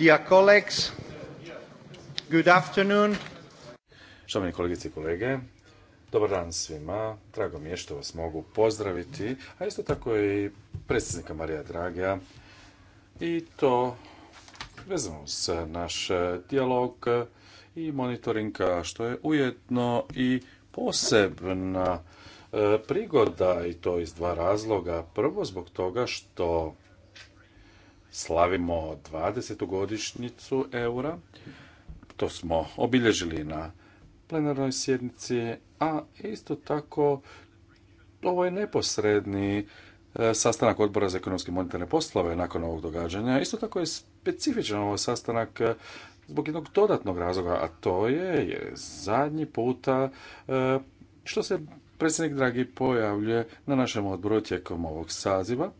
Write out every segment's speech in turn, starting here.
Dear Štovani kolegice i kolege, dobar dan svima. Drago mi je što vas mogu pozdraviti, a isto tako i predsjednika Marija Dragija. I to vezano s naš dijalog i monitoringa, što je ujedno i posebna e, prigoda i to iz dva razloga. Prvo zbog toga što slavimo 20. godišnjicu eura. To smo obilježili na plenarnoj sjednici, a isto tako ovo je neposredni e, sastanak odbora za ekonomske i monetarne poslove nakon ovog događanja. Isto tako je specifičan ovaj sastanak e, zbog jednog dodatnog razloga, a to je, je zadnji puta e, što se predsjednik Dragi pojavljuje na našem odboru tijekom ovog saziva.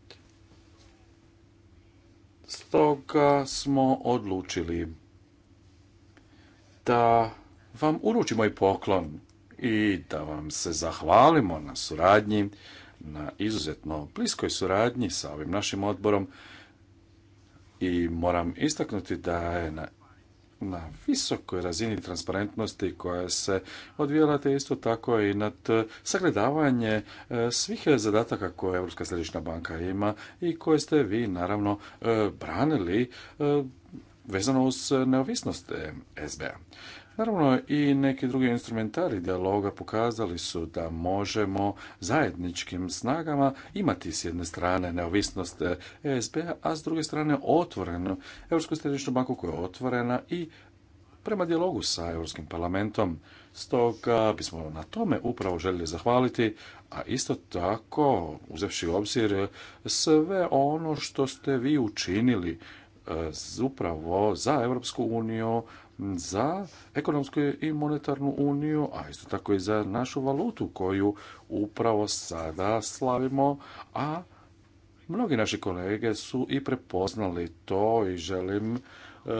Stoga smo odlučili da vam uručimo i poklon i da vam se zahvalimo na suradnji, na izuzetno bliskoj suradnji sa ovim našim odborom i moram istaknuti da je na na visokoj razini transparentnosti koja se odvijala te isto tako i nad e, sagledavanje e, svih zadataka koje Europska središnja banka ima i koje ste vi naravno e, branili vezano uz neovisnost SBA. Naravno i neki drugi instrumentari dijaloga pokazali su da možemo zajedničkim snagama imati s jedne strane neovisnost ESB-a, e s druge strane otvorenu Europsku središnju banku koja je otvorena i prema dijalogu sa Europskim parlamentom. Stoga bismo na tome upravo željeli zahvaliti, a isto tako uzevši u obzir sve ono što ste vi učinili e, upravo za Europsku uniju za ekonomsku i monetarnu uniju, a isto tako i za našu valutu koju upravo sada slavimo, a mnogi naši kolege su i prepoznali to i želim E,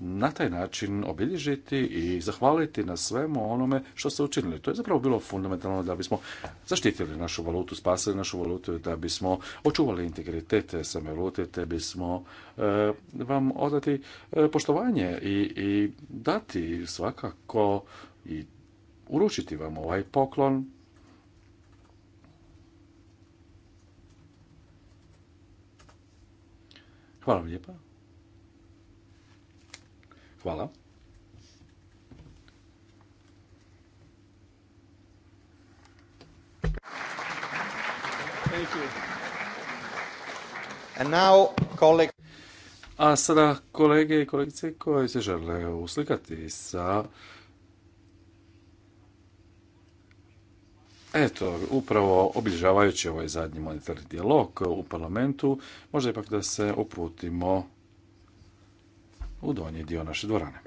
na taj način obilježiti i zahvaliti na svemu onome što ste učinili. To je zapravo bilo fundamentalno da bismo zaštitili našu valutu, spasili našu valutu, da bismo očuvali integritete same valute, te bismo e, vam odati e, poštovanje i, i dati svakako i uručiti vam ovaj poklon Hvala vam lijepa. Hvala. A sada kolege i kolegice koji se žele uslikati sa... Eto, upravo obilježavajući ovaj zadnji monetarni dijalog u parlamentu, možda ipak da se uputimo u donji dio naše dvorane.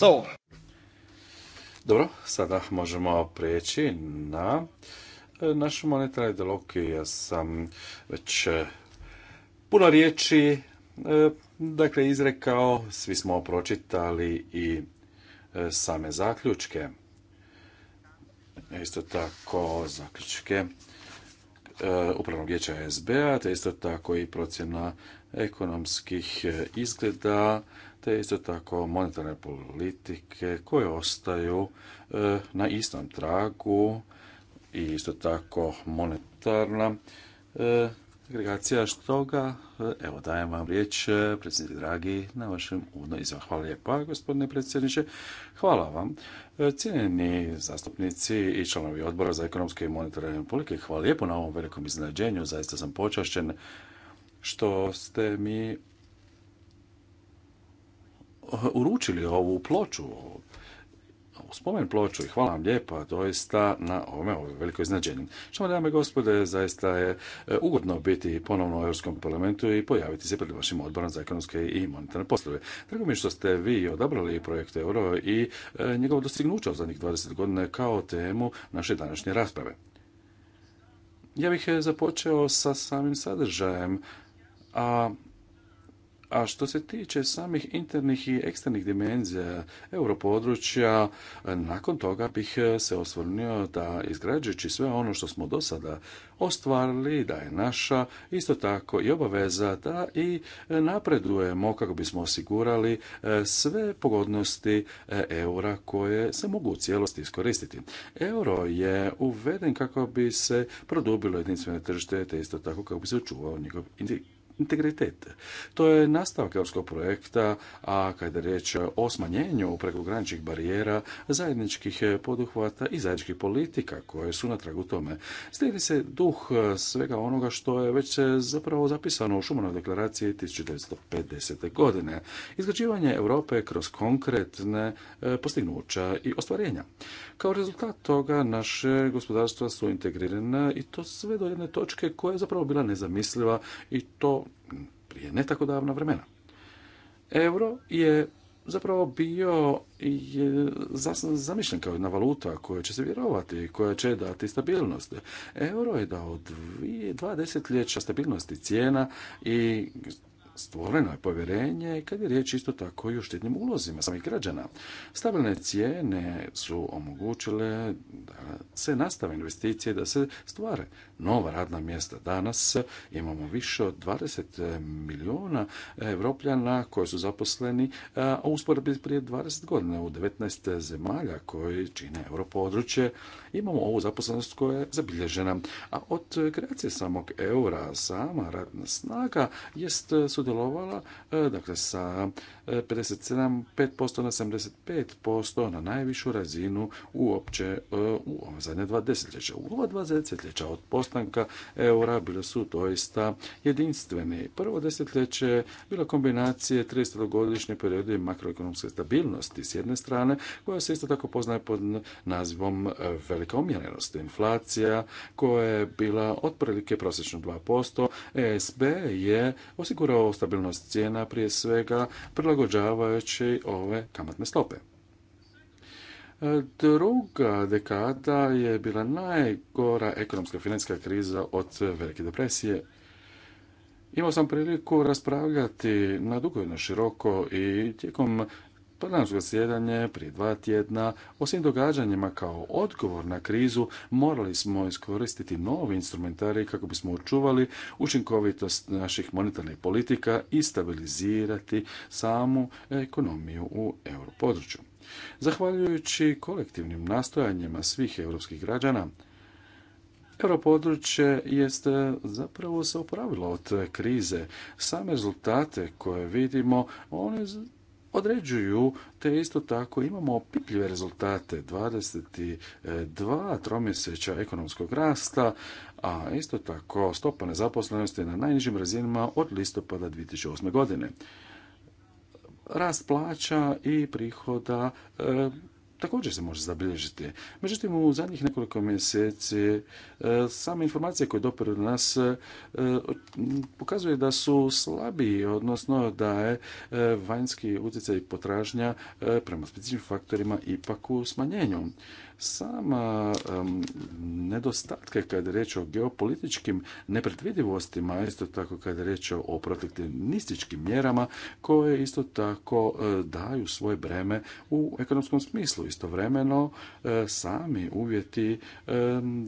So. Dobro, sada možemo prijeći na e, našu monet ideologiju. Ja sam već e, puno riječi e, dakle izrekao, svi smo pročitali i same zaključke. Isto tako zaključke Eh, upravnog vijeća SBA, te isto tako i procjena ekonomskih eh, izgleda, te isto tako monetarne politike koje ostaju eh, na istom tragu i isto tako monetarna Agregacija štoga, evo dajem vam riječ, e, predsjednik Dragi, na vašem uvodno izvan. Hvala lijepa, gospodine predsjedniče. Hvala vam. E, cijenjeni zastupnici i članovi odbora za ekonomske i monetarne politike, hvala lijepo na ovom velikom iznenađenju. Zaista sam počašćen što ste mi uručili ovu ploču spomen ploču i hvala vam lijepa doista na ovome, ovo veliko iznadženje. Što dame i gospode, zaista je e, ugodno biti ponovno u Europskom parlamentu i pojaviti se pred vašim odborom za ekonomske i monetarne poslove. Drago mi je što ste vi odabrali projekt Euro i e, njegovo dostignuće u zadnjih 20 godina kao temu naše današnje rasprave. Ja bih e, započeo sa samim sadržajem, a a što se tiče samih internih i eksternih dimenzija europodručja, nakon toga bih se osvrnio da izgrađujući sve ono što smo do sada ostvarili, da je naša isto tako i obaveza da i napredujemo kako bismo osigurali eh, sve pogodnosti eh, eura koje se mogu u cijelosti iskoristiti. Euro je uveden kako bi se produbilo jedinstvene tržište, te isto tako kako bi se očuvao njegov integritet. To je nastavak europskog projekta, a kada je riječ o smanjenju prekograničnih barijera, zajedničkih poduhvata i zajedničkih politika koje su na tragu tome, slijedi se duh svega onoga što je već zapravo zapisano u Šumanoj deklaraciji 1950. godine. Izgrađivanje Europe kroz konkretne e, postignuća i ostvarenja. Kao rezultat toga naše gospodarstva su integrirana i to sve do jedne točke koja je zapravo bila nezamisliva i to prije ne tako davna vremena. Euro je zapravo bio je zamišljen kao jedna valuta koja će se vjerovati, koja će dati stabilnost. Euro je dao dvije, dva desetljeća stabilnosti cijena i stvoreno je povjerenje kad je riječ isto tako i o štednim ulozima samih građana. Stabilne cijene su omogućile da se nastave investicije, da se stvare nova radna mjesta. Danas imamo više od 20 milijuna evropljana koji su zaposleni, a usporedbi prije 20 godina u 19 zemalja koji čine europodručje imamo ovu zaposlenost koja je zabilježena. A od kreacije samog eura sama radna snaga jest sudjelovala e, dakle sa 57,5% e, na 75% na najvišu razinu uopće e, u ovom zadnje dva desetljeća. U ova dva desetljeća od postanka eura bile su doista jedinstveni. Prvo desetljeće je bila kombinacije 30-godišnje periode makroekonomske stabilnosti s jedne strane, koja se isto tako poznaje pod nazivom velika omjerenost. Inflacija koja je bila otprilike prosječno 2%, ESB je osigurao stabilnost cijena prije svega prilagođavajući ove kamatne stope. E, druga dekada je bila najgora ekonomska financijska kriza od Velike depresije. Imao sam priliku raspravljati na dugo i na široko i tijekom plenarno sjedanje prije dva tjedna o događanjima kao odgovor na krizu morali smo iskoristiti novi instrumentari kako bismo očuvali učinkovitost naših monetarnih politika i stabilizirati samu ekonomiju u europodručju. Zahvaljujući kolektivnim nastojanjima svih europskih građana, Europodručje jest zapravo se opravilo od krize. Same rezultate koje vidimo, one određuju, te isto tako imamo pitljive rezultate 22 tromjeseća ekonomskog rasta, a isto tako stopa nezaposlenosti na najnižim razinama od listopada 2008. godine rast plaća i prihoda e, također se može zabilježiti. Međutim, u zadnjih nekoliko mjeseci e, same informacije koje doperu do nas e, pokazuje da su slabiji, odnosno da je e, vanjski utjecaj potražnja prema specifičnim faktorima ipak u smanjenju sama nedostatke kada je reč o geopolitičkim nepredvidivostima, isto tako kada je reč o protektivističkim mjerama koje isto tako e, daju svoje breme u ekonomskom smislu. Istovremeno e, sami uvjeti, e,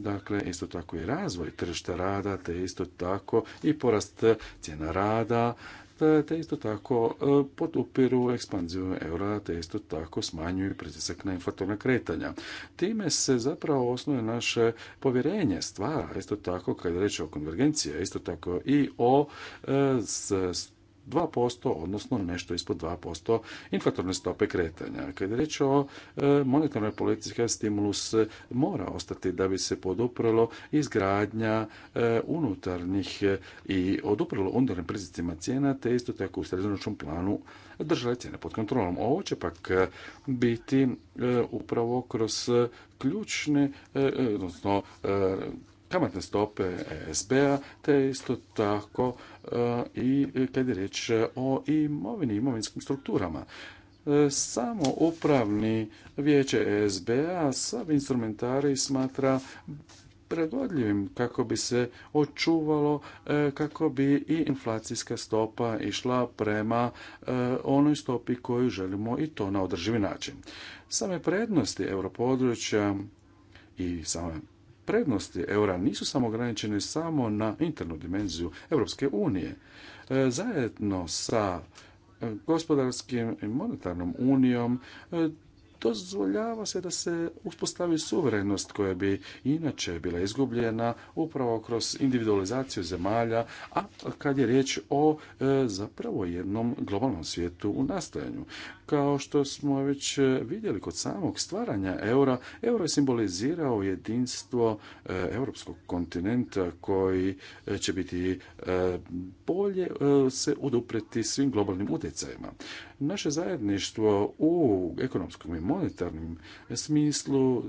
dakle isto tako i razvoj tržišta rada, te isto tako i porast cijena rada, te isto tako e, podupiru ekspanziju eura, te isto tako smanjuju pritisak na inflatorna kretanja. Time se zapravo osnuje naše povjerenje stvara, isto tako kada je o konvergenciji, isto tako i o e, 2%, odnosno nešto ispod 2% inflatorne stope kretanja. Kad je riječ o e, monetarnoj politici, stimulus mora ostati da bi se poduprlo izgradnja e, unutarnjih e, i oduprlo unutarnjim prizicima cijena, te isto tako u sredinočnom planu držale cijene pod kontrolom. Ovo će pak biti upravo kroz ključne, odnosno kamatne stope e SBA, te isto tako e, i kad je riječ o imovini, imovinskim strukturama e, samo upravni vijeće SBA sav instrumentari smatra pregodljivim kako bi se očuvalo, kako bi i inflacijska stopa išla prema onoj stopi koju želimo i to na održivi način. Same prednosti europodručja i same prednosti eura nisu samo ograničene samo na internu dimenziju Europske unije. E, zajedno sa e, gospodarskim i monetarnom unijom e, dozvoljava se da se uspostavi suverenost koja bi inače bila izgubljena upravo kroz individualizaciju zemalja, a kad je riječ o e, zapravo jednom globalnom svijetu u nastajanju. Kao što smo već e, vidjeli kod samog stvaranja eura, euro je simbolizirao jedinstvo e, europskog kontinenta koji će biti bolje se udupreti svim globalnim utjecajima. Naše zajedništvo u ekonomskom i monetarnim smislu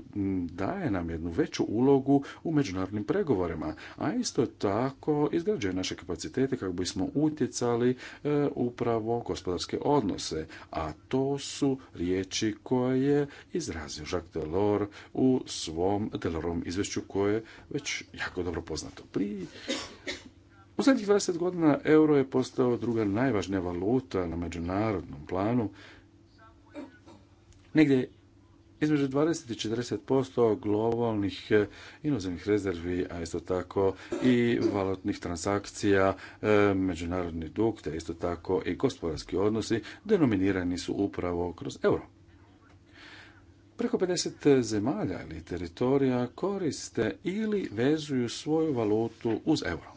daje nam jednu veću ulogu u međunarodnim pregovorima, a isto tako izgrađuje naše kapacitete kako bismo utjecali e, upravo gospodarske odnose, a to su riječi koje je izrazio Jacques Delors u svom Delorom izvješću koje je već jako dobro poznato. Pri u zadnjih 20 godina euro je postao druga najvažnija valuta na međunarodnom planu negdje između 20 i 40% globalnih e, inozemnih rezervi, a isto tako i valutnih transakcija, e, međunarodni dug, te isto tako i gospodarski odnosi denominirani su upravo kroz euro. Preko 50 zemalja ili teritorija koriste ili vezuju svoju valutu uz euro.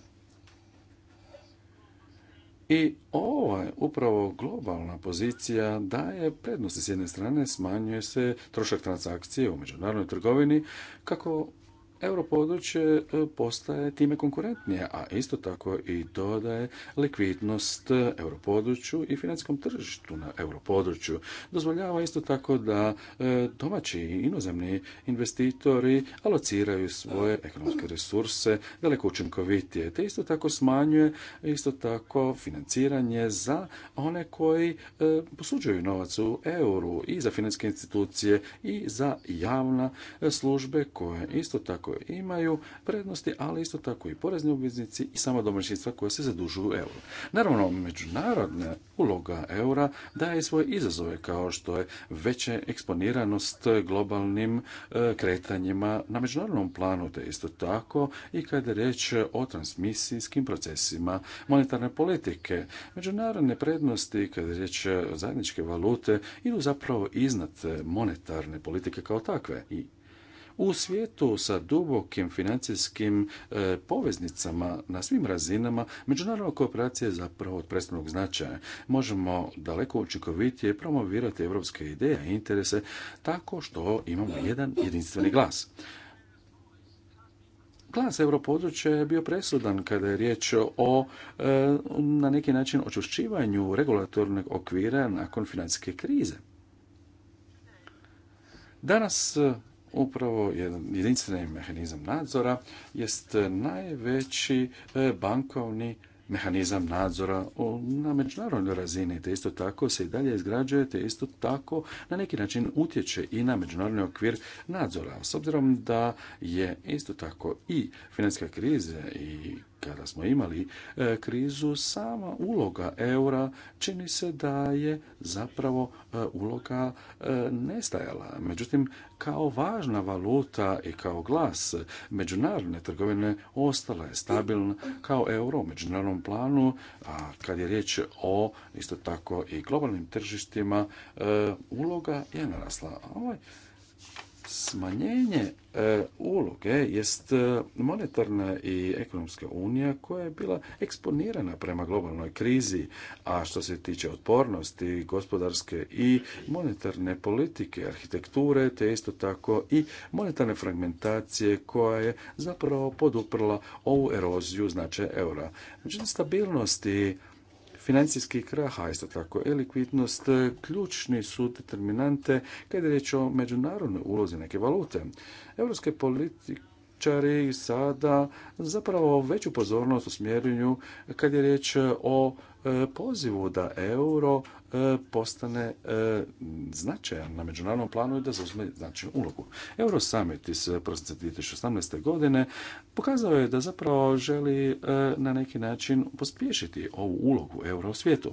I ova je upravo globalna pozicija daje prednosti s jedne strane, smanjuje se trošak transakcije u međunarodnoj trgovini kako europodručje e, postaje time konkurentnije, a isto tako i dodaje likvidnost e, europodručju i financijskom tržištu na europodručju. Dozvoljava isto tako da e, domaći i inozemni investitori alociraju svoje ekonomske resurse daleko učinkovitije, te isto tako smanjuje isto tako financiranje za one koji posuđuju novac u euru i za financijske institucije i za javna službe koje isto tako koje imaju prednosti, ali isto tako i porezni obveznici i sama domaćinstva koja se zadužuju u euro. Naravno, međunarodna uloga eura daje svoje izazove kao što je veća eksponiranost globalnim e, kretanjima na međunarodnom planu, te isto tako i kada je riječ o transmisijskim procesima monetarne politike. Međunarodne prednosti kada je riječ o zajedničke valute idu zapravo iznad monetarne politike kao takve i u svijetu sa dubokim financijskim e, poveznicama na svim razinama, međunarodna kooperacija je zapravo od predstavnog značaja. Možemo daleko učinkovitije promovirati evropske ideje i interese tako što imamo jedan jedinstveni glas. Glas europodručja je bio presudan kada je riječ o e, na neki način očušćivanju regulatornog okvira nakon financijske krize. Danas upravo jedan jedinstveni mehanizam nadzora jest najveći e, bankovni mehanizam nadzora na međunarodnoj razini, te isto tako se i dalje izgrađuje, te isto tako na neki način utječe i na međunarodni okvir nadzora. S obzirom da je isto tako i financijska kriza i kada smo imali e, krizu, sama uloga eura čini se da je zapravo e, uloga e, nestajala. Međutim, kao važna valuta i kao glas međunarodne trgovine ostala je stabilna kao euro u međunarodnom planu, a kad je riječ o isto tako i globalnim tržištima, uloga je narasla. Ovo ovaj smanjenje E, uloge jest e, monetarna i ekonomska unija koja je bila eksponirana prema globalnoj krizi, a što se tiče otpornosti gospodarske i monetarne politike, arhitekture, te isto tako i monetarne fragmentacije koja je zapravo poduprla ovu eroziju značaja eura. Međutim, stabilnosti financijskih kraha, isto tako likvidnost, ključni su determinante kada je riječ o međunarodnoj ulozi neke valute. Evropske politike sada zapravo veću pozornost smjerenju kad je riječ o e, pozivu da euro E, postane e, značajan na međunarodnom planu i da zauzme značajnu ulogu. Euro Summit iz prosinca 2018. godine pokazao je da zapravo želi e, na neki način pospješiti ovu ulogu euro u svijetu.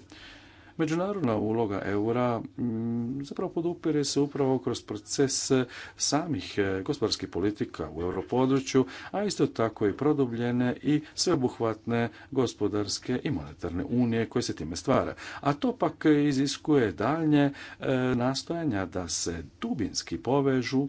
Međunarodna uloga eura mm, zapravo podupire se upravo kroz proces samih e, gospodarskih politika u europodručju, a isto tako i produbljene i sveobuhvatne gospodarske i monetarne unije koje se time stvara. A to pak iziskuje daljnje e, nastojanja da se dubinski povežu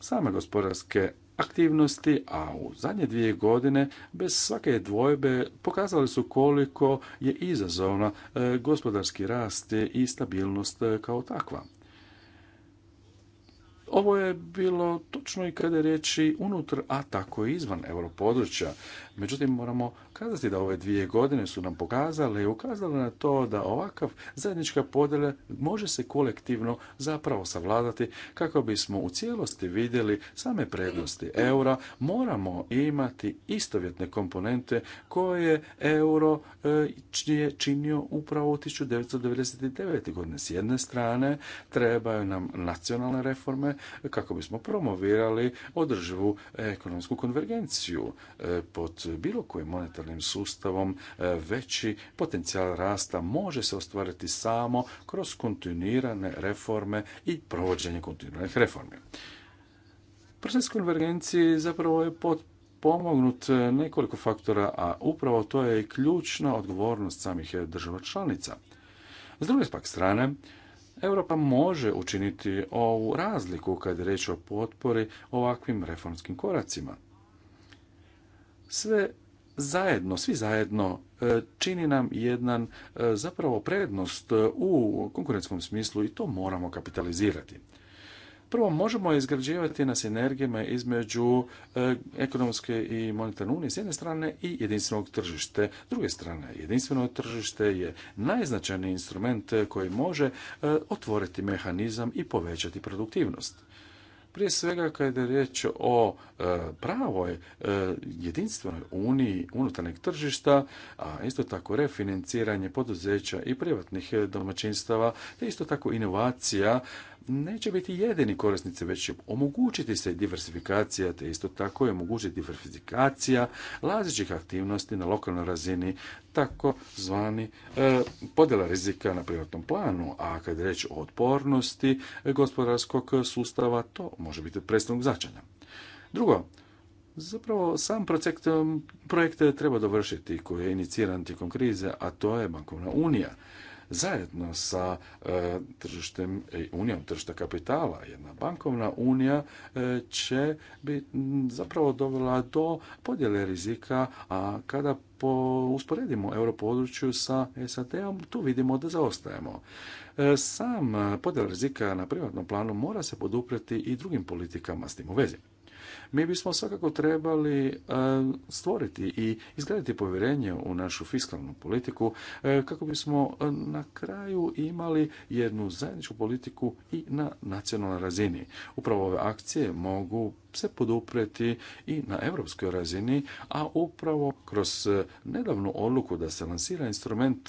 same gospodarske aktivnosti, a u zadnje dvije godine bez svake dvojbe pokazali su koliko je izazovna e, gospodarski rast i stabilnost e, kao takva. Ovo je bilo točno i kada je riječi unutar, a tako i izvan europodručja. Međutim, moramo kazati da ove dvije godine su nam pokazale i ukazale na to da ovakav zajednička podjela može se kolektivno zapravo savladati kako bismo u cijelosti vidjeli same prednosti eura. Moramo imati istovjetne komponente koje euro e, je činio upravo u 1999. godine. S jedne strane trebaju nam nacionalne reforme kako bismo promovirali održivu ekonomsku konvergenciju e, pod bilo kojim monetarnim sustavom e, veći potencijal rasta može se ostvariti samo kroz kontinuirane reforme i provođenje kontinuiranih reformi. Proces konvergencije zapravo je pod pomognut nekoliko faktora, a upravo to je i ključna odgovornost samih država članica. S druge pak strane, Europa može učiniti ovu razliku kad je reč o potpori ovakvim reformskim koracima sve zajedno, svi zajedno e, čini nam jedan e, zapravo prednost e, u konkurentskom smislu i to moramo kapitalizirati. Prvo, možemo izgrađivati na sinergijama između ekonomske i monetarne unije s jedne strane i jedinstvenog tržište. S druge strane, jedinstveno tržište je najznačajniji instrument koji može otvoriti mehanizam i povećati produktivnost. Prije svega kada je riječ o e, pravoj e, jedinstvenoj uniji unutarnjeg tržišta, a isto tako refinanciranje poduzeća i privatnih domaćinstava, te isto tako inovacija neće biti jedini korisnici, već će omogućiti se diversifikacija, te isto tako je omogućiti diversifikacija lazećih aktivnosti na lokalnoj razini, tako zvani e, podjela rizika na privatnom planu, a kad je reč o otpornosti gospodarskog sustava, to može biti predstavnog značanja. Drugo, Zapravo sam projekt, projekt treba dovršiti koji je iniciran tijekom krize, a to je bankovna unija zajedno sa e, tržištem e, unijom tržišta kapitala. Jedna bankovna unija e, će bi zapravo dovela do podjele rizika, a kada po, usporedimo europodručju sa SAD-om, tu vidimo da zaostajemo. Sam podjel rizika na privatnom planu mora se poduprijeti i drugim politikama s tim u vezi mi bismo svakako trebali e, stvoriti i izgraditi povjerenje u našu fiskalnu politiku e, kako bismo e, na kraju imali jednu zajedničku politiku i na nacionalnoj razini. Upravo ove akcije mogu se podupreti i na europskoj razini, a upravo kroz nedavnu odluku da se lansira instrument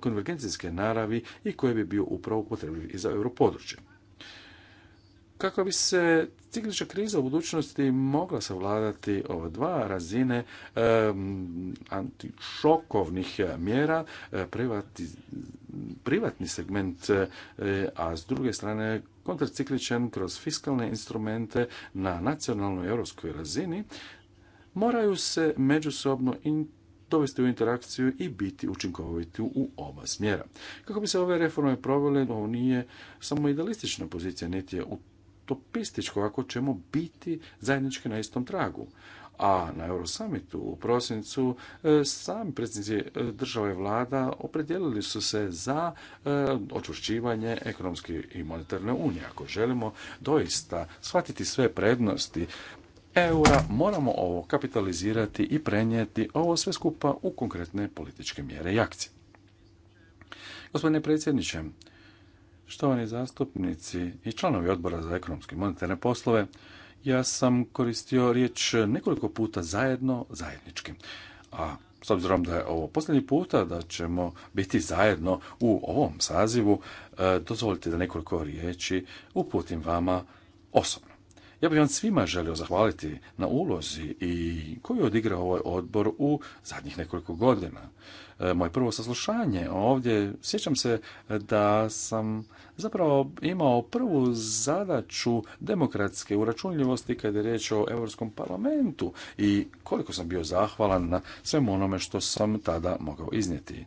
konvergencijske naravi i koji bi bio upravo potrebljiv i za europodručje kako bi se ciklična kriza u budućnosti mogla savladati ova dva razine antišokovnih mjera, e, privatni segment, e, a s druge strane kontracikličan kroz fiskalne instrumente na nacionalnoj europskoj razini, moraju se međusobno in dovesti u interakciju i biti učinkoviti u oba smjera. Kako bi se ove reforme provele, ovo nije samo idealistična pozicija, niti je u utopističko ako ćemo biti zajednički na istom tragu. A na Eurosummitu u prosincu e, sami predsjednici e, države vlada opredijelili su se za e, očušćivanje ekonomske i monetarne unije. Ako želimo doista shvatiti sve prednosti eura, moramo ovo kapitalizirati i prenijeti ovo sve skupa u konkretne političke mjere i akcije. Gospodine predsjedniče, Štovani zastupnici i članovi odbora za ekonomske i monetarne poslove, ja sam koristio riječ nekoliko puta zajedno, zajednički. A s obzirom da je ovo posljednji puta da ćemo biti zajedno u ovom sazivu, e, dozvolite da nekoliko riječi uputim vama osobno. Ja bih vam svima želio zahvaliti na ulozi i koju je odigrao ovaj odbor u zadnjih nekoliko godina. E, moje prvo saslušanje ovdje, sjećam se da sam zapravo imao prvu zadaću demokratske uračunljivosti kada je riječ o Europskom parlamentu i koliko sam bio zahvalan na svemu onome što sam tada mogao iznijeti.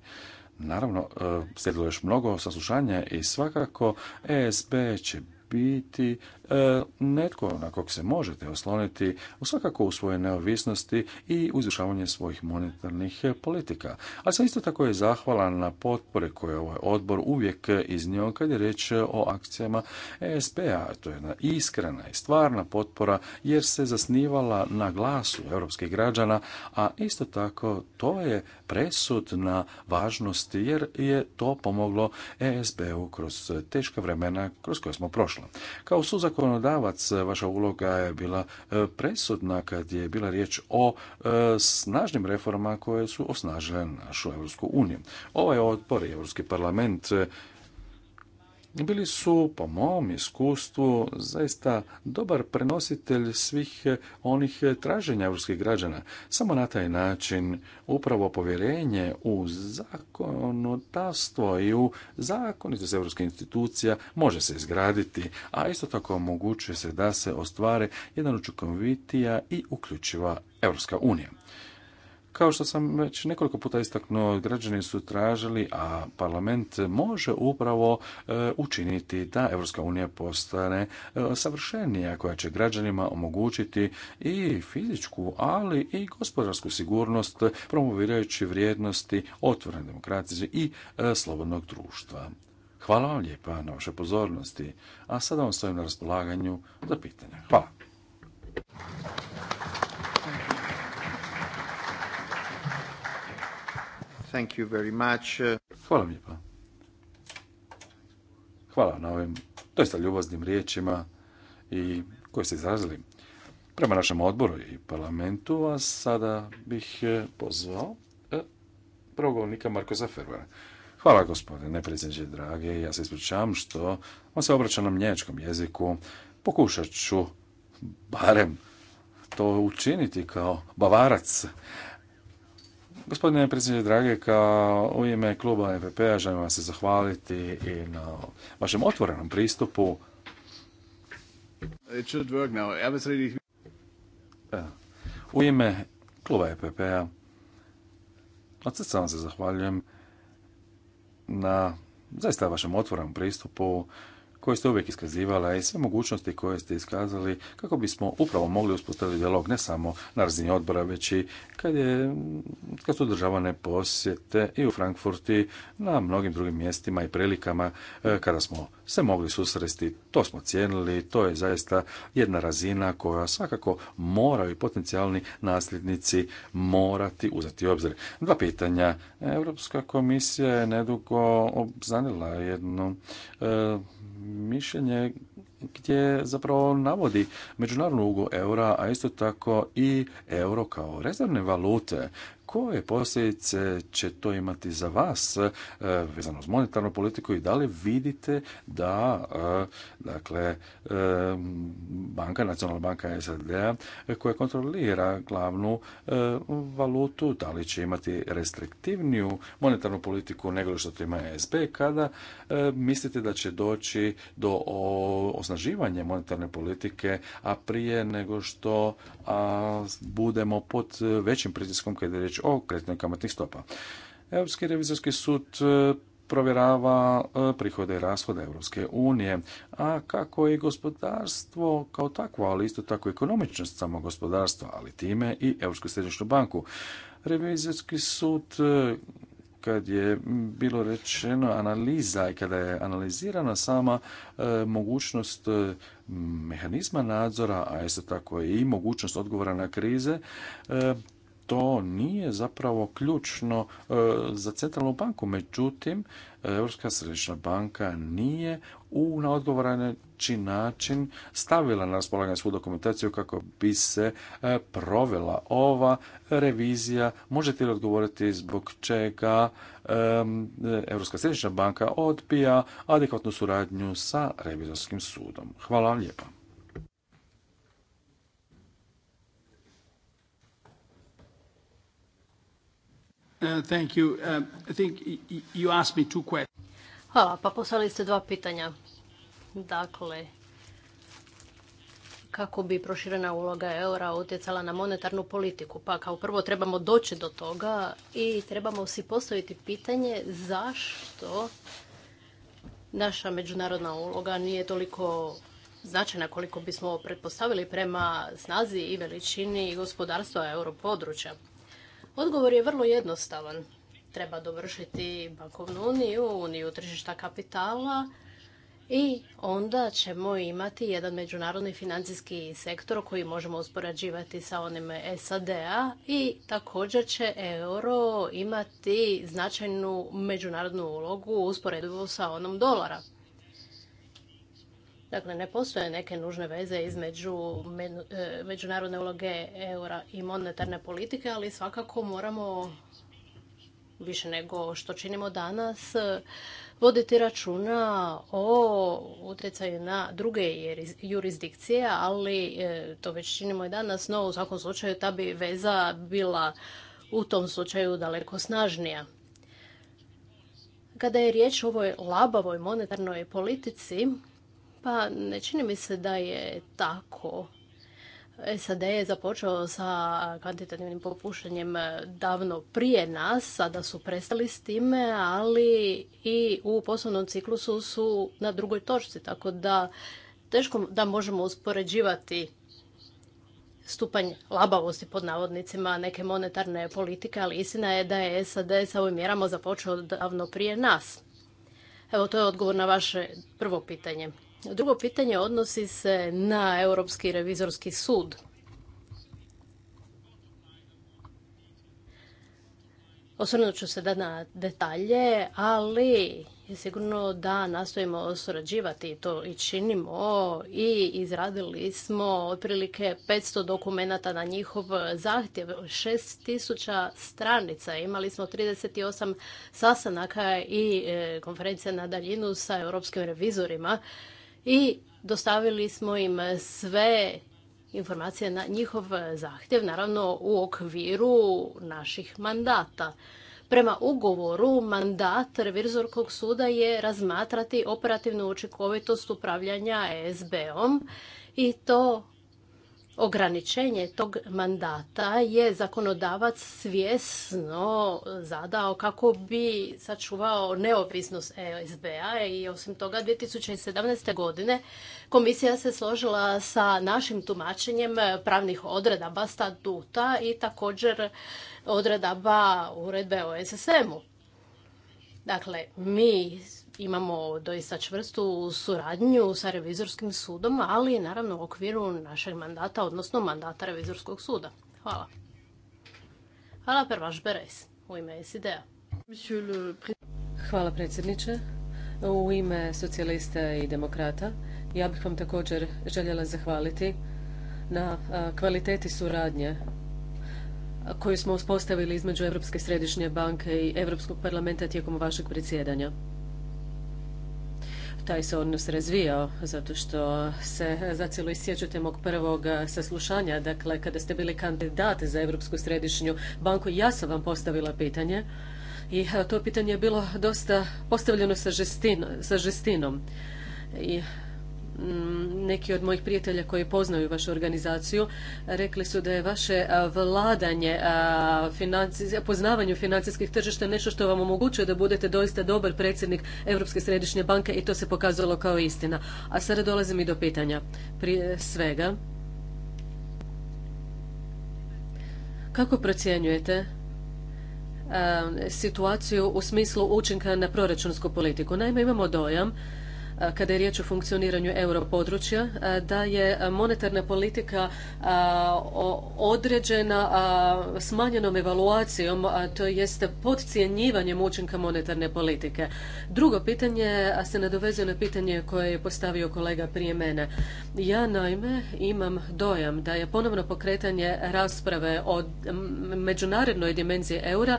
Naravno, e, slijedilo još mnogo saslušanja i svakako ESP će biti E, netko na kog se možete osloniti svakako u svojoj neovisnosti i u svojih monetarnih politika. Ali sam isto tako je zahvalan na potpore koje je ovaj odbor uvijek iznio kad je riječ o akcijama ESP a To je jedna iskrena i stvarna potpora jer se zasnivala na glasu europskih građana, a isto tako to je presud na važnosti jer je to pomoglo ESB-u kroz teška vremena kroz koje smo prošli. Kao suzak zakonodavac, e, vaša uloga je bila e, presudna kad je bila riječ o e, snažnim reformama koje su osnažile našu Europsku uniju. Ovaj odbor, Europski parlament, bili su, po mom iskustvu, zaista dobar prenositelj svih eh, onih eh, traženja evropskih građana. Samo na taj način upravo povjerenje u zakonodavstvo i u zakonitost evropskih institucija može se izgraditi, a isto tako omogućuje se da se ostvare jedan učinkovitija i uključiva Evropska unija. Kao što sam već nekoliko puta istaknuo, građani su tražili, a parlament može upravo e, učiniti da Evropska unija postane e, savršenija koja će građanima omogućiti i fizičku, ali i gospodarsku sigurnost promovirajući vrijednosti otvorene demokracije i e, slobodnog društva. Hvala vam lijepa na vašoj pozornosti, a sada vam stojim na raspolaganju za pitanja. Hvala. Thank you very much. Hvala vam Hvala na ovim doista ljubaznim riječima i koje ste izrazili prema našem odboru i parlamentu, a sada bih e, pozvao e, progovornika Marko Zafervara. Hvala gospodine predsjedniče drage, ja se ispričavam što on se obraća na njemačkom jeziku. Pokušat ću barem to učiniti kao bavarac. Gospodine predsjedniče drage, kao u ime kluba EPP-a želim vam se zahvaliti i na vašem otvorenom pristupu. E, u ime kluba EPP-a od srca vam se zahvaljujem na zaista vašem otvorenom pristupu koje ste uvijek iskazivala i sve mogućnosti koje ste iskazali kako bismo upravo mogli uspostaviti dijalog ne samo na razini odbora, već i kad, je, kad su državane posjete i u Frankfurti, na mnogim drugim mjestima i prilikama e, kada smo se mogli susresti. To smo cijenili, to je zaista jedna razina koja svakako moraju i potencijalni nasljednici morati uzeti u obzir. Dva pitanja. Europska komisija je nedugo obznanila jednu e, mišljenje gdje zapravo navodi međunarodnu ugu eura, a isto tako i euro kao rezervne valute koje posljedice će to imati za vas e, vezano uz monetarnu politiku i da li vidite da e, dakle e, banka, nacionalna banka sad koja kontrolira glavnu valutu, da li će imati restriktivniju monetarnu politiku nego što to ima SB kada mislite da će doći do osnaživanja monetarne politike, a prije nego što budemo pod većim pritiskom kada je riječ o kretanju kamatnih stopa. Europski revizorski sud e, provjerava e, prihode i rashode Europske unije, a kako je gospodarstvo kao takvo, ali isto tako ekonomičnost samog gospodarstva, ali time i Europsku središnju banku. Revizorski sud e, kad je bilo rečeno analiza i kada je analizirana sama mogućnost mehanizma nadzora, a isto tako i mogućnost odgovora na krize, to nije zapravo ključno e, za centralnu banku. Međutim, Europska središnja banka nije u na način stavila na raspolaganje svu dokumentaciju kako bi se e, provela ova revizija. Možete li odgovoriti zbog čega Europska središnja banka odbija adekvatnu suradnju sa revizorskim sudom? Hvala vam lijepa. Hvala, pa poslali ste dva pitanja. Dakle, kako bi proširena uloga eura utjecala na monetarnu politiku. Pa kao prvo trebamo doći do toga i trebamo si postaviti pitanje zašto naša međunarodna uloga nije toliko značajna koliko bismo pretpostavili prema snazi i veličini gospodarstva europodručja. Odgovor je vrlo jednostavan. Treba dovršiti bankovnu uniju, uniju tržišta kapitala i onda ćemo imati jedan međunarodni financijski sektor koji možemo uspoređivati sa onim SAD-a i također će euro imati značajnu međunarodnu ulogu usporedivo sa onom dolara. Dakle, ne postoje neke nužne veze između e, međunarodne uloge eura i monetarne politike, ali svakako moramo više nego što činimo danas voditi računa o utjecaju na druge jurisdikcije, ali e, to već činimo i danas, no u svakom slučaju ta bi veza bila u tom slučaju daleko snažnija. Kada je riječ o ovoj labavoj monetarnoj politici, pa ne čini mi se da je tako. SAD je započeo sa kvantitativnim popuštanjem davno prije nas, sada su prestali s time, ali i u poslovnom ciklusu su na drugoj točci, tako da teško da možemo uspoređivati stupanj labavosti pod navodnicima neke monetarne politike, ali istina je da je SAD sa ovim mjerama započeo davno prije nas. Evo, to je odgovor na vaše prvo pitanje. Drugo pitanje odnosi se na Europski revizorski sud. Osvrnut ću se da na detalje, ali je sigurno da nastojimo surađivati to i činimo i izradili smo otprilike 500 dokumenata na njihov zahtjev, 6000 stranica, imali smo 38 sastanaka i e, konferencija na daljinu sa europskim revizorima i dostavili smo im sve informacije na njihov zahtjev, naravno u okviru naših mandata. Prema ugovoru, mandat Revizorskog suda je razmatrati operativnu učinkovitost upravljanja ESB-om i to ograničenje tog mandata je zakonodavac svjesno zadao kako bi sačuvao neovisnost ESB-a i osim toga 2017. godine komisija se složila sa našim tumačenjem pravnih odredaba statuta i također odredaba uredbe o SSM-u. Dakle, mi imamo doista čvrstu suradnju sa revizorskim sudom, ali naravno u okviru našeg mandata, odnosno mandata revizorskog suda. Hvala. Hvala Pervaš Beres u ime SID-a. Hvala predsjedniče. U ime socijalista i demokrata ja bih vam također željela zahvaliti na kvaliteti suradnje koju smo uspostavili između Europske središnje banke i Europskog parlamenta tijekom vašeg predsjedanja taj se odnos razvijao zato što se zacijelo sjećate mog prvog eh, saslušanja. Dakle, kada ste bili kandidat za Europsku središnju banku, ja sam vam postavila pitanje i eh, to pitanje je bilo dosta postavljeno sa, sa žestinom. I Mm, neki od mojih prijatelja koji poznaju vašu organizaciju rekli su da je vaše vladanje poznavanju financijskih tržišta nešto što vam omogućuje da budete doista dobar predsjednik Europske središnje banke i to se pokazalo kao istina. A sada dolazim i do pitanja. Prije svega, kako procjenjujete situaciju u smislu učinka na proračunsku politiku? Naime, imamo dojam kada je riječ o funkcioniranju europodručja, da je monetarna politika određena smanjenom evaluacijom, to jest podcjenjivanjem učinka monetarne politike. Drugo pitanje se nadovezuje na pitanje koje je postavio kolega prije mene. Ja naime imam dojam da je ponovno pokretanje rasprave o međunarodnoj dimenziji eura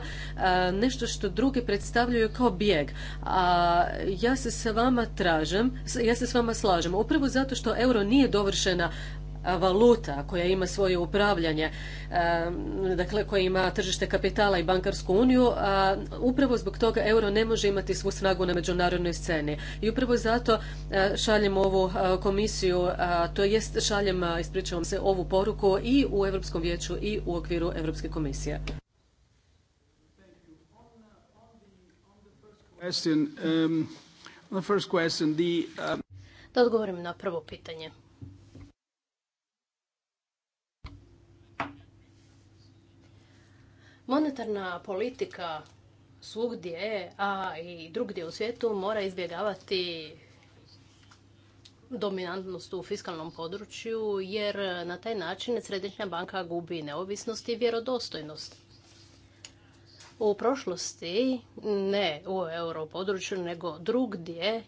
nešto što drugi predstavljaju kao bijeg. A ja se s vama tražim slažem, ja se s vama slažem. Upravo zato što euro nije dovršena valuta koja ima svoje upravljanje, dakle koja ima tržište kapitala i bankarsku uniju, upravo zbog toga euro ne može imati svu snagu na međunarodnoj sceni. I upravo zato e, šaljem ovu e, komisiju, to jest šaljem, e, ispričavam se, ovu poruku i u Europskom vijeću i u okviru Europske komisije. Uh, da odgovorim na prvo pitanje. Monetarna politika svugdje, a i drugdje u svijetu, mora izbjegavati dominantnost u fiskalnom području, jer na taj način Središnja banka gubi neovisnost i vjerodostojnost. U prošlosti, ne u europodručju, nego drugdje,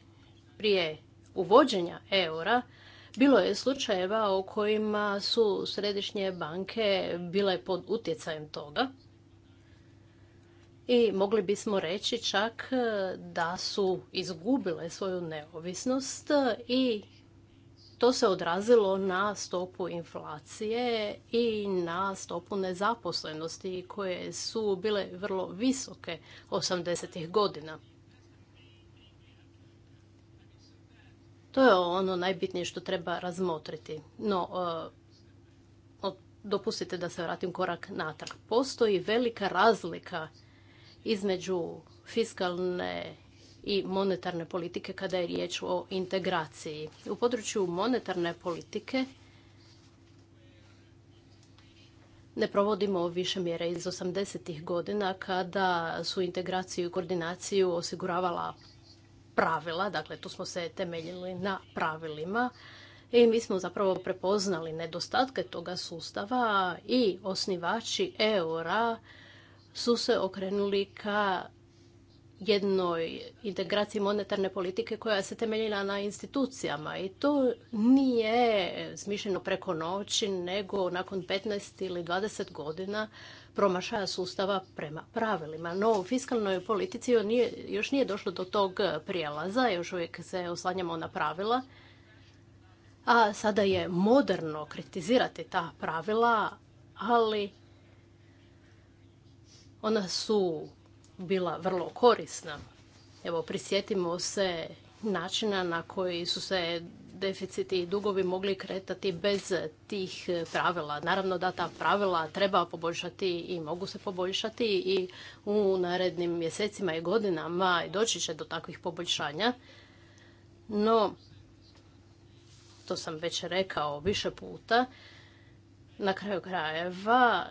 prije uvođenja eura, bilo je slučajeva u kojima su središnje banke bile pod utjecajem toga. I mogli bismo reći čak da su izgubile svoju neovisnost i to se odrazilo na stopu inflacije i na stopu nezaposlenosti koje su bile vrlo visoke 80-ih godina. To je ono najbitnije što treba razmotriti. No, e, dopustite da se vratim korak natrag. Postoji velika razlika između fiskalne i monetarne politike kada je riječ o integraciji. U području monetarne politike ne provodimo više mjere iz 80. godina kada su integraciju i koordinaciju osiguravala pravila, dakle tu smo se temeljili na pravilima i mi smo zapravo prepoznali nedostatke toga sustava i osnivači eura su se okrenuli ka jednoj integraciji monetarne politike koja se temeljila na institucijama i to nije smišljeno preko noći nego nakon 15 ili 20 godina promašaja sustava prema pravilima. No u fiskalnoj politici još nije došlo do tog prijelaza, još uvijek se oslanjamo na pravila. A sada je moderno kritizirati ta pravila, ali ona su bila vrlo korisna. Evo, prisjetimo se načina na koji su se deficiti i dugovi mogli kretati bez tih pravila. Naravno da ta pravila treba poboljšati i mogu se poboljšati i u narednim mjesecima i godinama doći će do takvih poboljšanja. No, to sam već rekao više puta, na kraju krajeva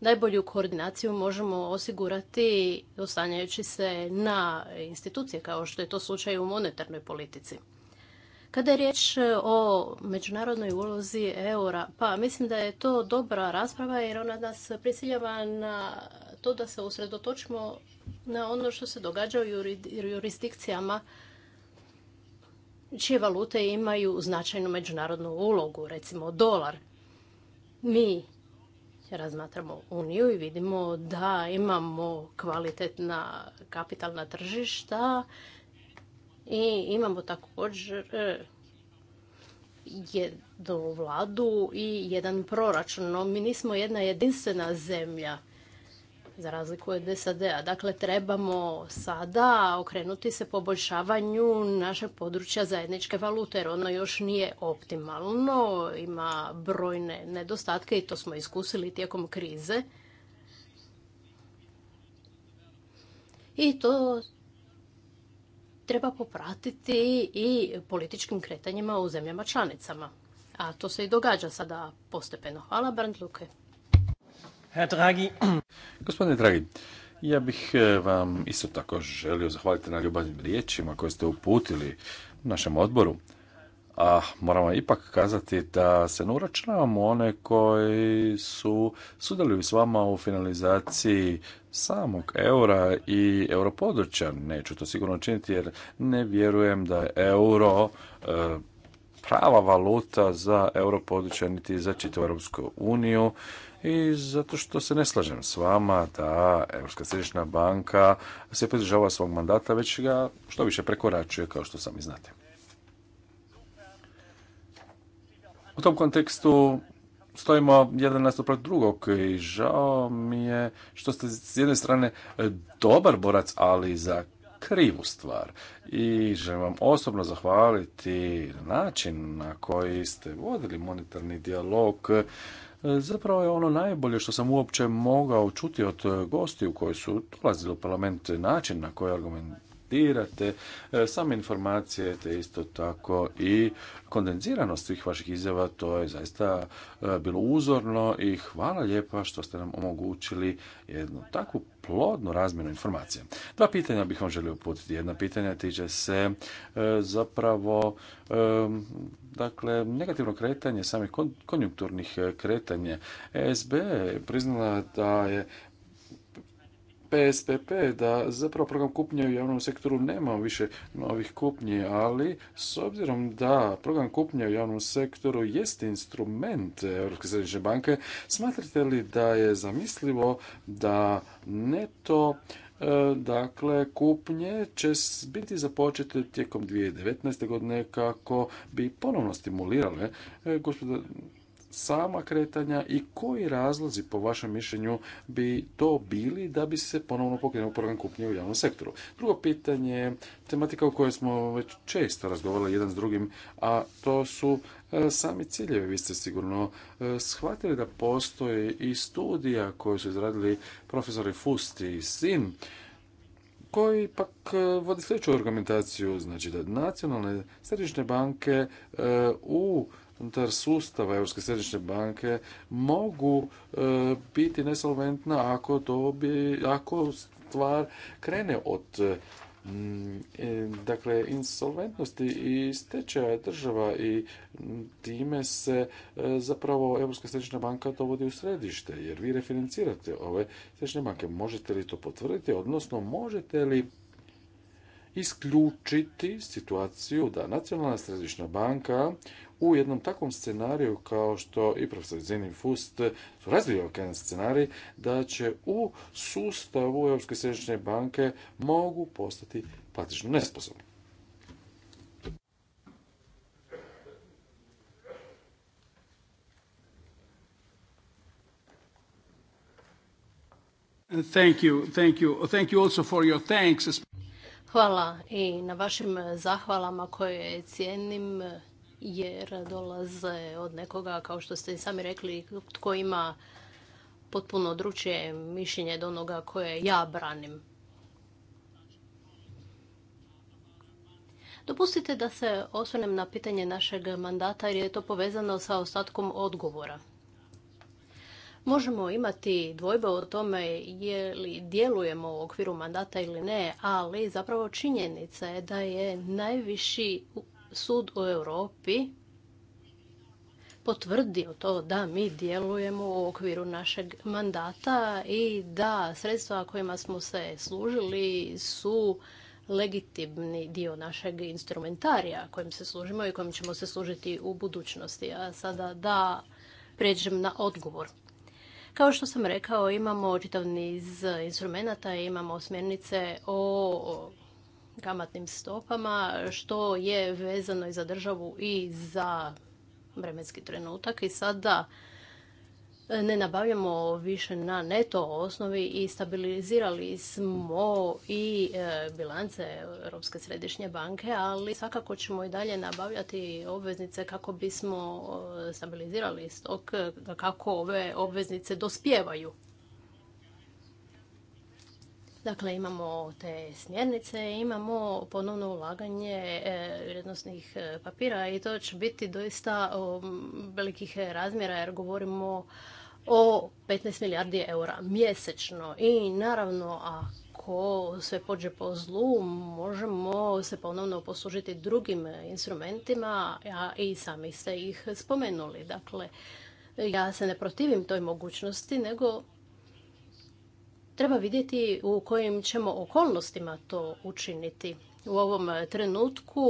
najbolju koordinaciju možemo osigurati osanjajući se na institucije kao što je to slučaj u monetarnoj politici. Kada je riječ e, o međunarodnoj ulozi eura, pa mislim da je to dobra rasprava jer ona nas prisiljava na to da se usredotočimo na ono što se događa u jurisdikcijama čije valute imaju značajnu međunarodnu ulogu, recimo dolar. Mi razmatramo Uniju i vidimo da imamo kvalitetna kapitalna tržišta i imamo također e, jednu vladu i jedan proračun. No, mi nismo jedna jedinstvena zemlja za razliku od SAD-a. Dakle, trebamo sada okrenuti se poboljšavanju našeg područja zajedničke valute, jer ono još nije optimalno, ima brojne nedostatke i to smo iskusili tijekom krize. I to treba popratiti i političkim kretanjima u zemljama članicama. A to se i događa sada postepeno. Hvala, Bernd Herr Draghi. Gospodine Dragi, ja bih e, vam isto tako želio zahvaliti na ljubavnim riječima koje ste uputili našem odboru. A moramo ipak kazati da se ne uračunavamo one koji su sudjeluju s vama u finalizaciji samog eura i europodručja. Neću to sigurno činiti jer ne vjerujem da je euro e, prava valuta za europodručja niti za čitavu Europsku uniju i zato što se ne slažem s vama da Europska središnja banka se podržava svog mandata, već ga što više prekoračuje, kao što sami znate. U tom kontekstu stojimo jedan nastupak drugog i žao mi je što ste s jedne strane dobar borac, ali za krivu stvar. I želim vam osobno zahvaliti način na koji ste vodili monetarni dijalog zapravo je ono najbolje što sam uopće mogao čuti od gostiju koji su dolazili u parlament način na koji argumentirate, e, same informacije te isto tako i kondenziranost svih vaših izjava to je zaista e, bilo uzorno i hvala lijepa što ste nam omogućili jednu takvu plodnu razmjenu informacija. Dva pitanja bih vam želio uputiti. Jedna pitanja tiče se e, zapravo e, dakle, negativno kretanje samih konjunkturnih e, kretanje. ESB priznala da je PSPP, da zapravo program kupnje u javnom sektoru nema više novih kupnji, ali s obzirom da program kupnje u javnom sektoru jeste instrument Europske središnje banke, smatrate li da je zamislivo da neto e, dakle kupnje će biti započete tijekom 2019. godine kako bi ponovno stimulirale e, sama kretanja i koji razlozi po vašem mišljenju bi to bili da bi se ponovno pokrenuo program kupnje u javnom sektoru? Drugo pitanje, tematika o kojoj smo već često razgovarali jedan s drugim, a to su e, sami ciljevi. Vi ste sigurno e, shvatili da postoje i studija koju su izradili profesori Fusti i Sin, koji pak e, vodi sljedeću argumentaciju, znači da nacionalne središnje banke u unutar sustava Europske središnje banke mogu e, biti nesolventna ako, bi, ako stvar krene od mm, e, dakle insolventnosti i stečaja država i time se e, zapravo Europska središnja banka dovodi u središte jer vi refinancirate ove središnje banke. Možete li to potvrditi, odnosno možete li isključiti situaciju da Nacionalna središnja banka u jednom takvom scenariju kao što i profesor Zenin Fust su razvio jedan scenarij da će u sustavu Europske središnje banke mogu postati platično nesposobni. Hvala i na vašim zahvalama koje cijenim jer dolaze od nekoga, kao što ste i sami rekli, tko ima potpuno dručije mišljenje od onoga koje ja branim. Dopustite da se osvrnem na pitanje našeg mandata jer je to povezano sa ostatkom odgovora. Možemo imati dvojbe o tome je li djelujemo u okviru mandata ili ne, ali zapravo činjenica je da je najviši sud u Europi potvrdio to da mi djelujemo u okviru našeg mandata i da sredstva kojima smo se služili su legitimni dio našeg instrumentarija kojim se služimo i kojim ćemo se služiti u budućnosti. A sada da pređem na odgovor. Kao što sam rekao, imamo čitav niz instrumenta, imamo smjernice o kamatnim stopama, što je vezano i za državu i za vremenski trenutak. I sada e, ne nabavljamo više na neto osnovi i stabilizirali smo i e, bilance Europske središnje banke, ali svakako ćemo i dalje nabavljati obveznice kako bismo e, stabilizirali stok, kako ove obveznice dospjevaju. Dakle, imamo te smjernice, imamo ponovno ulaganje e, vrijednosnih e, papira i to će biti doista velikih razmjera jer govorimo o 15 milijardi eura mjesečno i naravno ako sve pođe po zlu možemo se ponovno poslužiti drugim instrumentima a i sami ste ih spomenuli. Dakle, ja se ne protivim toj mogućnosti nego Treba vidjeti u kojim ćemo okolnostima to učiniti. U ovom trenutku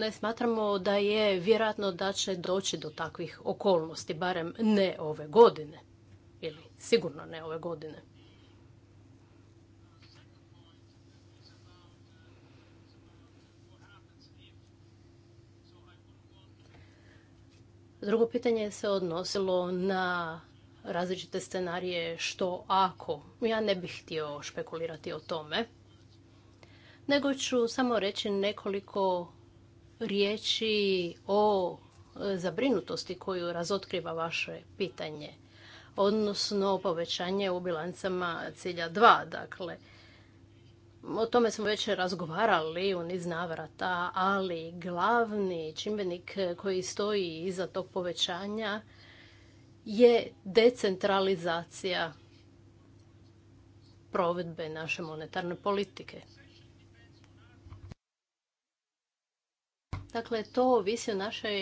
ne smatramo da je vjerojatno da će doći do takvih okolnosti, barem ne ove godine ili sigurno ne ove godine. Drugo pitanje se odnosilo na različite scenarije što ako. Ja ne bih htio špekulirati o tome, nego ću samo reći nekoliko riječi o e, zabrinutosti koju razotkriva vaše pitanje, odnosno povećanje u bilancama cilja 2. Dakle, o tome smo već razgovarali u niz navrata, ali glavni čimbenik koji stoji iza tog povećanja je decentralizacija provedbe naše monetarne politike. Dakle, to ovisi o našoj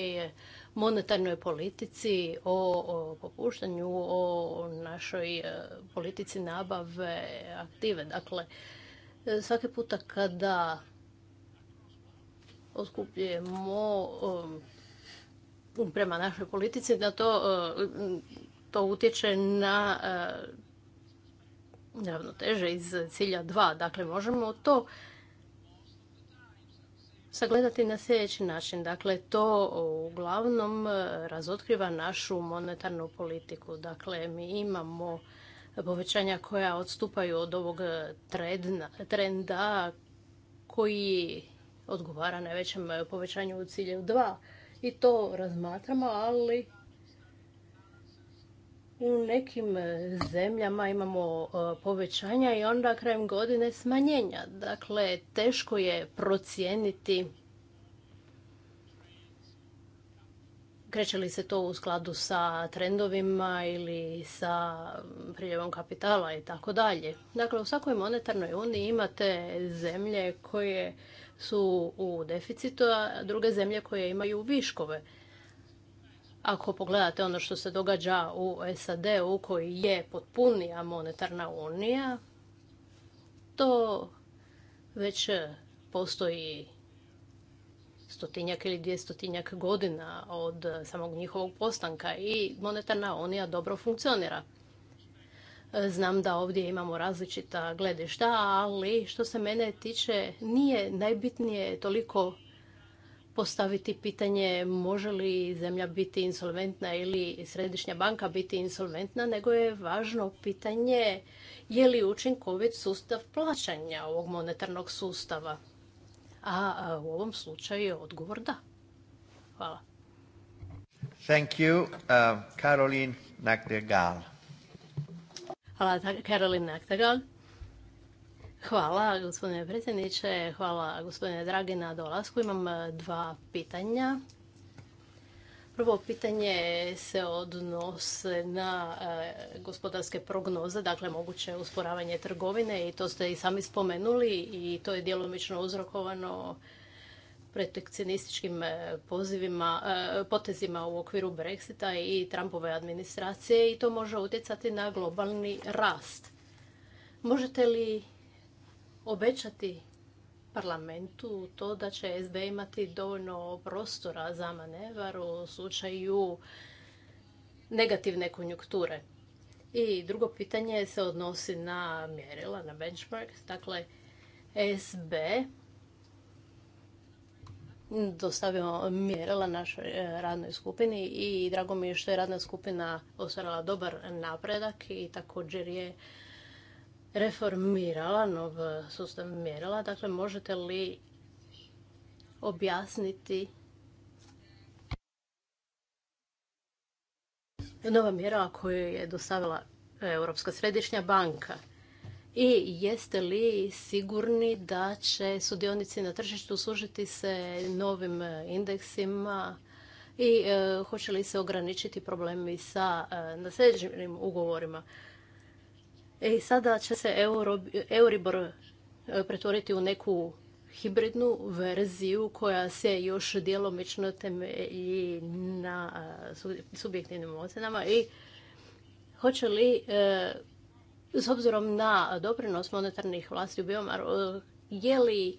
monetarnoj politici, o, popuštanju, o našoj e, politici nabave aktive. Dakle, e, svaki puta kada otkupljujemo e, prema našoj politici da to, e, to utječe na e, ravnoteže iz cilja 2. Dakle, možemo to sagledati na sljedeći način. Dakle, to uglavnom e, razotkriva našu monetarnu politiku. Dakle, mi imamo povećanja koja odstupaju od ovog trenda koji odgovara najvećem povećanju u cilju dva i to razmatramo, ali u nekim e, zemljama imamo e, povećanja i onda krajem godine smanjenja. Dakle, teško je procijeniti kreće li se to u skladu sa trendovima ili sa priljevom kapitala i tako dalje. Dakle, u svakoj monetarnoj uniji imate zemlje koje su u deficitu, a druge zemlje koje imaju viškove. Ako pogledate ono što se događa u SAD-u koji je potpunija monetarna unija, to već postoji stotinjak ili dvjestotinjak godina od samog njihovog postanka i monetarna unija dobro funkcionira. Znam da ovdje imamo različita gledišta, ali što se mene tiče nije najbitnije toliko postaviti pitanje može li zemlja biti insolventna ili središnja banka biti insolventna, nego je važno pitanje je li učinkovit sustav plaćanja ovog monetarnog sustava. A u ovom slučaju je odgovor da. Hvala. Thank you, uh, Caroline Hvala, Karolina Hvala, gospodine predsjedniče. Hvala, gospodine Dragi, na dolasku. Imam e, dva pitanja. Prvo pitanje se odnose na e, gospodarske prognoze, dakle moguće usporavanje trgovine i to ste i sami spomenuli i to je djelomično uzrokovano protekcionističkim e, pozivima, e, potezima u okviru Brexita i Trumpove administracije i to može utjecati na globalni rast. Možete li obećati parlamentu to da će SB imati dovoljno prostora za manevar u slučaju negativne konjukture? I drugo pitanje se odnosi na mjerila, na benchmark. Dakle, SB dostavio mjerila našoj e, radnoj skupini i drago mi je što je radna skupina ostvarila dobar napredak i također je reformirala nov sustav mjerila. Dakle, možete li objasniti nova mjerila koju je dostavila Europska središnja banka? i jeste li sigurni da će sudionici na tržištu služiti se novim e, indeksima i e, hoće li se ograničiti problemi sa e, nasljeđenim ugovorima. I sada će se Euribor pretvoriti u neku hibridnu verziju koja se još djelomično temelji na subjektivnim ocenama i hoće li s obzirom na doprinos monetarnih vlasti u Biomaru, e, je li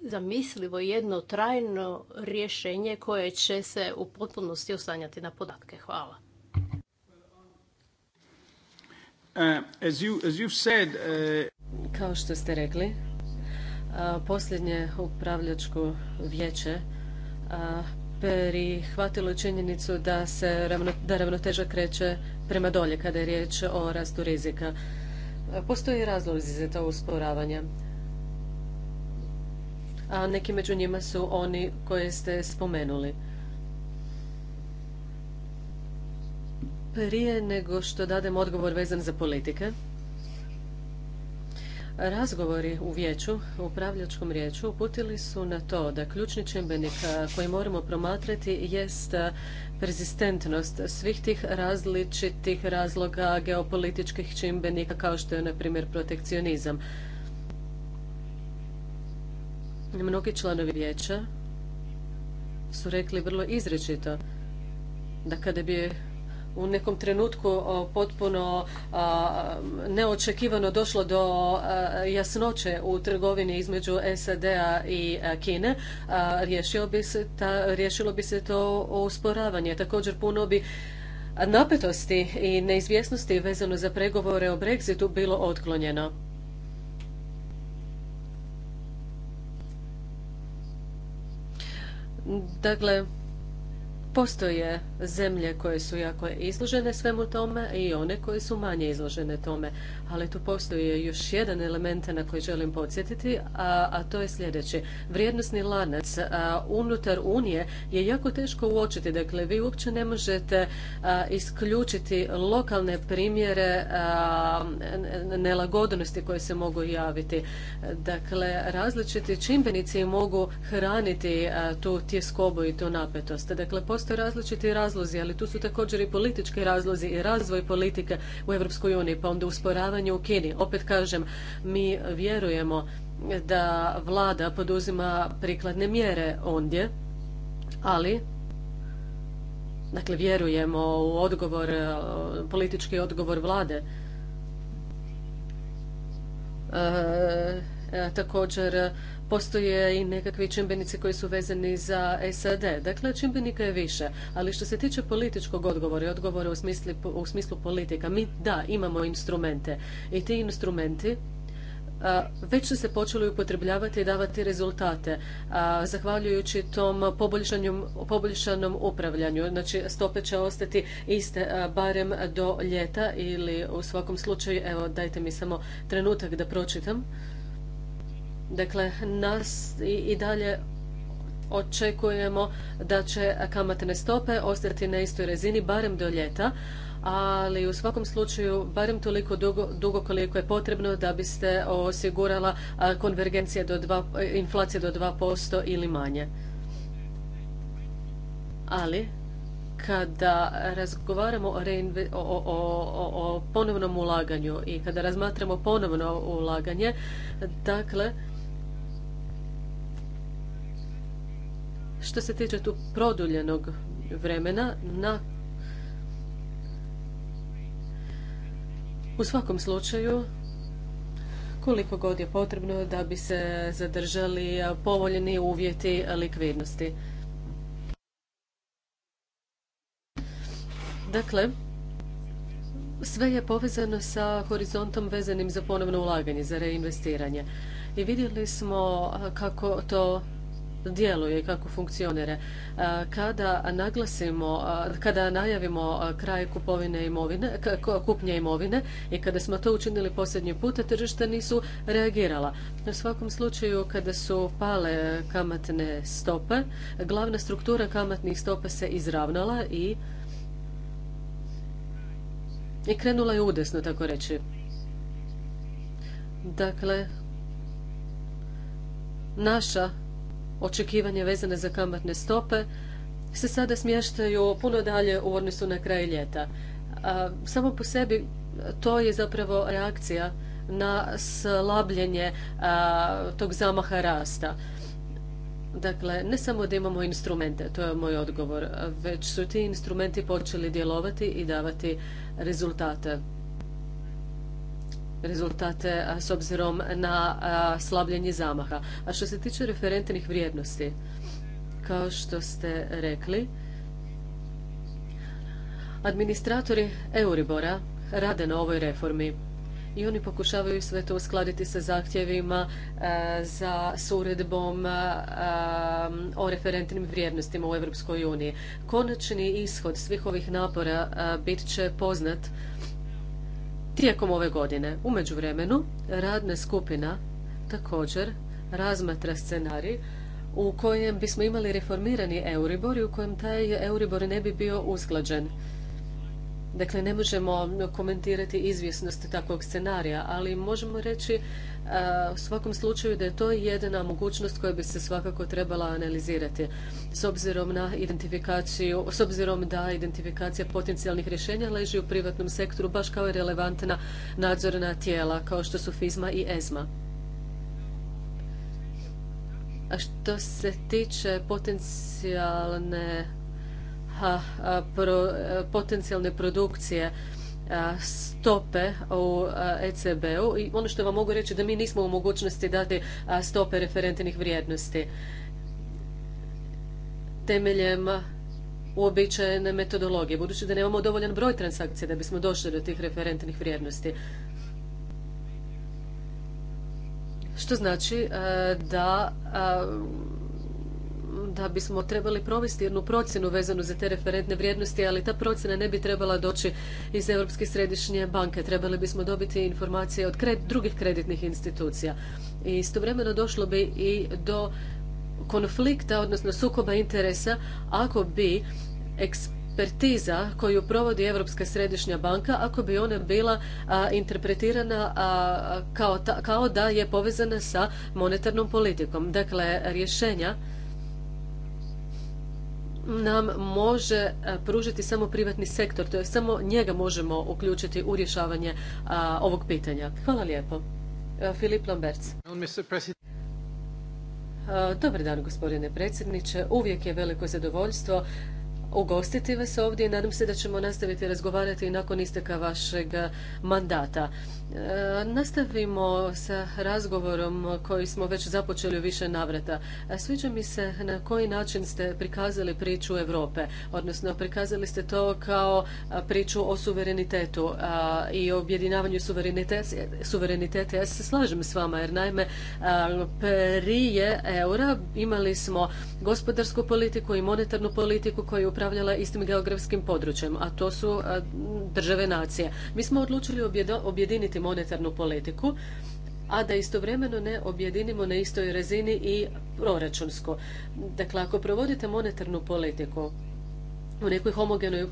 zamislivo jedno trajno rješenje koje će se u potpunosti oslanjati na podatke? Hvala. E, e, Kao što ste rekli, posljednje upravljačko vijeće prihvatilo činjenicu da se da ravnoteža kreće prema dolje kada je riječ o rastu rizika. Postoji razlozi za to usporavanje. A neki među njima su oni koje ste spomenuli. Prije nego što dadem odgovor vezan za politike, Razgovori u vijeću, u upravljačkom vijeću, uputili su na to da ključni čimbenik koji moramo promatrati jest prezistentnost svih tih različitih razloga geopolitičkih čimbenika kao što je na primjer protekcionizam. Mnogi članovi vijeća su rekli vrlo izrečito da kada bi u nekom trenutku potpuno neočekivano došlo do jasnoće u trgovini između SAD-a i Kine, riješilo bi, se bi se to usporavanje. Također puno bi napetosti i neizvjesnosti vezano za pregovore o Brexitu bilo otklonjeno. Dakle, Postoje zemlje koje su jako izložene svemu tome i one koje su manje izložene tome. Ali tu postoji još jedan element na koji želim podsjetiti, a, a to je sljedeći. Vrijednostni lanac unutar Unije je jako teško uočiti. Dakle, vi uopće ne možete isključiti lokalne primjere nelagodnosti koje se mogu javiti. Dakle, različiti čimbenici mogu hraniti tu tjeskobu i tu napetost. Dakle, postoji postoje različiti razlozi, ali tu su također i politički razlozi i razvoj politike u Europskoj uniji, pa onda usporavanje u Kini. Opet kažem, mi vjerujemo da vlada poduzima prikladne mjere ondje, ali dakle vjerujemo u odgovor, e, politički odgovor vlade. E, e također postoje i nekakvi čimbenici koji su vezani za SAD. Dakle, čimbenika je više. Ali što se tiče političkog odgovora i odgovora u, smislu politika, mi da, imamo instrumente. I ti instrumenti već su se počeli upotrebljavati i davati rezultate, zahvaljujući tom poboljšanom upravljanju. Znači, stope će ostati iste barem do ljeta ili u svakom slučaju, evo, dajte mi samo trenutak da pročitam. Dakle, nas i dalje očekujemo da će kamatne stope ostati na istoj razini barem do ljeta, ali u svakom slučaju barem toliko dugo, dugo koliko je potrebno da biste osigurala konvergencija do dva, inflacija do posto ili manje. Ali kada razgovaramo o, reinve, o, o, o ponovnom ulaganju i kada razmatramo ponovno ulaganje, dakle Što se tiče tu produljenog vremena, na U svakom slučaju, koliko god je potrebno da bi se zadržali povoljni uvjeti likvidnosti. Dakle, sve je povezano sa horizontom vezanim za ponovno ulaganje, za reinvestiranje. I vidjeli smo kako to djeluje i kako funkcionira. E, kada naglasimo, e, kada najavimo e, kraj kupovine imovine, kupnje imovine i kada smo to učinili posljednji put, tržišta nisu reagirala. U svakom slučaju, kada su pale kamatne stope, glavna struktura kamatnih stopa se izravnala i i krenula je udesno, tako reći. Dakle, naša očekivanje vezane za kamatne stope se sada smještaju puno dalje u odnosu na kraj ljeta. Samo po sebi to je zapravo reakcija na slabljenje tog zamaha rasta. Dakle, ne samo da imamo instrumente, to je moj odgovor, već su ti instrumenti počeli djelovati i davati rezultate rezultate s obzirom na slabljenje zamaha. A što se tiče referentnih vrijednosti, kao što ste rekli, administratori Euribora rade na ovoj reformi i oni pokušavaju sve to uskladiti sa zahtjevima za, suredbom o referentnim vrijednostima u Europskoj uniji. Konačni ishod svih ovih napora bit će poznat tijekom ove godine. U međuvremenu, radna skupina također razmatra scenarij u kojem bismo imali reformirani Euribor i u kojem taj Euribor ne bi bio usklađen Dakle, ne možemo komentirati izvjesnost takvog scenarija, ali možemo reći e, u svakom slučaju da je to jedna mogućnost koja bi se svakako trebala analizirati s obzirom na identifikaciju, s obzirom da identifikacija potencijalnih rješenja leži u privatnom sektoru baš kao i relevantna nadzorna tijela kao što su FISMA i ESMA. A što se tiče potencijalne E, potencijalne produkcije e, stope u ECB-u e i ono što vam mogu reći da mi nismo u mogućnosti dati stope referentnih vrijednosti temeljem uobičajene metodologije, budući da nemamo dovoljan broj transakcija da bismo došli do tih referentnih vrijednosti. Što znači da da bismo trebali provesti jednu procjenu vezanu za te referentne vrijednosti, ali ta procjena ne bi trebala doći iz Europske središnje banke. Trebali bismo dobiti informacije od drugih kreditnih institucija. I istovremeno došlo bi i do konflikta, odnosno sukoba interesa, ako bi ekspertiza koju provodi Europska središnja banka, ako bi ona bila interpretirana kao, kao da je povezana sa monetarnom politikom. Dakle, rješenja nam može e, pružiti samo privatni sektor, to je samo njega možemo uključiti u rješavanje ovog pitanja. Hvala lijepo. E, Filip Lamberts. E, dobar dan, gospodine predsjedniče. Uvijek je veliko zadovoljstvo ugostiti vas ovdje i nadam se da ćemo nastaviti razgovarati nakon isteka vašeg eh, mandata. Eh, nastavimo sa razgovorom koji smo već započeli u više navrata. Eh, sviđa mi se na koji način ste prikazali priču Europe, odnosno prikazali ste to kao priču o suverenitetu i objedinavanju suvereniteta. Ja se slažem s vama jer naime prije eura imali smo gospodarsku politiku i monetarnu politiku koju upravljala istim geografskim područjem, a to su države nacije. Mi smo odlučili objediniti monetarnu politiku, a da istovremeno ne objedinimo na istoj razini i proračunsko. Dakle, ako provodite monetarnu politiku u nekoj homogenoj e,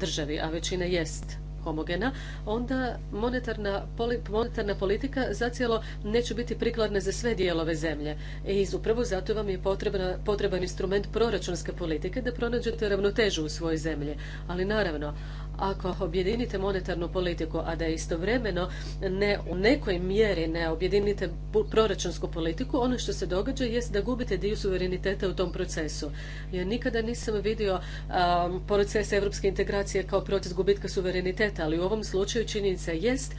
državi, a većina jest homogena, onda monetarna, monetarna politika zacijelo neće biti prikladna za sve dijelove zemlje. I upravo zato vam je potrebna, potreban instrument proračunske politike da pronađete ravnotežu u svojoj zemlji. Ali naravno, ako objedinite monetarnu politiku, a da istovremeno ne u nekoj mjeri ne objedinite proračunsku politiku, ono što se događa jest da gubite dio suvereniteta u tom procesu. Ja nikada nisam vidio um, proces europske integracije kao proces gubitka suvereniteta, ali u ovom slučaju činjenica jest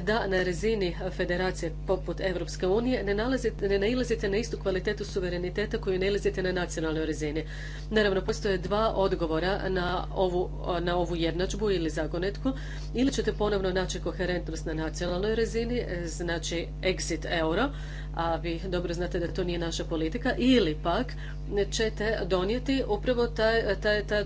da na razini federacije poput Europske unije ne, nalazite, ne nailazite na istu kvalitetu suvereniteta koju nailazite na nacionalnoj razini. Naravno, postoje dva odgovora na ovu, na ovu jednadžbu ili zagonetku. Ili ćete ponovno naći koherentnost na nacionalnoj razini, e, znači exit euro, a vi dobro znate da to nije naša politika, ili pak ćete donijeti upravo taj,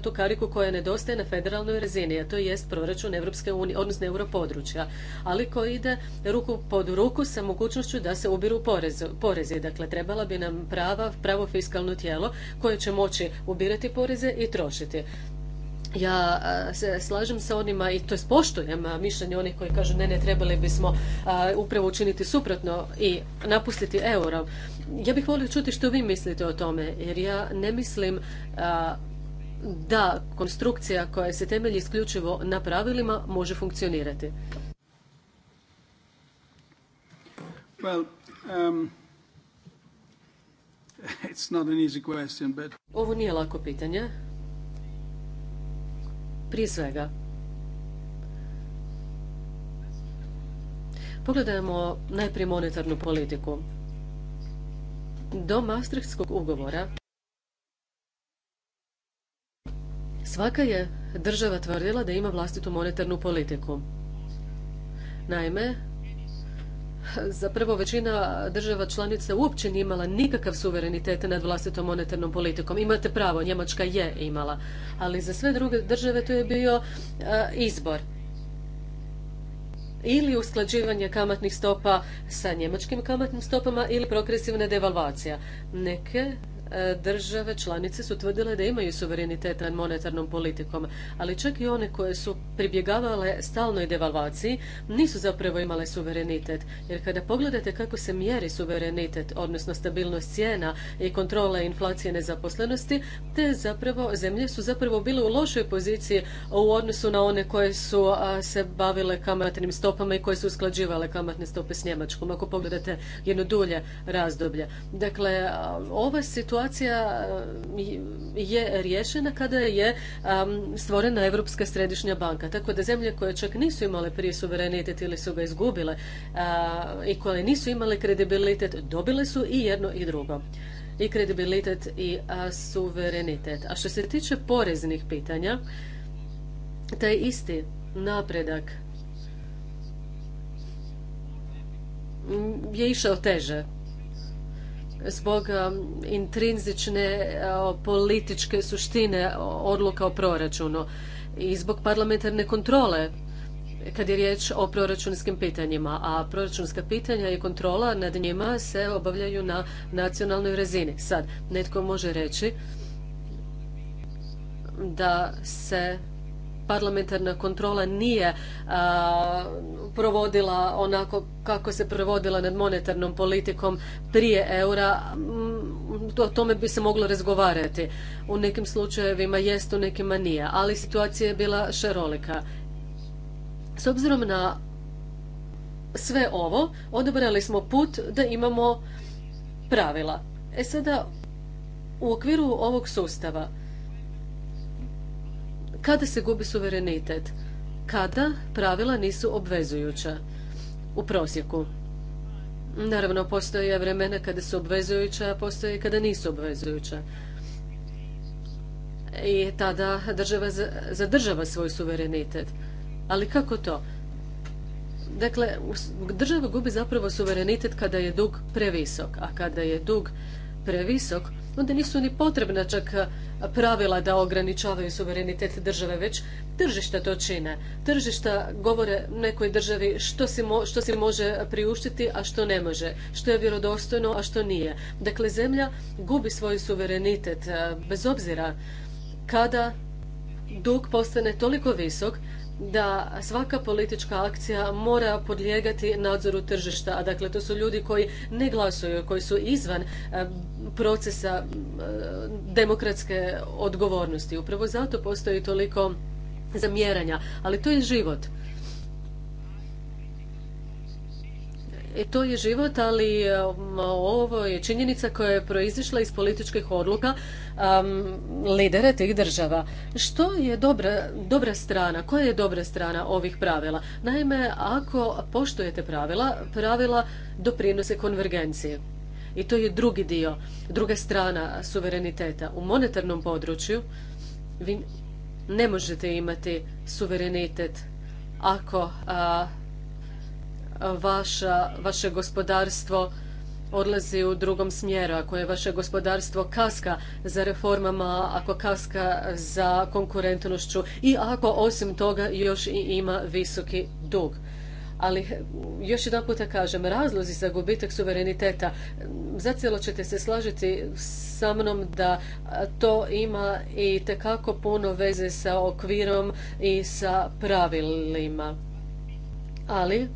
tu kariku koja nedostaje na federalnoj razini, a to jest proračun Europske unije, odnosno europodručja, ali koji ide ruku pod ruku sa mogućnošću da se ubiru porezi. porezi. Dakle, trebala bi nam prava, pravo fiskalno tijelo koje će moći ubirati poreze i trošiti ja e, se slažem sa onima i to je poštujem e, mišljenje onih koji kažu ne, ne, trebali bismo e, upravo učiniti suprotno i napustiti euro. Ja bih volio čuti što vi mislite o tome, jer ja ne mislim da konstrukcija koja se temelji isključivo na pravilima može funkcionirati. Um, Ovo nije lako pitanje. Prije svega, pogledajmo najprije monetarnu politiku. Do Maastrichtskog ugovora svaka je država tvrdila da ima vlastitu monetarnu politiku. Naime, zapravo većina država članica uopće nije imala nikakav suverenitet nad vlastitom monetarnom politikom. Imate pravo, Njemačka je imala, ali za sve druge države to je bio e, izbor ili usklađivanje kamatnih stopa sa njemačkim kamatnim stopama ili progresivna devalvacija. Neke E, države članice su tvrdile da imaju suverenitet nad monetarnom politikom, ali čak i one koje su pribjegavale stalnoj devalvaciji nisu zapravo imale suverenitet. Jer kada pogledate kako se mjeri suverenitet, odnosno stabilnost cijena i kontrole inflacije nezaposlenosti, te zapravo zemlje su zapravo bile u lošoj poziciji u odnosu na one koje su se bavile kamatnim stopama i koje su usklađivale kamatne stope s Njemačkom, ako pogledate jedno dulje razdoblje. Dakle, ova situacija situacija e, je riješena kada je stvorena Europska središnja banka. Tako da zemlje koje čak nisu imale prije suverenitet ili su ga izgubile i koje nisu imale kredibilitet dobile su i jedno i drugo i kredibilitet i suverenitet. A što se tiče poreznih pitanja, taj isti napredak je išao teže zbog um, intrinzične uh, političke suštine odluka o proračunu i zbog parlamentarne kontrole kad je riječ o proračunskim pitanjima, a proračunska pitanja i kontrola nad njima se obavljaju na nacionalnoj razini. Sad, netko može reći da se parlamentarna kontrola nije provodila onako kako se provodila nad monetarnom politikom prije eura, mm, o tome bi se moglo razgovarati. U nekim slučajevima jest, u nekima nije, ali situacija je bila šarolika. S obzirom na sve ovo, odabrali smo put da imamo pravila. E sada, u okviru ovog sustava, kada se gubi suverenitet, kada pravila nisu obvezujuća u prosjeku. Naravno, postoje vremena kada su obvezujuća, a postoje i kada nisu obvezujuća. I tada država zadržava svoj suverenitet. Ali kako to? Dakle, država gubi zapravo suverenitet kada je dug previsok, a kada je dug previsok, onda nisu ni potrebna čak pravila da ograničavaju suverenitet države, već tržišta to čine. Tržišta govore nekoj državi što si, što si može priuštiti, a što ne može, što je vjerodostojno, a što nije. Dakle, zemlja gubi svoj suverenitet, bez obzira kada dug postane toliko visok da svaka politička akcija mora podlijegati nadzoru tržišta, a dakle to su ljudi koji ne glasuju, koji su izvan e, procesa e, demokratske odgovornosti. Upravo zato postoji toliko zamjeranja, ali to je život. E, to je život, ali um, ovo je činjenica koja je proizišla iz političkih odluka um, lidera tih država. Što je dobra, strana? Koja je dobra strana ovih pravila? Naime, ako poštujete pravila, pravila doprinose konvergenciji. I to je drugi dio, druga strana suvereniteta. U monetarnom području vi ne možete imati suverenitet ako vaše gospodarstvo odlazi u drugom smjeru, ako je vaše gospodarstvo kaska za reformama, ako kaska za konkurentnošću i ako osim toga još i ima visoki dug. Ali još jedan puta kažem, razlozi za gubitak suvereniteta, zacijelo ćete se slažiti sa mnom da to ima i tekako puno veze sa okvirom i sa pravilima. Ali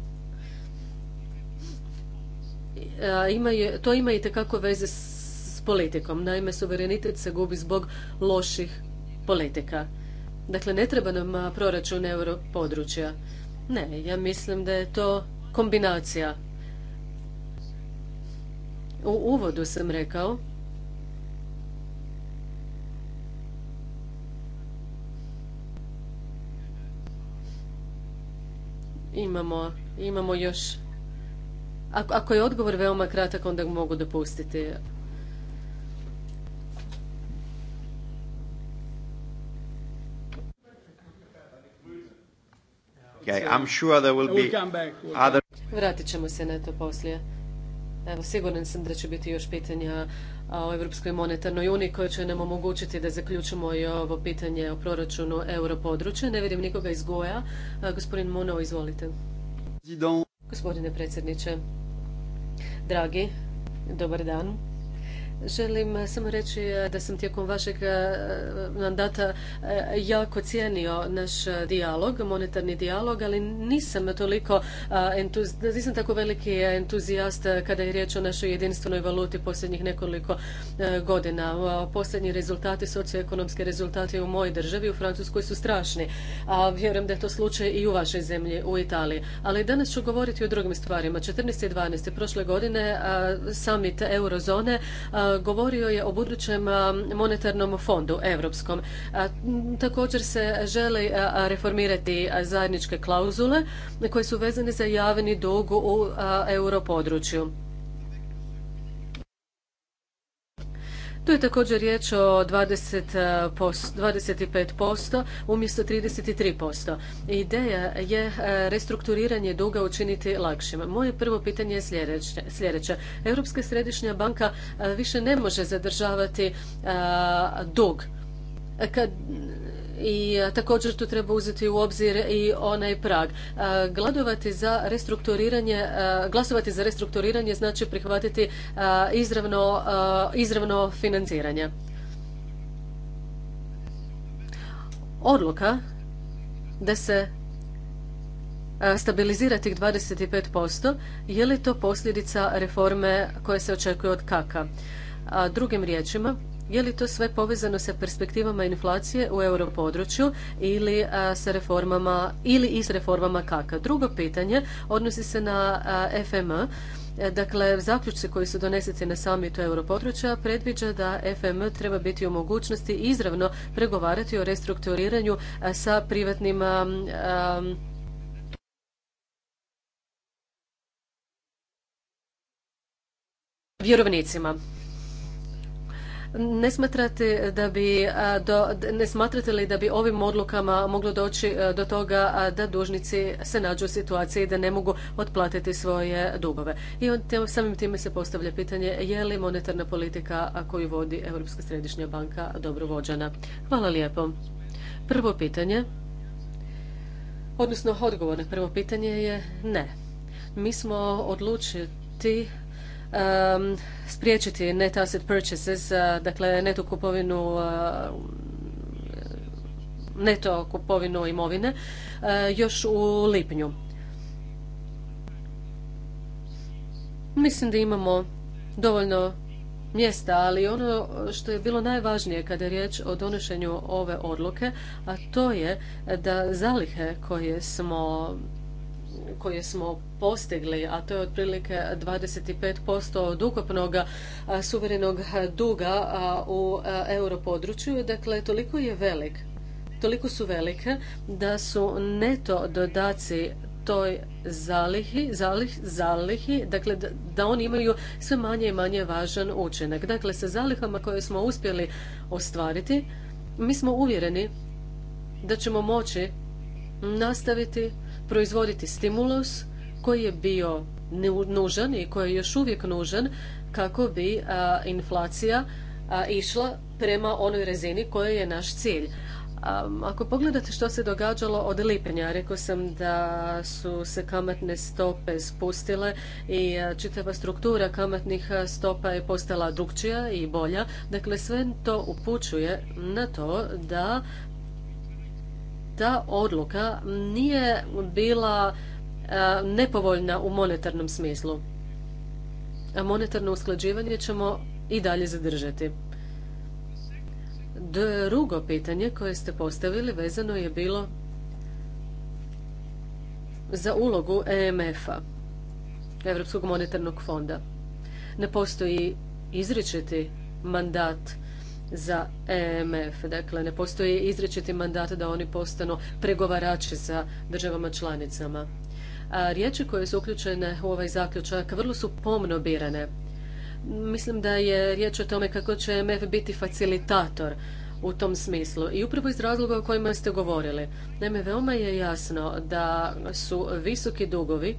to ima itekako veze s politikom. Naime, suverenitet se gubi zbog loših politika. Dakle, ne treba nam proračun područja. Ne, ja mislim da je to kombinacija. U uvodu sam rekao imamo još ako je odgovor veoma kratak, onda ga mogu dopustiti. Okay, I'm sure there will be Vratit ćemo se na to poslije. Evo, siguran sam da će biti još pitanja o Europskoj monetarnoj uniji koje će nam omogućiti da zaključimo i ovo pitanje o proračunu europodručja. Ne vidim nikoga iz Goja. Gospodin Mono, izvolite. Gospodine predsjedniče, dragi, dobar dan. Želim eh, samo reći eh, da sam tijekom vašeg eh, mandata jako cijenio naš dijalog, monetarni dijalog, ali nisam toliko nisam tako veliki entuzijast kada je riječ o našoj jedinstvenoj valuti posljednjih nekoliko godina. Posljednji rezultati, socioekonomski rezultati u mojoj državi, u Francuskoj su strašni, a vjerujem da je to slučaj i u vašoj zemlji, u Italiji. Ali danas ću govoriti o drugim stvarima. 12. prošle godine summit eurozone govorio je o budućem monetarnom fondu europskom. Također se želi reformirati zajedničke klauzule koje su vezane za javni dug u europodručju. Tu je također riječ o 20%, 25% e, umjesto 33%. Ideja je e, restrukturiranje duga učiniti lakšim. Moje prvo pitanje je sljedeće. sljedeće. Europska središnja banka e, više ne može zadržavati dug. Kad i e, također tu treba uzeti u obzir i onaj prag. E, gladovati za restrukturiranje, e, glasovati za restrukturiranje znači prihvatiti izravno, izravno financiranje. Odluka da se stabilizira tih 25%, je li to posljedica reforme koje se očekuje od kaka? Drugim riječima, je li to sve povezano sa perspektivama inflacije u europodručju ili sa reformama ili i s reformama kaka? Drugo pitanje odnosi se na FM. Dakle, zaključci koji su doneseni na samitu europodručja predviđa da FM treba biti u mogućnosti izravno pregovarati o restrukturiranju sa privatnim vjerovnicima. Ne smatrate da bi, ne li da bi ovim odlukama moglo doći e, do toga da dužnici se nađu u situaciji da ne mogu otplatiti svoje dugove? I samim time se postavlja pitanje je li monetarna politika koju vodi Europska središnja banka dobro vođena? Hvala lijepo. Prvo pitanje, odnosno odgovor na prvo pitanje je ne. Mi smo odlučili um, spriječiti net asset purchases, dakle neto kupovinu neto kupovinu imovine još u lipnju. Mislim da imamo dovoljno mjesta, ali ono što je bilo najvažnije kada je riječ o donošenju ove odluke, a to je da zalihe koje smo koje smo postigli, a to je otprilike 25% od ukupnog suverenog duga u europodručju, dakle toliko je velik, toliko su velike da su neto dodaci toj zalihi, zalih, zalihi, dakle da oni imaju sve manje i manje važan učinak. Dakle, sa zalihama koje smo uspjeli ostvariti, mi smo uvjereni da ćemo moći nastaviti proizvoditi stimulus koji je bio nužan i koji je još uvijek nužan kako bi inflacija išla prema onoj razini koja je naš cilj. ako pogledate što se događalo od lipnja, rekao sam da su se kamatne stope spustile i čitava struktura kamatnih stopa je postala drukčija i bolja. Dakle, sve to upućuje na to da ta odluka nije bila e, nepovoljna u monetarnom smislu. A monetarno usklađivanje ćemo i dalje zadržati. Drugo pitanje koje ste postavili vezano je bilo za ulogu EMF-a, Europskog monetarnog fonda. Ne postoji izričiti mandat za EMF. Dakle, ne postoji izrečiti mandat da oni postanu pregovarači sa državama članicama. riječi koje su uključene u ovaj zaključak vrlo su pomno birane. Mislim da je riječ o tome kako će EMF biti facilitator u tom smislu i upravo iz razloga o kojima ste govorili. Naime, veoma je jasno da su visoki dugovi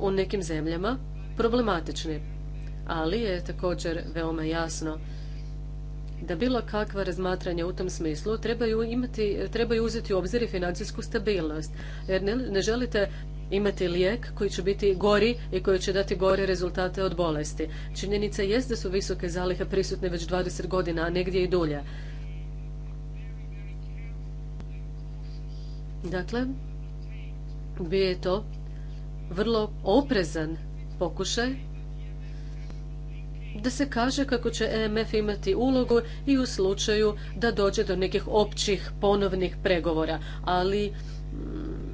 u nekim zemljama problematični, ali je također veoma jasno da bilo kakva razmatranja u tom smislu trebaju, imati, trebaju uzeti u obzir i financijsku stabilnost. Jer ne, želite imati lijek koji će biti gori i koji će dati gore rezultate od bolesti. Činjenica jest da su visoke zalihe prisutne već 20 godina, a negdje i dulje. Dakle, bi je to vrlo oprezan pokušaj da se kaže kako će EMF imati ulogu i u slučaju da dođe do nekih općih ponovnih pregovora, ali mm,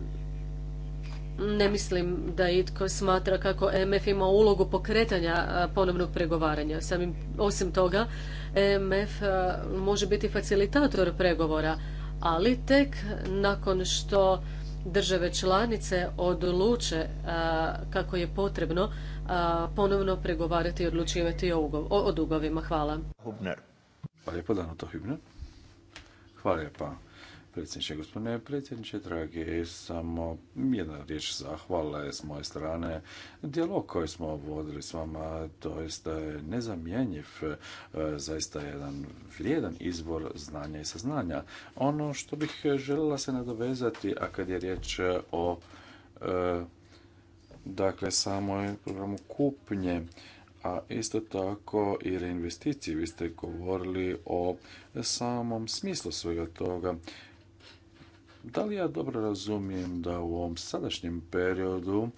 ne mislim da itko smatra kako EMF ima ulogu pokretanja ponovnog pregovaranja. Samim, osim toga, EMF može biti facilitator pregovora, ali tek nakon što države članice odluče kako je potrebno ponovno pregovarati i odlučivati o, dugovima. Hvala. Hubner. Hvala lijepo, Danuto Hübner. Hvala lijepa, predsjedniče. Gospodine predsjedniče, dragi, samo jedna riječ zahvale s moje strane. Dijalog koji smo vodili s vama doista je nezamjenjiv, e, zaista je jedan vrijedan izbor znanja i saznanja. Ono što bih željela se nadovezati, a kad je riječ o e, dakle samo programu kupnje a isto tako i reinvesticije. Vi ste govorili o samom smislu svega toga. Da li ja dobro razumijem da u ovom sadašnjem periodu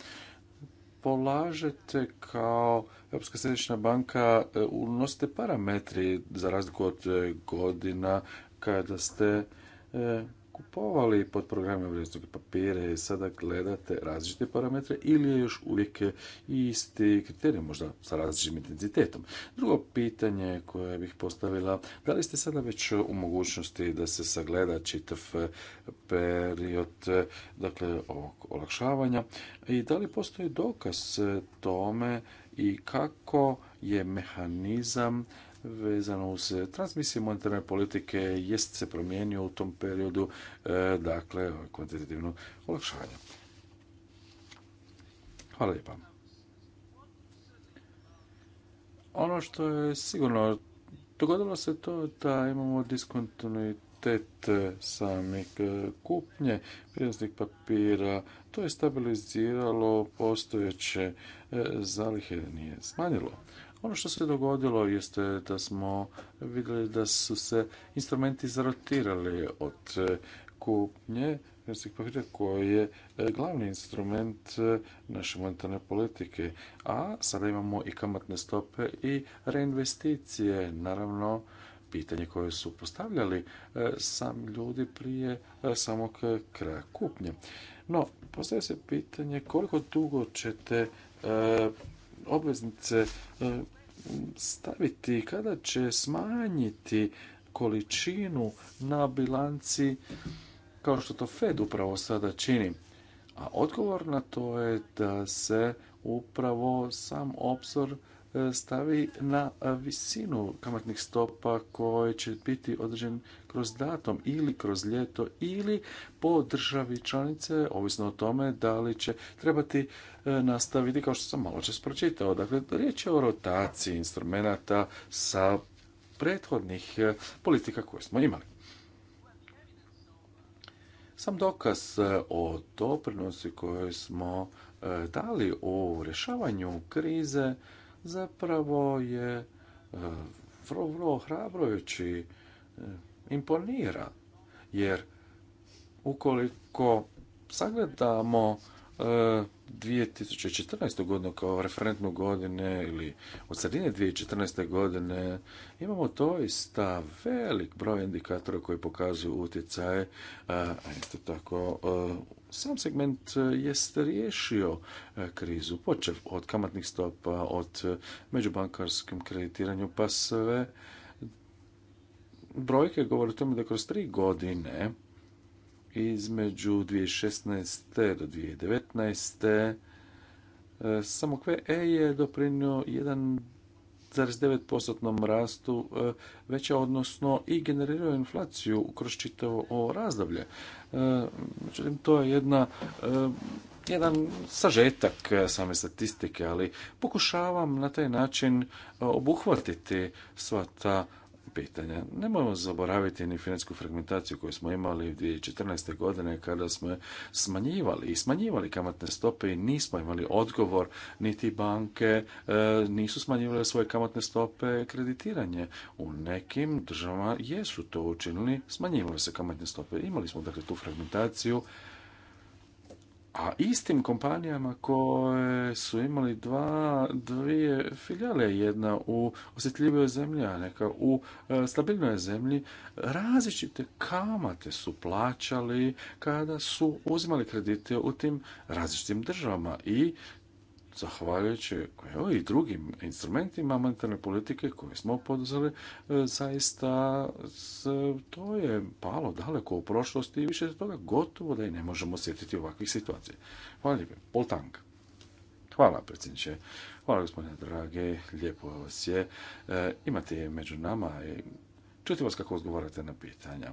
polažete kao Europska središnja banka, e, unosite parametri za razliku od e, godina kada ste e, kupovali pod programe vrijednostnog papire i sada gledate različite parametre ili je još uvijek isti kriterij, možda sa različitim intenzitetom. Drugo pitanje koje bih postavila, da li ste sada već u mogućnosti da se sagleda čitav period dakle, ovog olakšavanja i da li postoji dokaz tome i kako je mehanizam vezano uz transmisije monetarne politike jest se promijenio u tom periodu, e, dakle, kvantitativno olakšanje. Hvala lijepa. Ono što je sigurno dogodilo se to da imamo diskontinuitet samih e, kupnje vrijednosnih papira, to je stabiliziralo postojeće e, zalihe, nije smanjilo ono što se dogodilo jeste da smo vidjeli da su se instrumenti zarotirali od e, kupnje vrijednosnih papira koji je e, glavni instrument e, naše monetarne politike, a sada imamo i kamatne stope i reinvesticije. Naravno, pitanje koje su postavljali sam ljudi prije samog kraja kupnje. No, postavlja se pitanje koliko dugo ćete obveznice e, staviti kada će smanjiti količinu na bilanci kao što to Fed upravo sada čini. A odgovor na to je da se upravo sam obzor stavi na visinu kamatnih stopa koje će biti određen kroz datum ili kroz ljeto ili po državi članice, ovisno o tome da li će trebati e, nastaviti, kao što sam malo čas pročitao. Dakle, riječ je o rotaciji instrumenata sa prethodnih e, politika koje smo imali. Sam dokaz e, o doprinosi koje smo dali u rješavanju krize zapravo je e, vrlo, vrlo hrabrojući, e, imponira, jer ukoliko sagledamo 2014. E, godinu kao referentnu godine ili od sredine 2014. godine imamo to doista velik broj indikatora koji pokazuju utjecaje, a isto tako sam segment e, jest riješio e, krizu, počev od kamatnih stopa, od e, međubankarskim kreditiranju, pa sve brojke govore o tome da kroz tri godine između 2016. do 2019. Samo QE je doprinio jedan 6,9% rastu e, veća, odnosno i generiraju inflaciju kroz čitavo ovo razdoblje. E, međutim, to je jedna e, jedan sažetak same statistike, ali pokušavam na taj način obuhvatiti sva ta pitanja. Nemojmo zaboraviti ni financijsku fragmentaciju koju smo imali 2014. godine kada smo smanjivali i smanjivali kamatne stope i nismo imali odgovor, niti banke e, nisu smanjivale svoje kamatne stope kreditiranje. U nekim državama jesu to učinili, smanjivali se kamatne stope. Imali smo dakle tu fragmentaciju a istim kompanijama koje su imali dva, dvije filijale, jedna u osjetljivoj zemlji, a neka u e, stabilnoj zemlji, različite kamate su plaćali kada su uzimali kredite u tim različitim državama i zahvaljujući evo, i drugim instrumentima monetarne politike koje smo poduzeli, e, zaista to je palo daleko u prošlosti i više toga gotovo da i ne možemo sjetiti ovakvih situacija. Hvala lijepo. Poltank. Hvala, predsjedniče. Hvala, gospodine drage. Lijepo vas je. E, imate među nama i čuti vas kako odgovarate na pitanja.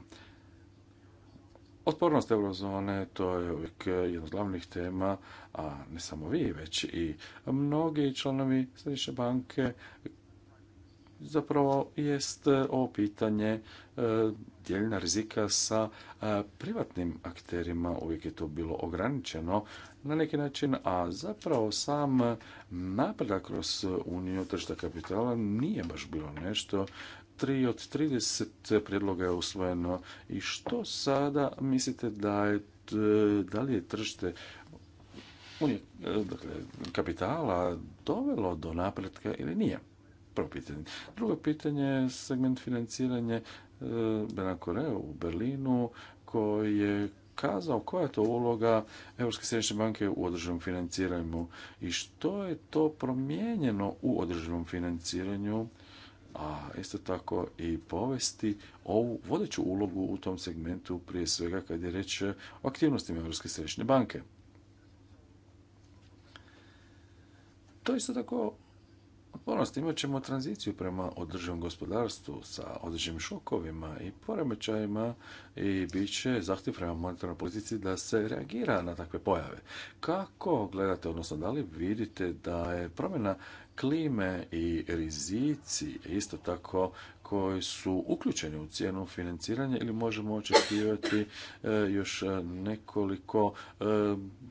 Otpornost eurozone to je uvijek jedna od glavnih tema, a ne samo vi, već i mnogi članovi Središnje banke zapravo jest ovo pitanje e, dijeljena rizika sa e, privatnim akterima. Uvijek je to bilo ograničeno na neki način, a zapravo sam napredak kroz Uniju tržišta kapitala nije baš bilo nešto tri od 30 prijedloga je usvojeno. I što sada mislite da je, da li je tržište dakle, kapitala dovelo do napretka ili nije? Prvo pitanje. Drugo pitanje je segment financiranje Benakoreo u Berlinu koji je kazao koja je to uloga Europske središnje banke u održivom financiranju i što je to promijenjeno u održivom financiranju a isto tako i povesti ovu vodeću ulogu u tom segmentu prije svega kad je reč o aktivnostima Europske središnje banke. To isto tako okolnosti imat ćemo tranziciju prema održivom gospodarstvu sa određenim šokovima i poremećajima i bit će zahtjev prema monetarnoj politici da se reagira na takve pojave. Kako gledate, odnosno da li vidite da je promjena klime i rizici isto tako koji su uključeni u cijenu financiranja ili možemo očekivati e, još nekoliko e,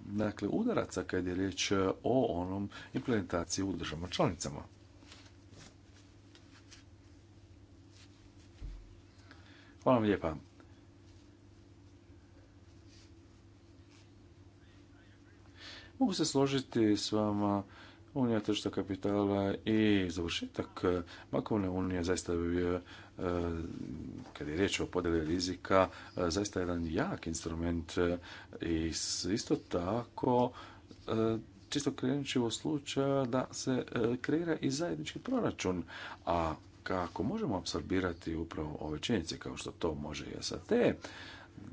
dakle, udaraca kad je riječ o onom implementaciji u državama članicama. Hvala vam lijepa. Mogu se složiti s vama Unija tržišta kapitala i završetak bankovne unije zaista bi bio e, kada je riječ o podjeli rizika, e, zaista jedan jak instrument e, i isto tako čisto krenut u slučaju da se kreira i zajednički proračun, a kako možemo apsorbirati upravo ove činjenice kao što to može i SAD,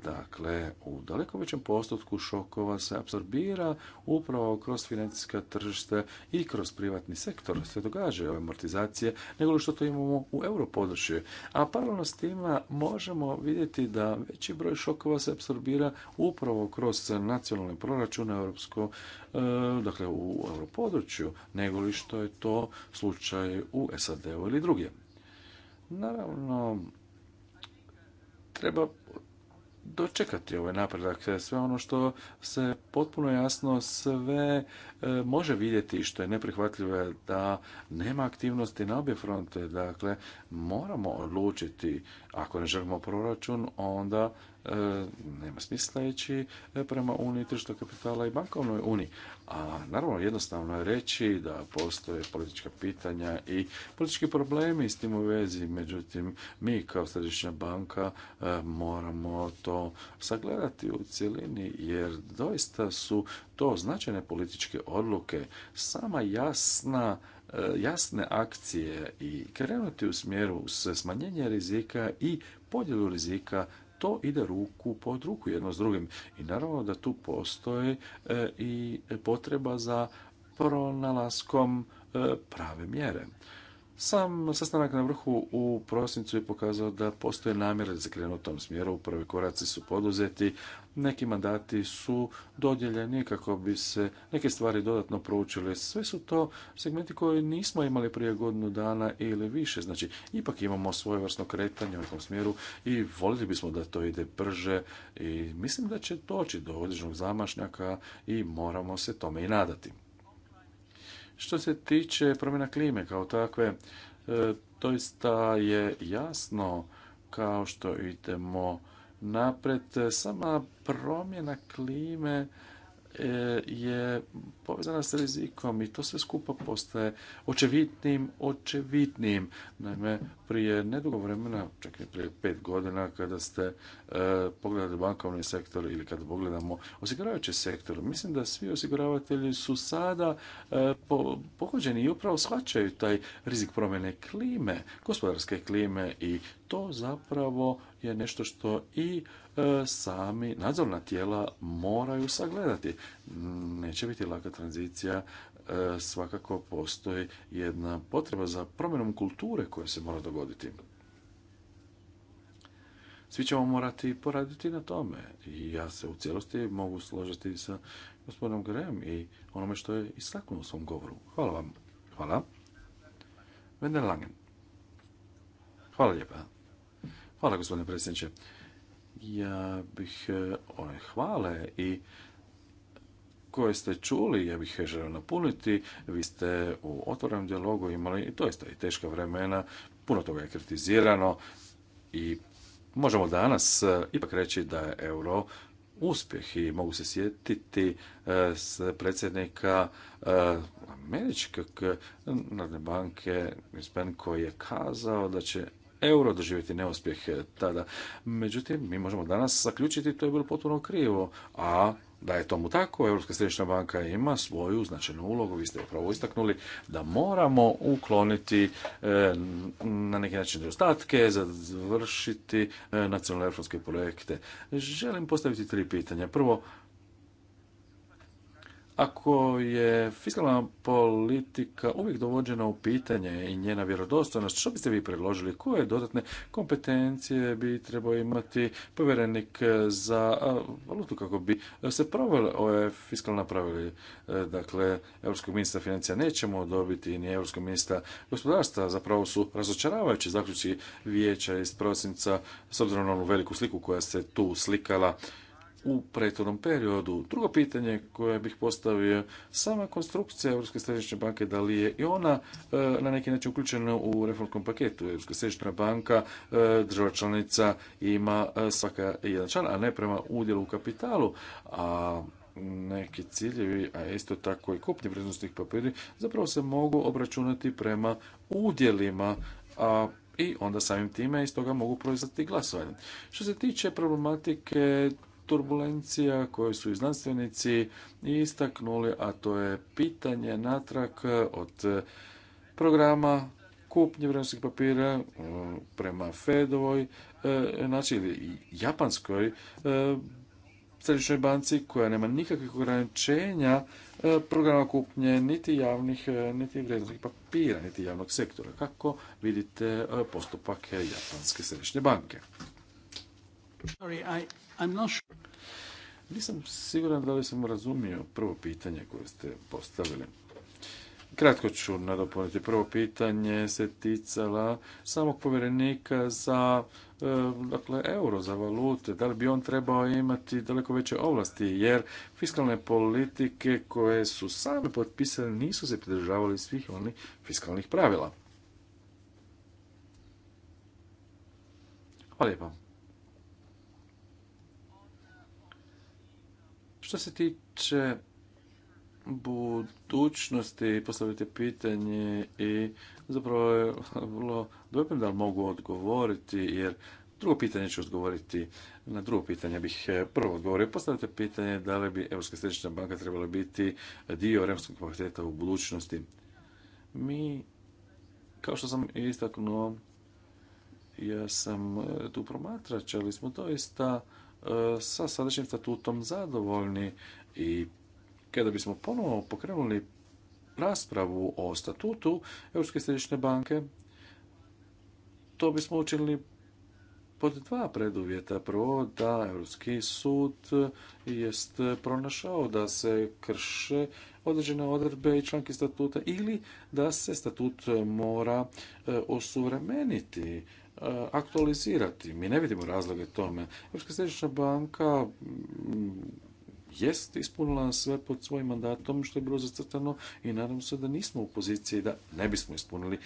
Dakle, u daleko većem postotku šokova se apsorbira upravo kroz financijska tržišta i kroz privatni sektor Sve događaju ove amortizacije, nego što to imamo u europodručju. A paralelno s tima možemo vidjeti da veći broj šokova se apsorbira upravo kroz nacionalne proračune europsko, e, dakle u europodručju, nego li što je to slučaj u SAD-u ili drugim. Naravno, treba dočekati ovaj napredak, sve ono što se potpuno jasno sve e, može vidjeti što je neprihvatljivo je da nema aktivnosti na obje fronte. Dakle, moramo odlučiti, ako ne želimo proračun, onda E, nema smisla ići e, prema Uniji tržišta kapitala i bankovnoj Uniji. A naravno jednostavno je reći da postoje politička pitanja i politički problemi s tim u vezi. Međutim, mi kao središnja banka e, moramo to sagledati u cjelini jer doista su to značajne političke odluke, sama jasna jasne akcije i krenuti u smjeru smanjenja rizika i podjelu rizika to ide ruku pod ruku jedno s drugim. I naravno da tu postoji e, i potreba za pronalaskom e, prave mjere. Sam sastanak na vrhu u prosincu je pokazao da postoje namjere da se u tom smjeru. Prvi koraci su poduzeti, neki mandati su dodjeljeni kako bi se neke stvari dodatno proučile. Sve su to segmenti koje nismo imali prije godinu dana ili više. Znači, ipak imamo svojevrsno kretanje u tom smjeru i volili bismo da to ide brže i mislim da će doći do određenog zamašnjaka i moramo se tome i nadati. Što se tiče promjena klime kao takve, e, doista je jasno kao što idemo napred. Sama promjena klime e, je povezana sa rizikom i to sve skupa postaje očevitnim, očevitnim. Naime, prije nedugo vremena, čak i prije pet godina, kada ste e, pogledali bankovni sektor ili kada pogledamo osiguravajući sektor, mislim da svi osiguravatelji su sada e, pohođeni i upravo shvaćaju taj rizik promjene klime, gospodarske klime i to zapravo je nešto što i e, sami nadzorna tijela moraju sagledati. Neće biti laka tranzicija e, svakako postoji jedna potreba za promjenom kulture koja se mora dogoditi. Svi ćemo morati poraditi na tome. I ja se u cijelosti mogu složiti sa gospodinom Graham i onome što je istaknuo u svom govoru. Hvala vam. Hvala. Hvala lijepa. Hvala gospodine predsjedniče. Ja bih e, one hvale i koje ste čuli, ja bih želio napuniti, vi ste u otvorenom dijalogu imali i doista i teška vremena, puno toga je kritizirano i možemo danas e, ipak reći da je euro uspjeh i mogu se sjetiti e, s predsjednika e, Američke narodne banke koji je kazao da će euro doživjeti neuspjeh e, tada. Međutim, mi možemo danas zaključiti to je bilo potpuno krivo, a da je tomu tako, Europska središnja banka ima svoju značajnu ulogu, vi ste upravo istaknuli, da moramo ukloniti e, na neki način nedostatke, završiti e, nacionalne europske projekte. Želim postaviti tri pitanja. Prvo, ako je fiskalna politika uvijek dovođena u pitanje i njena vjerodostojnost, što biste vi predložili? Koje dodatne kompetencije bi trebao imati povjerenik za valutu kako bi se provele ove fiskalna pravili? E, dakle, Europskog ministra financija nećemo dobiti, ni Europskog ministra gospodarstva. Zapravo su razočaravajući zaključci vijeća iz prosinca, s obzirom na onu veliku sliku koja se tu slikala u prethodnom periodu. Drugo pitanje koje bih postavio, sama konstrukcija Europske središnje banke, da li je i ona e, na neki način uključena u reformskom paketu? Europska središnja banka, e, država članica ima e, svaka jedan član, a ne prema udjelu u kapitalu. A neki ciljevi, a isto tako i kupnje vrednostnih papiri, zapravo se mogu obračunati prema udjelima, a i onda samim time iz toga mogu proizvati glasovanje. Što se tiče problematike turbulencija koje su i znanstvenici istaknuli, a to je pitanje natrag od programa kupnje vrijednosnih papira e, prema Fedovoj, e, znači ili Japanskoj e, središnjoj banci koja nema nikakvih ograničenja programa kupnje niti javnih, niti vrijednosnih papira, niti javnog sektora. Kako vidite postupak Japanske središnje banke? Sorry, I'm not nisam siguran da li sam razumio prvo pitanje koje ste postavili. Kratko ću nadopuniti. Prvo pitanje se ticala samog povjerenika za e, dakle, euro, za valute. Da li bi on trebao imati daleko veće ovlasti? Jer fiskalne politike koje su same potpisane nisu se pridržavali svih onih fiskalnih pravila. Hvala lijepa. Što se tiče budućnosti, postavite pitanje i zapravo je vrlo dobro da li mogu odgovoriti, jer drugo pitanje ću odgovoriti. Na drugo pitanje bih eh, prvo odgovorio. Postavite pitanje da li bi Europska središnja banka trebala biti dio remskog kvaliteta u budućnosti. Mi, kao što sam istaknuo, ja sam eh, tu promatrač, ali smo doista E, sa sadašnjim statutom zadovoljni i kada bismo ponovo pokrenuli raspravu o statutu Europske središnje banke, to bismo učinili pod dva preduvjeta. Prvo, da Europski sud jest pronašao da se krše određene odredbe i članke statuta ili da se statut mora e, osuvremeniti E, aktualizirati. Mi ne vidimo razloge tome. Europska središnja banka mm, jest ispunila sve pod svojim mandatom što je bilo zacrtano i nadam se da nismo u poziciji da ne bismo ispunili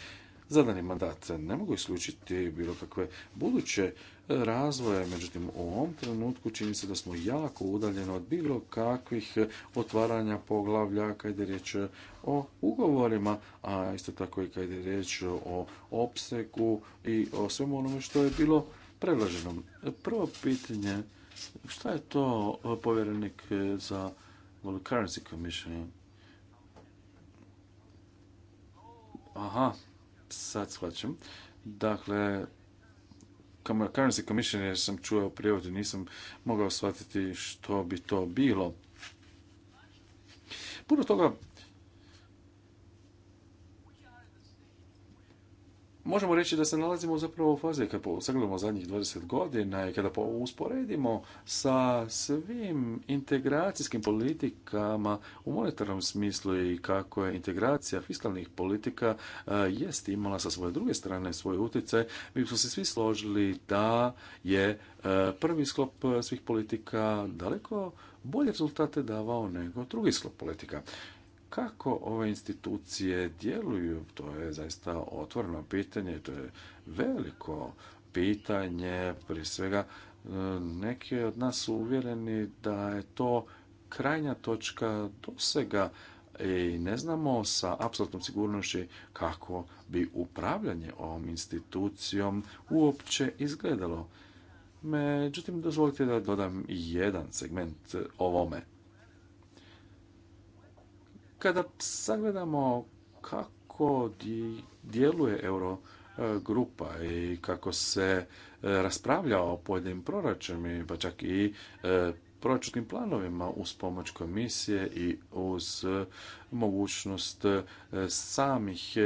zadani mandat. Ne mogu isključiti bilo kakve buduće razvoja. Međutim, u ovom trenutku čini se da smo jako udaljeni od bilo kakvih otvaranja poglavlja kad je riječ o ugovorima, a isto tako i kad je riječ o opseku i o svemu onome što je bilo predloženo. Prvo pitanje, šta je to povjerenik za Currency Commission? Aha, sad shvaćam. Dakle, Currency Commission jer sam čuo prijevodu, nisam mogao shvatiti što bi to bilo. Puno toga možemo reći da se nalazimo zapravo u fazi kada sagledamo zadnjih 20 godina i kada usporedimo sa svim integracijskim politikama u monetarnom smislu i kako je integracija fiskalnih politika e, jest imala sa svoje druge strane svoje utjecaj, mi smo se svi složili da je e, prvi sklop e, svih politika daleko bolje rezultate davao nego drugi sklop politika. Kako ove institucije djeluju, to je zaista otvoreno pitanje, to je veliko pitanje, prije svega neki od nas su uvjereni da je to krajnja točka dosega i ne znamo sa apsolutnom sigurnošću kako bi upravljanje ovom institucijom uopće izgledalo. Međutim, dozvolite da dodam jedan segment ovome. Kada sagledamo kako djeluje euro e, grupa i kako se e, raspravlja o pojedinim proračunima, pa čak i e, proračunskim planovima uz pomoć komisije i uz mogućnost samih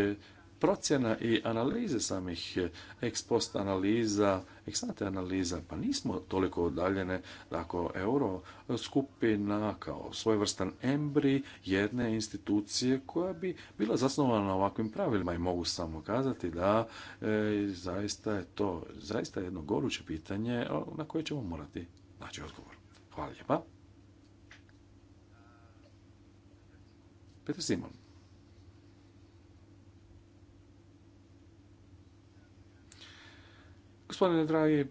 procjena i analize samih eh, ex post analiza, ex ante analiza, pa nismo toliko udaljene da ako euro skupina kao svojevrstan embri jedne institucije koja bi bila zasnovana na ovakvim pravilima i mogu samo kazati da eh, zaista je to zaista jedno goruće pitanje eh, na koje ćemo morati naći odgovor. Hvala lijepa. Petar Simon. Gospodine dragi,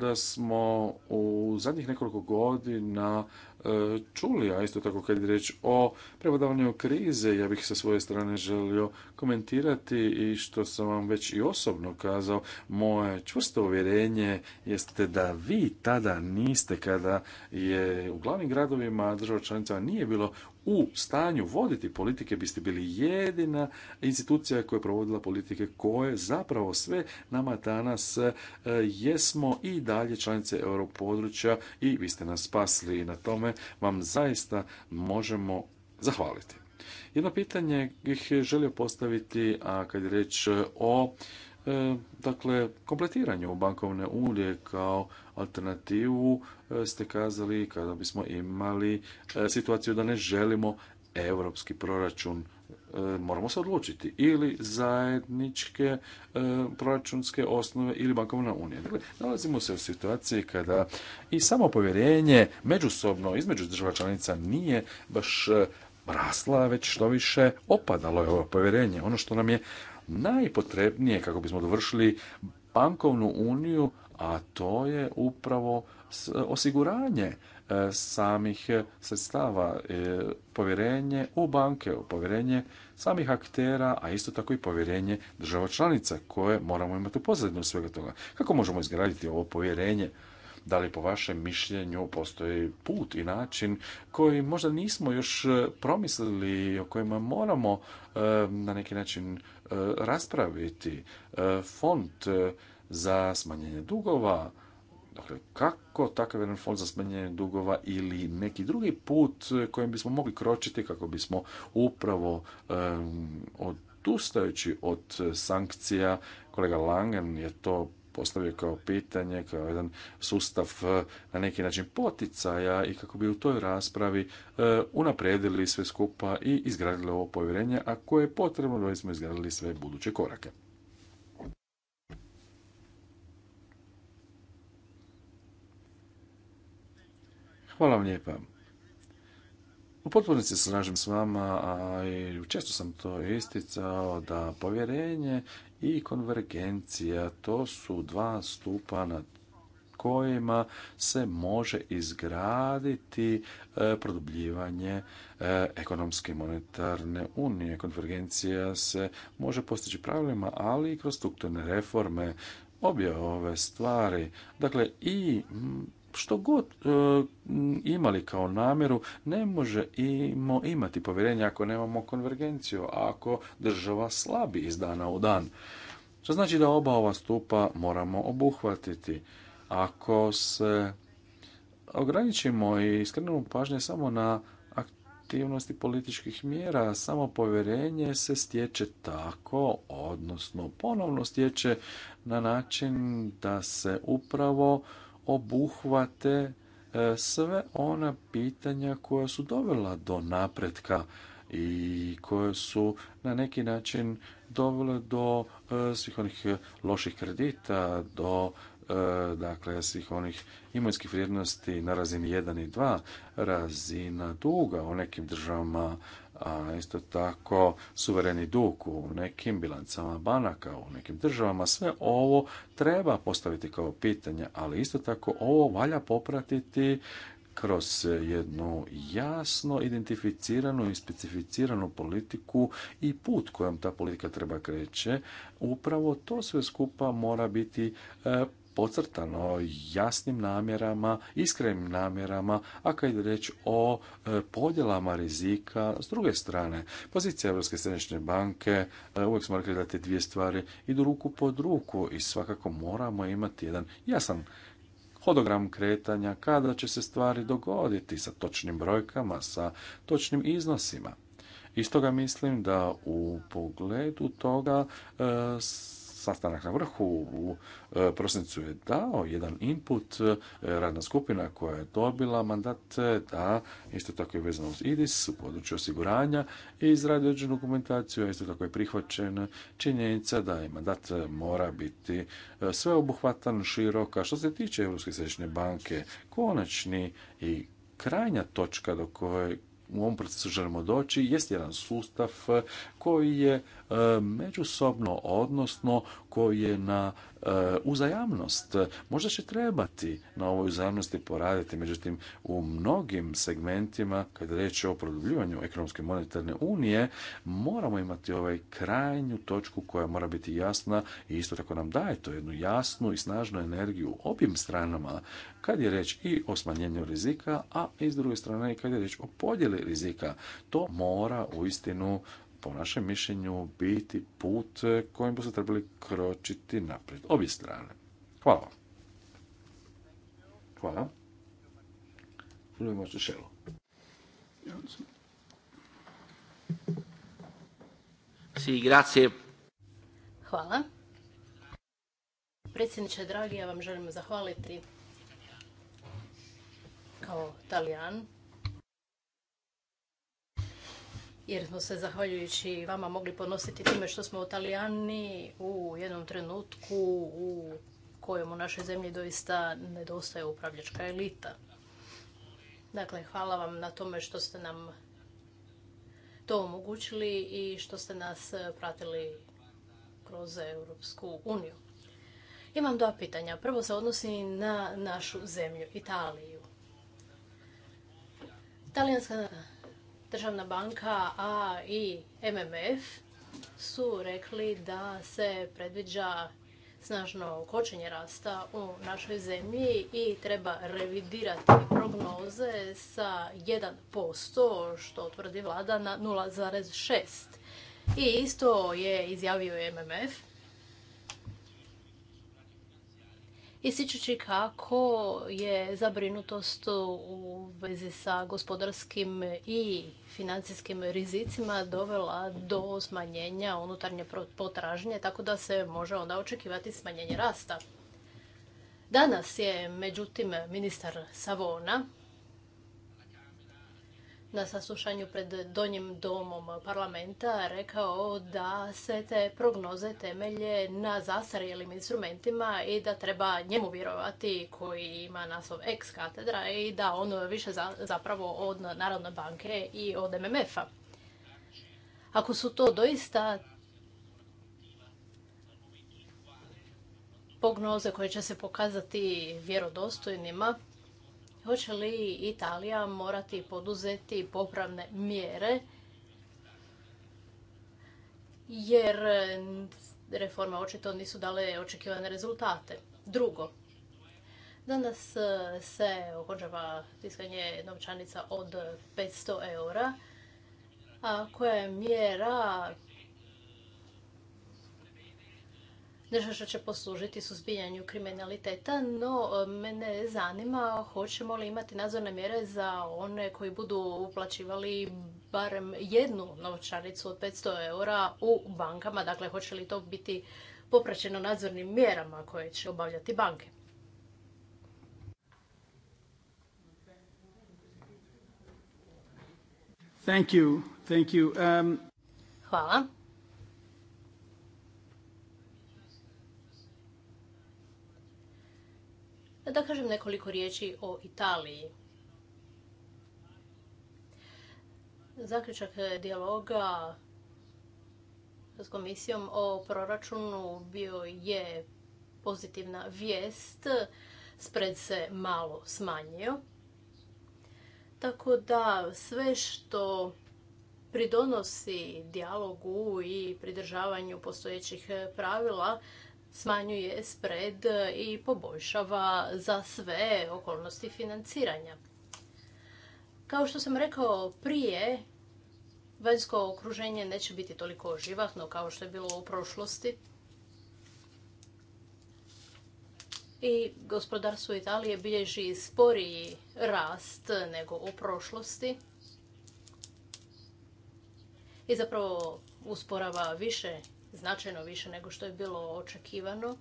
da smo u zadnjih nekoliko godina e, čuli, a isto tako kad je riječ o prevladavanju krize, ja bih sa svoje strane želio komentirati i što sam vam već i osobno kazao, moje čvrsto uvjerenje jeste da vi tada niste kada je u glavnim gradovima država članica nije bilo u stanju voditi politike biste bili jedina institucija koja je provodila politike koje zapravo sve nama danas e, jesmo i dalje članice europodručja i vi ste nas spasili i na tome vam zaista možemo zahvaliti. Jedno pitanje bih želio postaviti, a kad je reč o E, dakle, kompletiranju bankovne unije kao alternativu e, ste kazali kada bismo imali e, situaciju da ne želimo europski proračun moramo se odlučiti ili zajedničke proračunske osnove ili bankovna unija. Dakle, nalazimo se u situaciji kada i samo povjerenje međusobno između država članica nije baš rasla, već što više opadalo je ovo povjerenje. Ono što nam je najpotrebnije kako bismo dovršili bankovnu uniju, a to je upravo osiguranje e, samih sredstava, e, povjerenje u banke, povjerenje samih aktera, a isto tako i povjerenje država članica koje moramo imati u pozadnju svega toga. Kako možemo izgraditi ovo povjerenje? Da li po vašem mišljenju postoji put i način koji možda nismo još e, promislili, o kojima moramo na neki način raspraviti. E, fond e, za smanjenje dugova, dakle kako takav jedan fond za smanjenje dugova ili neki drugi put kojim bismo mogli kročiti kako bismo upravo odustajući od sankcija kolega Langen je to postavio kao pitanje, kao jedan sustav e, na neki način poticaja i kako bi u toj raspravi e, unaprijedili sve skupa i izgradili ovo povjerenje, a koje je potrebno da smo izgradili sve buduće korake. Hvala vam lijepa. U potpornici se slažem s vama, a i često sam to isticao, da povjerenje i konvergencija. To su dva stupa na kojima se može izgraditi e, produbljivanje e, ekonomske i monetarne unije. Konvergencija se može postići pravilima, ali i kroz strukturne reforme obje ove stvari. Dakle, i što god e, imali kao namjeru, ne možemo imati povjerenje ako nemamo konvergenciju, ako država slabi iz dana u dan. Što znači da oba ova stupa moramo obuhvatiti. Ako se ograničimo i skrenemo pažnje samo na aktivnosti političkih mjera, samo povjerenje se stječe tako, odnosno ponovno stječe na način da se upravo obuhvate e, sve ona pitanja koja su dovela do napretka i koje su na neki način dovele do e, svih onih loših kredita, do e, dakle svih onih imovinskih vrijednosti na razini 1 i 2, razina duga u nekim državama a isto tako suvereni dug u nekim bilancama banaka, u nekim državama, sve ovo treba postaviti kao pitanje, ali isto tako ovo valja popratiti kroz jednu jasno identificiranu i specificiranu politiku i put kojom ta politika treba kreće, upravo to sve skupa mora biti e, podcrtano jasnim namjerama, iskrenim namjerama, a kad je reč o e, podjelama rizika s druge strane. Pozicija Europske središnje banke, e, uvijek smo rekli da te dvije stvari idu ruku pod ruku i svakako moramo imati jedan jasan hodogram kretanja, kada će se stvari dogoditi sa točnim brojkama, sa točnim iznosima. Istoga mislim da u pogledu toga e, sastanak na vrhu u e, prosincu je dao jedan input e, radna skupina koja je dobila mandat e, da isto tako je vezano uz IDIS u području osiguranja i izradi određenu dokumentaciju, isto tako je prihvaćena činjenica da je mandat mora biti sveobuhvatan, širok. A Što se tiče Europske središnje banke, konačni i krajnja točka do koje u ovom procesu želimo doći jest jedan sustav koji je e, međusobno, odnosno koji je na e, uzajamnost. Možda će trebati na ovoj uzajamnosti poraditi, međutim u mnogim segmentima, kada riječ o produbljivanju ekonomske monetarne unije, moramo imati ovaj krajnju točku koja mora biti jasna i isto tako nam daje to jednu jasnu i snažnu energiju obim stranama, kad je riječ i o smanjenju rizika, a i s druge strane kad je riječ o podjeli rizika. To mora uistinu po našem mišljenju biti put kojim bi se trebali kročiti naprijed. Obje strane. Hvala. Hvala. Hvala. Si, grazie. Hvala. Predsjedniče dragi, ja vam želim zahvaliti kao talijan jer smo se zahvaljujući vama mogli ponositi time što smo italijani Talijani u jednom trenutku u kojem u našoj zemlji doista nedostaje upravljačka elita. Dakle, hvala vam na tome što ste nam to omogućili i što ste nas pratili kroz Europsku uniju. Imam dva pitanja. Prvo se odnosi na našu zemlju, Italiju. Italijanska Državna banka, a i MMF su rekli da se predviđa snažno kočenje rasta u našoj zemlji i treba revidirati prognoze sa 1%, što tvrdi vlada, na 0,6%. I isto je izjavio MMF. ističući kako je zabrinutost u vezi sa gospodarskim i financijskim rizicima dovela do smanjenja unutarnje potražnje, tako da se može onda očekivati smanjenje rasta. Danas je, međutim, ministar Savona na saslušanju pred Donjim domom parlamenta rekao da se te prognoze temelje na zastarjelim instrumentima i da treba njemu vjerovati koji ima naslov ex katedra i da on više zapravo od Narodne banke i od MMF-a. Ako su to doista prognoze koje će se pokazati vjerodostojnima, hoće li Italija morati poduzeti popravne mjere jer mm, reforme očito nisu dale očekivane rezultate. Drugo, danas e, se okončava tiskanje novčanica od 500 eura, a koja je mjera nešto što će poslužiti suzbijanju kriminaliteta, no e, mene zanima hoćemo li imati nadzorne mjere za one koji budu uplaćivali barem jednu novčanicu od 500 eura u bankama, dakle hoće li to biti popraćeno nadzornim mjerama koje će obavljati banke. Thank you. Thank you. Um... Hvala. da kažem nekoliko riječi o Italiji. Zaključak dijaloga s komisijom o proračunu bio je pozitivna vijest. Spred se malo smanjio. Tako da sve što pridonosi dijalogu i pridržavanju postojećih pravila smanjuje spred i poboljšava za sve okolnosti financiranja. Kao što sam rekao prije, vanjsko okruženje neće biti toliko živahno kao što je bilo u prošlosti. I gospodarstvo Italije bilježi sporiji rast nego u prošlosti. I zapravo usporava više značajno više nego što je bilo očekivano.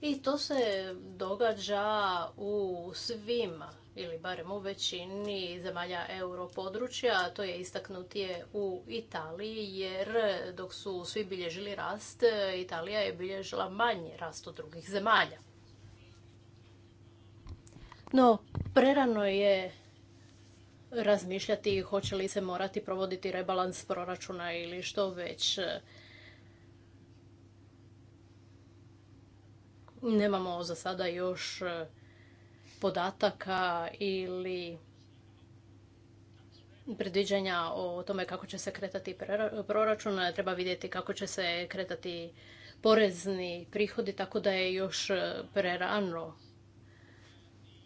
I to se događa u svima, ili barem u većini zemalja europodručja, a to je istaknutije u Italiji, jer dok su svi bilježili rast, Italija je bilježila manji rast od drugih zemalja. No, prerano je razmišljati hoće li se morati provoditi rebalans proračuna ili što već. Nemamo za sada još podataka ili predviđanja o tome kako će se kretati proračun. Treba vidjeti kako će se kretati porezni prihodi, tako da je još prerano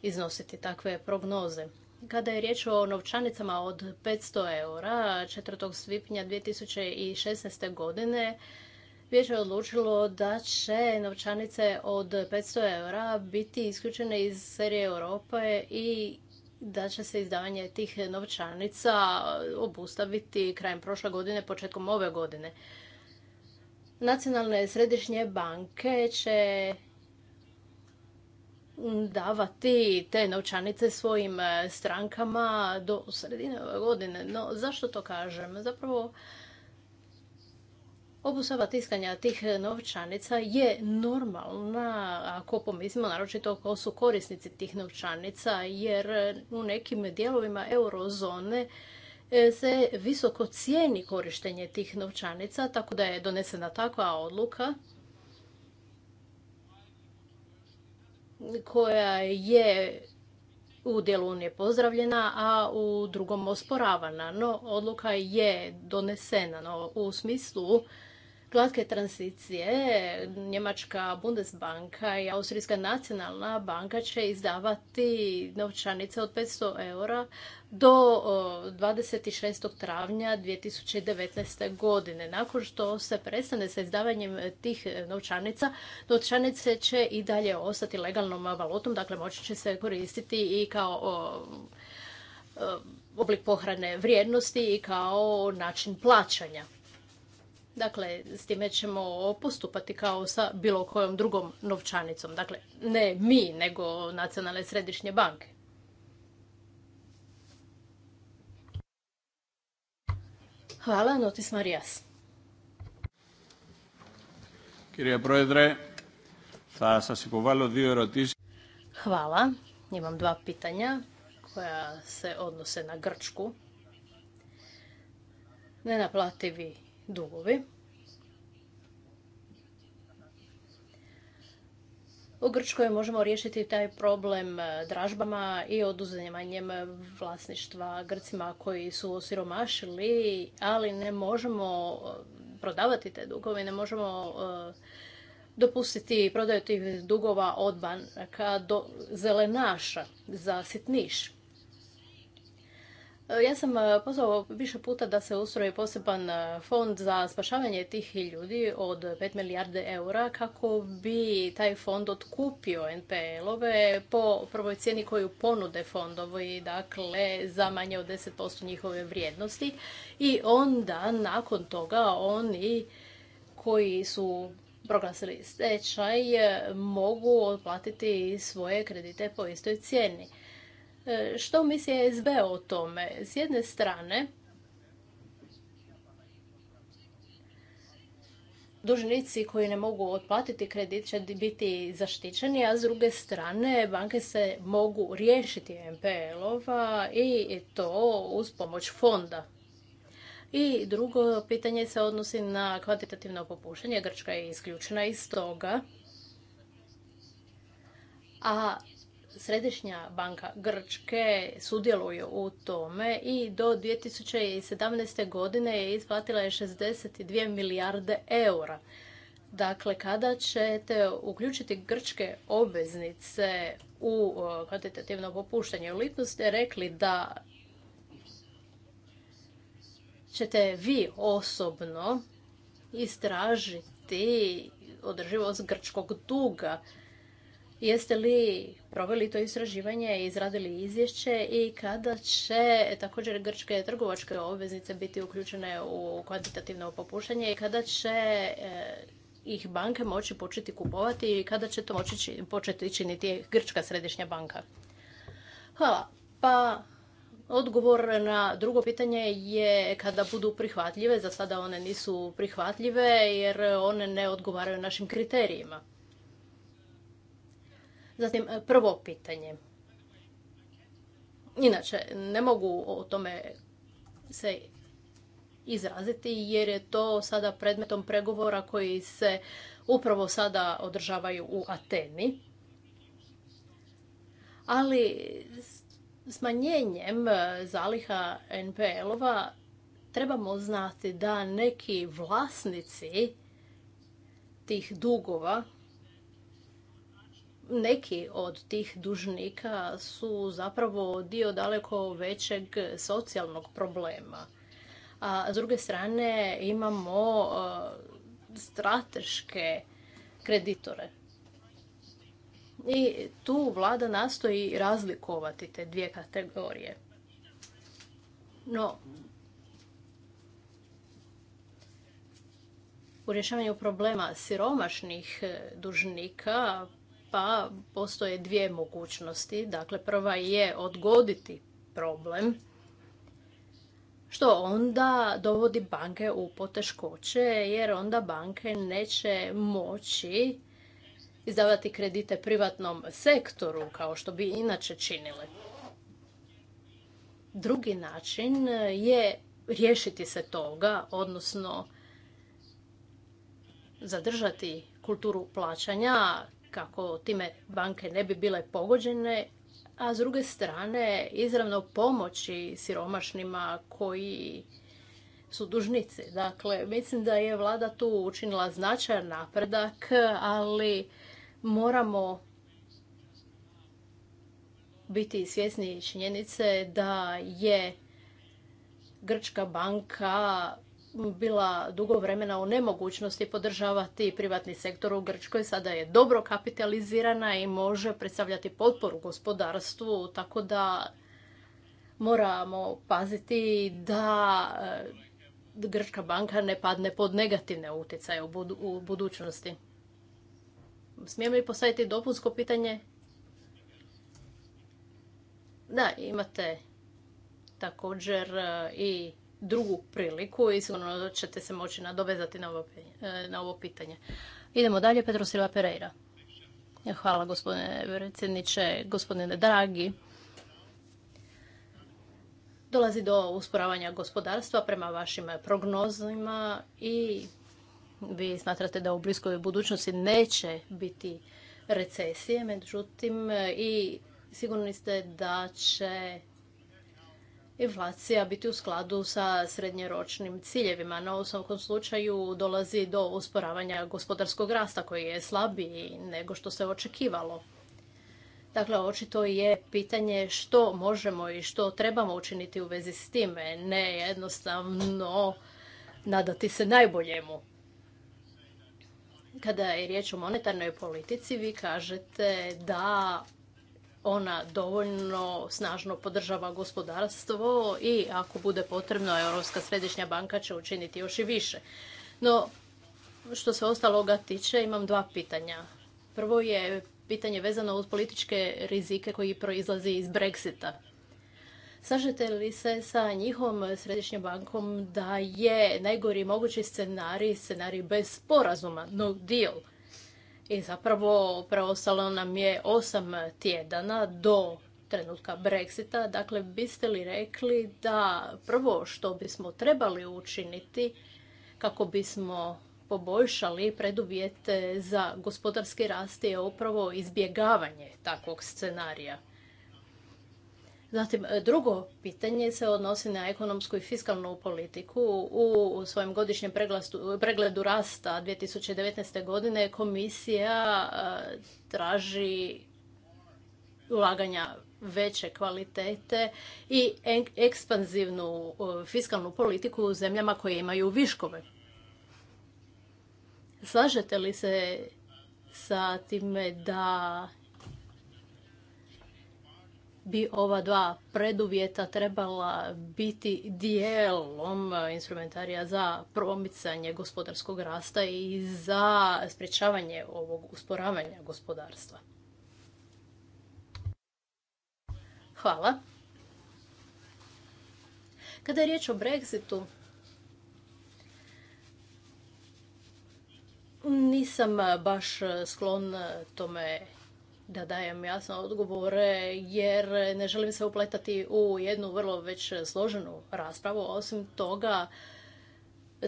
iznositi takve prognoze. Kada je riječ o novčanicama od 500 eura, 4. svibnja 2016. godine, Vijeće je odlučilo da će novčanice od 500 eura biti isključene iz serije Europe i da će se izdavanje tih novčanica obustaviti krajem prošle godine, početkom ove godine. Nacionalne središnje banke će davati te novčanice svojim e, strankama do sredine ove godine. No, zašto to kažem? Zapravo, obusava tiskanja tih novčanica je normalna, ako pomislimo naročito ko su korisnici tih novčanica, jer u nekim dijelovima eurozone e, se visoko cijeni korištenje tih novčanica, tako da je donesena takva odluka koja je u delu nije pozdravljena, a u drugom osporavana. No, odluka je donesena. u smislu glatke tranzicije Njemačka Bundesbanka i Austrijska nacionalna banka će izdavati novčanice od 500 eura do 26. travnja 2019. godine. Nakon što se prestane sa izdavanjem tih novčanica, novčanice će i dalje ostati legalnom valutom, dakle moći će se koristiti i kao oblik pohrane vrijednosti i kao način plaćanja. Dakle, s time ćemo postupati kao sa bilo kojom drugom novčanicom. Dakle, ne mi, nego nacionalne središnje banke. Hvala, Notis Marijas. Hvala. Imam dva pitanja koja se odnose na Grčku. Nenaplativi dugovi. U Grčkoj možemo riješiti taj problem e, dražbama i oduzimanjem vlasništva Grcima koji su osiromašili, ali ne možemo e, prodavati te dugove, ne možemo e, dopustiti prodaju tih dugova od banaka do zelenaša za sitniš. E, ja sam e, pozvao više puta da se ustroji poseban e, fond za spašavanje tih ljudi od 5 milijarde eura kako bi taj fond otkupio NPL-ove po prvoj cijeni koju ponude fondovi, dakle za manje od 10% njihove vrijednosti i onda nakon toga oni koji su proglasili stečaj mogu otplatiti svoje kredite po istoj cijeni. E, što misli SB o tome? S jedne strane, dužnici koji ne mogu otplatiti kredit će biti zaštićeni, a s druge strane banke se mogu riješiti MPL-ova i to uz pomoć fonda. I drugo pitanje se odnosi na kvantitativno popuštenje. Grčka je isključena iz toga. A Središnja banka Grčke sudjeluje u tome i do 2017. godine je isplatila je 62 milijarde eura. Dakle, kada ćete uključiti grčke obveznice u kvalitativno popuštanje? U ste rekli da ćete vi osobno istražiti održivost grčkog duga. Jeste li proveli to istraživanje i izradili izvješće i kada će također grčke trgovačke obveznice biti uključene u kvantitativno popuštanje i kada će e, ih banke moći početi kupovati i kada će to moći početi činiti Grčka središnja banka? Hvala. Pa Odgovor na drugo pitanje je kada budu prihvatljive, za sada one nisu prihvatljive jer one ne odgovaraju našim kriterijima. Zatim, e, prvo pitanje. Inače, ne mogu o tome se izraziti jer je to sada predmetom pregovora koji se upravo sada održavaju u Ateni. Ali smanjenjem e, zaliha NPL-ova trebamo znati da neki vlasnici tih dugova neki od tih dužnika su zapravo dio daleko većeg socijalnog problema. A s druge strane imamo e, strateške kreditore. I tu vlada nastoji razlikovati te dvije kategorije. No, u rješavanju problema siromašnih e, dužnika pa postoje dvije mogućnosti. Dakle, prva je odgoditi problem, što onda dovodi banke u poteškoće, jer onda banke neće moći izdavati kredite privatnom sektoru, kao što bi inače činile. Drugi način je riješiti se toga, odnosno zadržati kulturu plaćanja kako time banke ne bi bile pogođene, a s druge strane izravno pomoći siromašnima koji su dužnici. Dakle, mislim da je vlada tu učinila značajan napredak, ali moramo biti svjesni činjenice da je Grčka banka bila dugo vremena u nemogućnosti podržavati privatni sektor u Grčkoj. Sada je dobro kapitalizirana i može predstavljati potporu gospodarstvu, tako da moramo paziti da e, Grčka banka ne padne pod negativne utjecaje u budućnosti. Smijem li postaviti dopunsko pitanje? Da, imate također e, i drugu priliku i sigurno ćete se moći nadovezati na ovo, e, na ovo pitanje. Idemo dalje, Petro Silva Pereira. Hvala gospodine predsjedniče, gospodine dragi. Dolazi do usporavanja gospodarstva prema vašim prognozima i vi smatrate da u bliskoj budućnosti neće biti recesije, međutim i sigurni ste da će inflacija biti u skladu sa srednjeročnim ciljevima. No, u svakom slučaju dolazi do usporavanja gospodarskog rasta koji je slabiji nego što se očekivalo. Dakle, očito je pitanje što možemo i što trebamo učiniti u vezi s time, ne jednostavno nadati se najboljemu. Kada je riječ o monetarnoj politici, vi kažete da ona dovoljno snažno podržava gospodarstvo i ako bude potrebno Europska središnja banka će učiniti još i više. No, što se ostaloga tiče, imam dva pitanja. Prvo je pitanje vezano uz političke rizike koji proizlazi iz Brexita. Slažete li se sa njihovom središnjom bankom da je najgori mogući scenarij, scenarij bez sporazuma, no deal? I zapravo preostalo nam je osam tjedana do trenutka Brexita. Dakle, biste li rekli da prvo što bismo trebali učiniti kako bismo poboljšali preduvjete za gospodarski rast je upravo izbjegavanje takvog scenarija? Zatim, e, drugo pitanje se odnosi na ekonomsku i fiskalnu politiku. U svojem godišnjem pregledu, rasta 2019. godine komisija e, traži ulaganja veće kvalitete i ekspanzivnu e, fiskalnu politiku u zemljama koje imaju viškove. Slažete li se sa time da bi ova dva preduvjeta trebala biti dijelom instrumentarija za promicanje gospodarskog rasta i za sprječavanje ovog usporavanja gospodarstva. Hvala. Kada je riječ o Brexitu, nisam baš sklon tome da dajem jasno odgovore jer ne želim se upletati u jednu vrlo već složenu raspravu. Osim toga,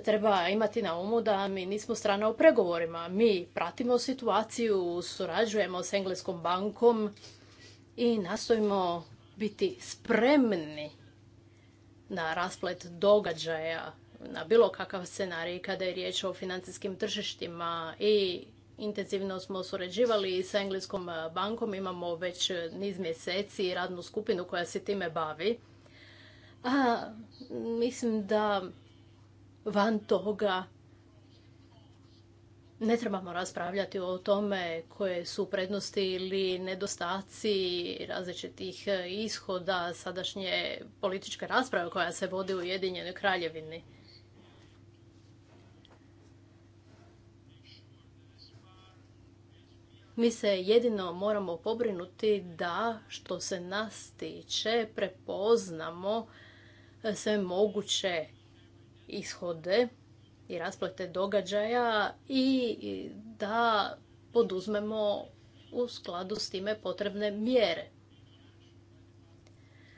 treba imati na umu da mi nismo strana u pregovorima. Mi pratimo situaciju, surađujemo s Engleskom bankom i nastojimo biti spremni na rasplet događaja, na bilo kakav scenarij kada je riječ o financijskim tržištima i Intenzivno smo surađivali sa Engleskom eh, bankom, imamo već eh, niz mjeseci radnu skupinu koja se time bavi. A mislim da van toga ne trebamo raspravljati o tome koje su prednosti ili nedostaci različitih eh, ishoda sadašnje političke rasprave koja se vodi u Jedinjenoj Kraljevini. Mi se jedino moramo pobrinuti da što se nas tiče prepoznamo e, sve moguće ishode i rasplete događaja i da poduzmemo u skladu s time potrebne mjere.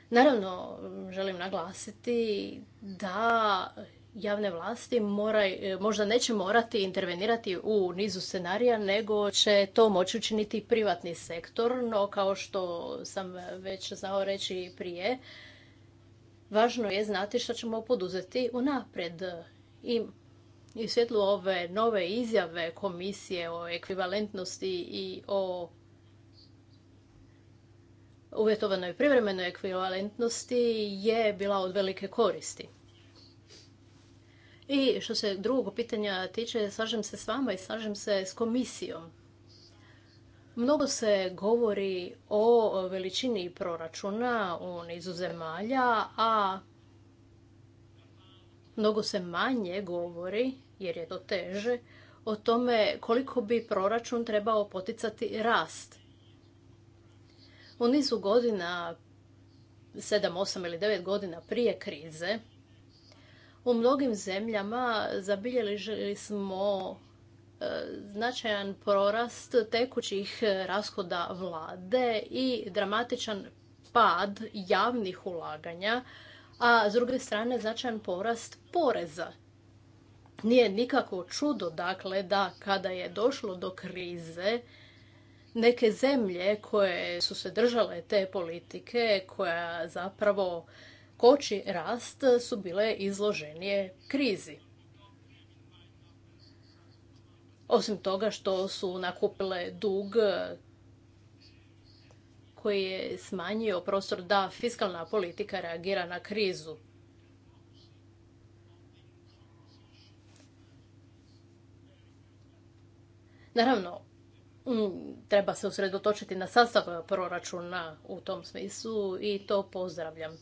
Naravno, želim naglasiti da javne vlasti moraj, e, možda neće morati intervenirati u nizu scenarija, nego će to moći učiniti privatni sektor, no kao što sam već znao reći prije, važno je znati što ćemo poduzeti unaprijed. I i svjetlu ove nove izjave komisije o ekvivalentnosti i o uvjetovanoj privremenoj ekvivalentnosti je bila od velike koristi. I što se drugog pitanja tiče, slažem se s vama i slažem se s komisijom. Mnogo se govori o veličini proračuna u nizu zemalja, a mnogo se manje govori, jer je to teže, o tome koliko bi proračun trebao poticati rast. U nizu godina, 7, 8 ili 9 godina prije krize, u mnogim zemljama zabilježili smo e, značajan porast tekućih e, rashoda vlade i dramatičan pad javnih ulaganja, a s druge strane značajan porast poreza. Nije nikako čudo, dakle, da kada je došlo do krize, neke zemlje koje su se držale te politike, koja zapravo koči rast su bile izloženije krizi. Osim toga što su nakupile dug koji je smanjio prostor da fiskalna politika reagira na krizu. Naravno, Mm, treba se usredotočiti na sastav proračuna u tom smislu i to pozdravljam.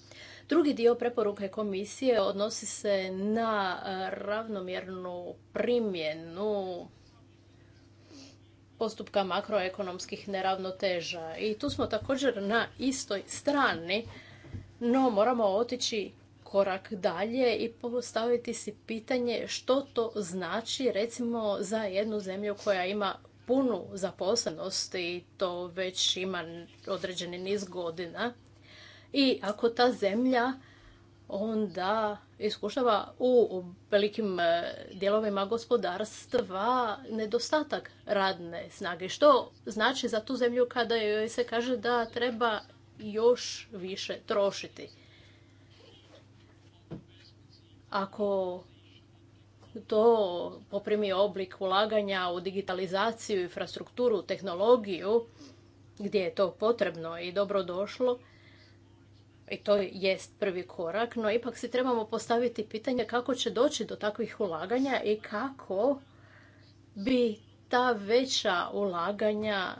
Drugi dio preporuke komisije odnosi se na e, ravnomjernu primjenu postupka makroekonomskih neravnoteža. I tu smo također na istoj strani, no moramo otići korak dalje i postaviti si pitanje što to znači recimo za jednu zemlju koja ima punu zaposlenost i to već ima određeni niz godina. I ako ta zemlja onda iskušava u velikim e, dijelovima gospodarstva nedostatak radne snage. Što znači za tu zemlju kada joj se kaže da treba još više trošiti? Ako to poprimi oblik ulaganja u digitalizaciju, infrastrukturu, tehnologiju, gdje je to potrebno i dobro došlo, i to jest prvi korak, no ipak si trebamo postaviti pitanje kako će doći do takvih ulaganja i kako bi ta veća ulaganja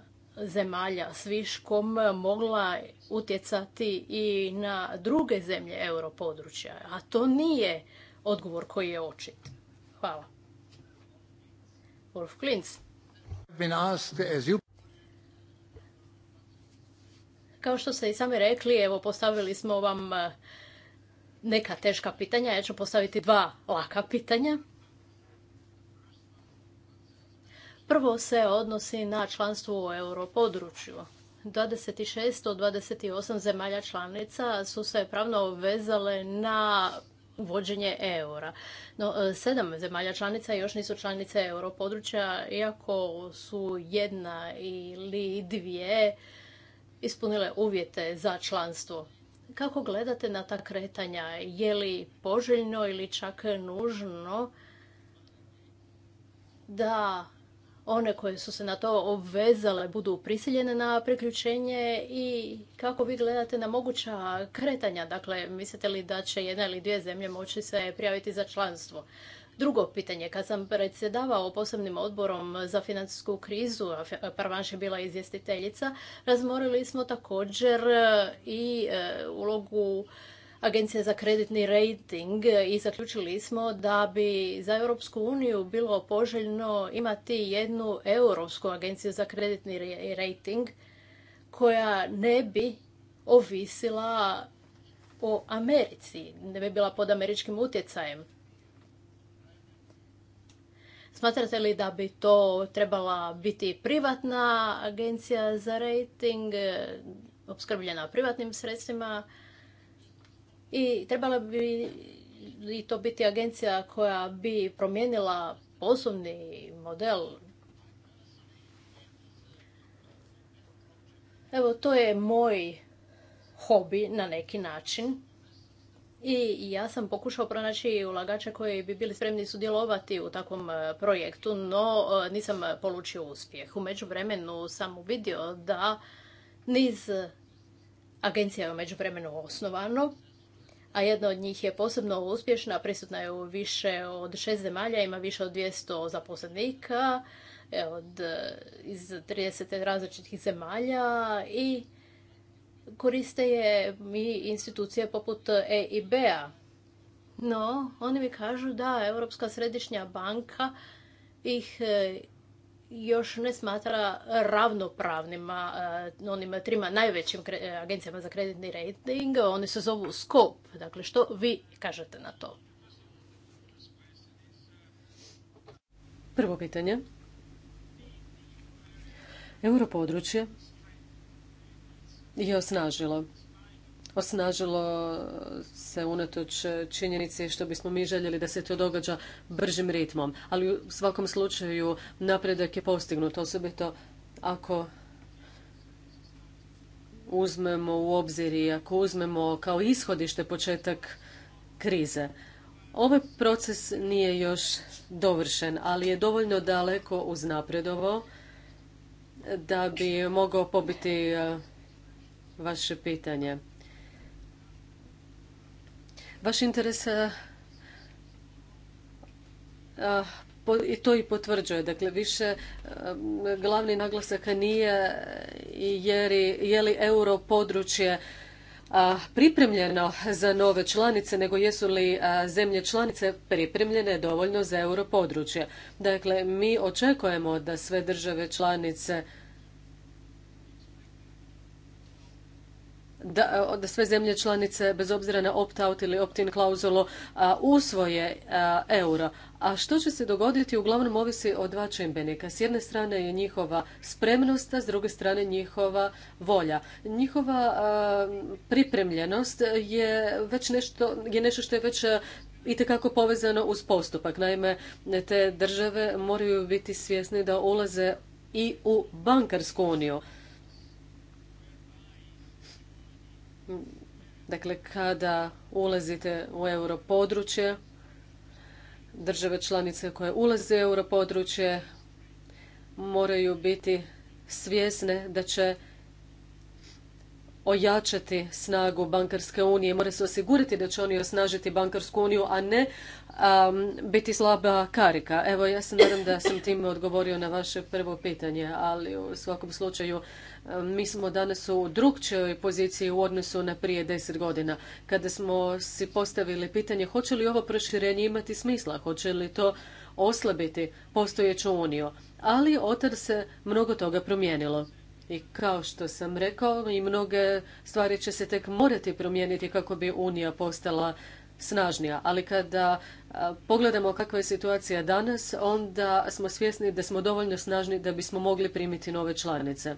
zemalja s viškom mogla utjecati i na druge zemlje europodručja, a to nije odgovor koji je očit. Hvala. Kao što ste i sami rekli, evo postavili smo vam e, neka teška pitanja. Ja ću postaviti dva laka pitanja. Prvo se odnosi na članstvo u europodručju. 26 od 28 zemalja članica su se pravno obvezale na uvođenje eura. No, e, sedam zemalja članica još nisu članice europodručja, iako su jedna ili dvije ispunile uvjete za članstvo. Kako gledate na ta kretanja? Je li poželjno ili čak nužno da one koje su se na to obvezale budu prisiljene na priključenje i kako vi gledate na moguća kretanja? Dakle, mislite li da će jedna ili dvije zemlje moći se prijaviti za članstvo? Drugo pitanje, kad sam predsjedavao posebnim odborom za financijsku krizu, a Parvanš je bila izvjestiteljica, razmorili smo također i e, ulogu Agencija za kreditni rating e, i zaključili smo da bi za Europsku uniju bilo poželjno imati jednu europsku agenciju za kreditni rating koja ne bi ovisila o Americi, ne bi bila pod američkim utjecajem. Smatrate li da bi to trebala biti privatna agencija za rating, e, opskrbljena privatnim sredstvima i trebala bi i to biti agencija koja bi promijenila poslovni model. Evo, to je moj hobi na neki način. I ja sam pokušao pronaći ulagače koji bi bili spremni sudjelovati u takvom e, projektu, no e, nisam polučio uspjeh. U međuvremenu sam uvidio da niz agencija je u međuvremenu osnovano a jedna od njih je posebno uspješna, prisutna je u više od šest zemalja, ima više od 200 zaposlenika e, od, iz 30 različitih zemalja i koriste je i institucije poput EIB-a. No, oni mi kažu da Europska središnja banka ih e, još ne smatra ravnopravnima eh, onim trima najvećim eh, agencijama za kreditni rating. Oni se zovu Scope. Dakle, što vi kažete na to? Prvo pitanje. Europodručje je osnažilo osnažilo se unatoč činjenici što bismo mi željeli da se to događa bržim ritmom. Ali u svakom slučaju napredak je postignut, osobito ako uzmemo u obzir i ako uzmemo kao ishodište početak krize. Ovaj proces nije još dovršen, ali je dovoljno daleko uznapredovao da bi mogao pobiti eh, vaše pitanje. Vaš interes eh, eh, i to i potvrđuje. Dakle, više eh, glavni naglasak nije je li euro područje pripremljeno za nove članice, nego jesu li zemlje članice pripremljene dovoljno za euro područje. Dakle, mi očekujemo da sve države članice da, sve zemlje članice bez obzira na opt-out ili opt-in klauzulu, usvoje euro. A što će se dogoditi uglavnom ovisi o dva čimbenika. S jedne strane je njihova spremnost, a s druge strane njihova volja. Njihova pripremljenost je već nešto, je nešto što je već itekako povezano uz postupak. Naime, te države moraju biti svjesni da ulaze i u bankarsku uniju. Dakle, kada ulazite u europodručje, države članice koje ulaze u europodručje moraju biti svjesne da će ojačati snagu bankarske unije, Mora se osigurati da će oni osnažiti bankarsku uniju, a ne biti slaba karika. Evo, ja se nadam da sam time odgovorio na vaše prvo pitanje, ali u svakom slučaju mi smo danas u drugčoj poziciji u odnosu na prije deset godina kada smo si postavili pitanje hoće li ovo proširenje imati smisla, hoće li to oslabiti postojeću uniju. Ali otar se mnogo toga promijenilo. I kao što sam rekao, i mnoge stvari će se tek morati promijeniti kako bi Unija postala snažnija. Ali kada pogledamo kakva je situacija danas, onda smo svjesni da smo dovoljno snažni da bismo mogli primiti nove članice.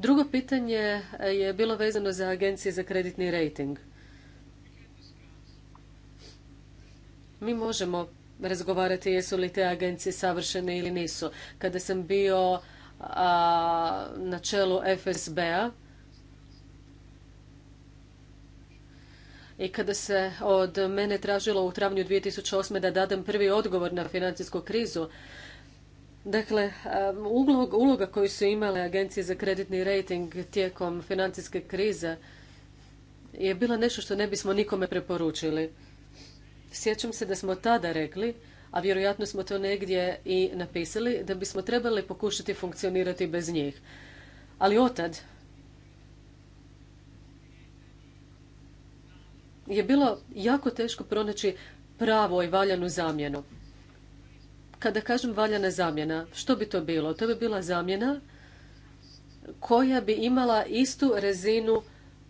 Drugo pitanje e, je bilo vezano za agencije za kreditni rating. Mi možemo razgovarati jesu li te agencije savršene ili nisu. Kada sam bio na čelu FSB-a i kada se od mene tražilo u travnju 2008. da dadem prvi odgovor na financijsku krizu, Dakle, um, uloga koju su imale agencije za kreditni rating tijekom financijske krize je bila nešto što ne bismo nikome preporučili. Sjećam se da smo tada rekli, a vjerojatno smo to negdje i napisali, da bismo trebali pokušati funkcionirati bez njih. Ali otad je bilo jako teško pronaći pravo i valjanu zamjenu. Kada kažem valjana zamjena, što bi to bilo? To bi bila zamjena koja bi imala istu razinu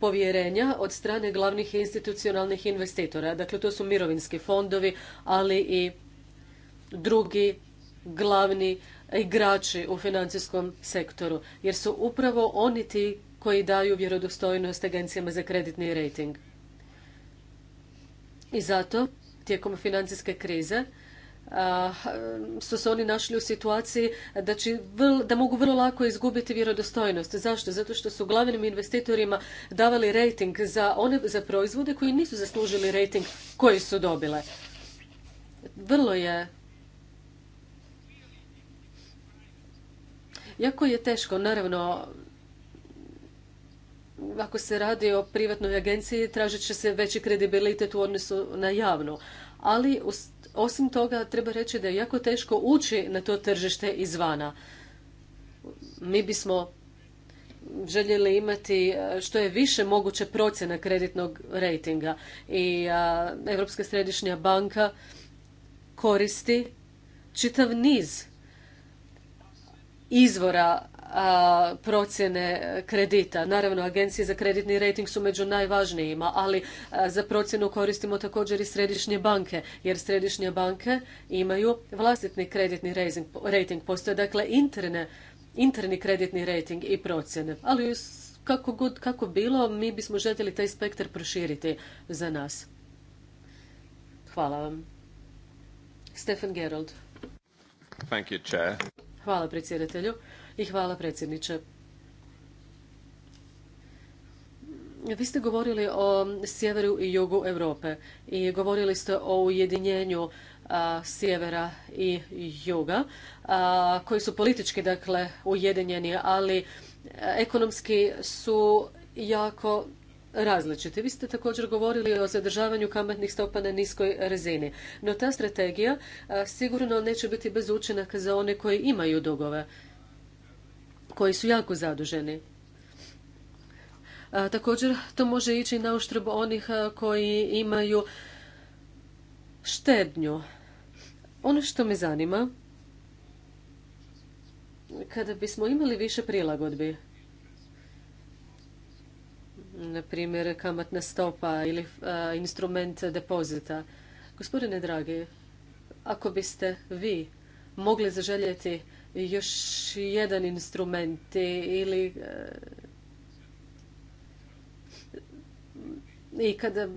povjerenja od strane glavnih institucionalnih investitora. Dakle, to su mirovinski fondovi, ali i drugi glavni igrači u financijskom sektoru, jer su upravo oni ti koji daju vjerodostojnost agencijama za kreditni rating. I zato, tijekom financijske krize, su se oni našli u situaciji da, mogu vrlo lako izgubiti vjerodostojnost. Zašto? Zato što su glavnim investitorima davali rating za, one, za proizvode koji nisu zaslužili rating koji su dobile. Vrlo je Jako je teško, naravno, ako se radi o privatnoj agenciji, tražit će se veći kredibilitet u odnosu na javnu. Ali osim toga, treba reći da je jako teško ući na to tržište izvana. Mi bismo željeli imati e, što je više moguće procjena kreditnog rejtinga i Europska središnja banka koristi čitav niz izvora procjene kredita. Naravno, agencije za kreditni rating su među najvažnijima, ali za procjenu koristimo također i središnje banke, jer središnje banke imaju vlastitni kreditni rating. Postoje dakle interne, interni kreditni rating i procjene. Ali kako god, kako bilo, mi bismo željeli taj spektar proširiti za nas. Hvala vam. Stefan Gerold. Hvala predsjedatelju. I hvala predsjedniče. Vi ste govorili o sjeveru i jugu Europe i govorili ste o ujedinjenju sjevera i juga koji su politički dakle ujedinjeni, ali e, ekonomski su jako različiti. Vi ste također govorili o zadržavanju kamatnih stopa na niskoj razini. No ta strategija sigurno neće biti bez učinaka za one koji imaju dugove koji su jako zaduženi. također to može ići na uštrb onih koji imaju štednju. Ono što me zanima, kada bismo imali više prilagodbi, na primjer kamatna stopa ili instrument depozita, gospodine dragi, ako biste vi mogli zaželjeti još jedan instrument ili e, i kada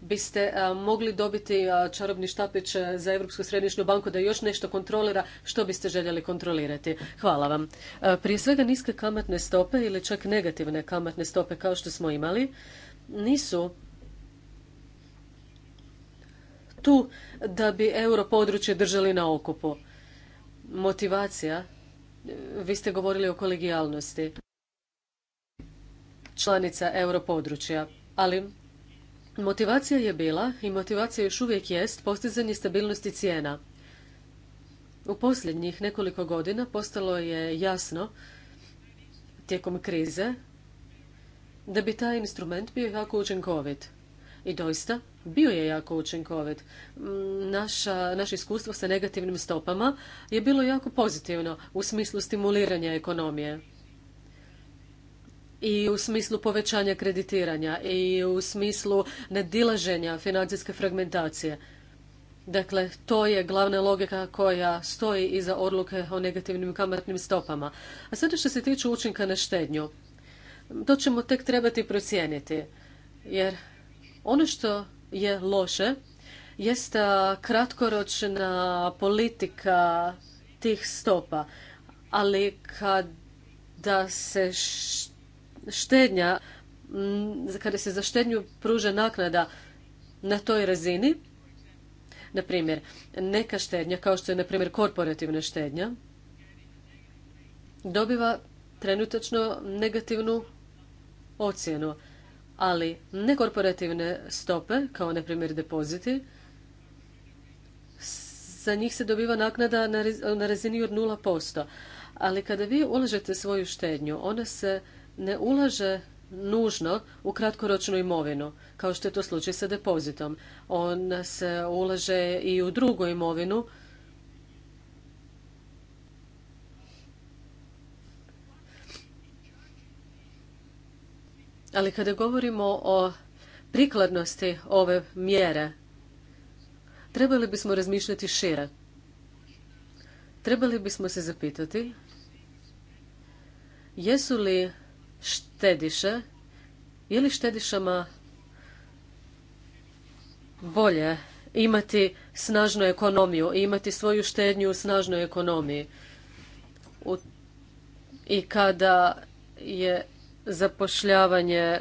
biste e, mogli dobiti e, čarobni štapić za Europsku središnju banku da još nešto kontrolira, što biste željeli kontrolirati? Hvala vam. Prije svega niske kamatne stope ili čak negativne kamatne stope kao što smo imali nisu tu da bi euro područje držali na okupu motivacija, vi ste govorili o kolegijalnosti članica europodručja, ali motivacija je bila i motivacija još uvijek jest postizanje stabilnosti cijena. U posljednjih nekoliko godina postalo je jasno tijekom krize da bi taj instrument bio jako učinkovit. I doista, bio je jako učinkovit. Mm, naša, naše iskustvo sa negativnim stopama je bilo jako pozitivno u smislu stimuliranja ekonomije i u smislu povećanja kreditiranja i u smislu nedilaženja financijske fragmentacije. Dakle, to je glavna logika koja stoji iza odluke o negativnim kamatnim stopama. A sada što se tiče učinka na štednju, to ćemo tek trebati procijeniti, jer ono što je loše jest kratkoročna politika tih stopa, ali kada se štednja, kada se za štednju pruža naknada na toj razini, na primjer, neka štednja, kao što je na primjer korporativna štednja, dobiva trenutačno negativnu ocjenu ali nekorporativne stope, kao na primjer depoziti, za njih se dobiva naknada na razini od 0%. Ali kada vi ulažete svoju štednju, ona se ne ulaže nužno u kratkoročnu imovinu, kao što je to slučaj sa depozitom. Ona se ulaže i u drugu imovinu Ali kada govorimo o prikladnosti ove mjere, trebali bismo razmišljati šire. Trebali bismo se zapitati jesu li štediše, ili štedišama bolje imati snažnu ekonomiju i imati svoju štednju u snažnoj ekonomiji. I kada je zapošljavanje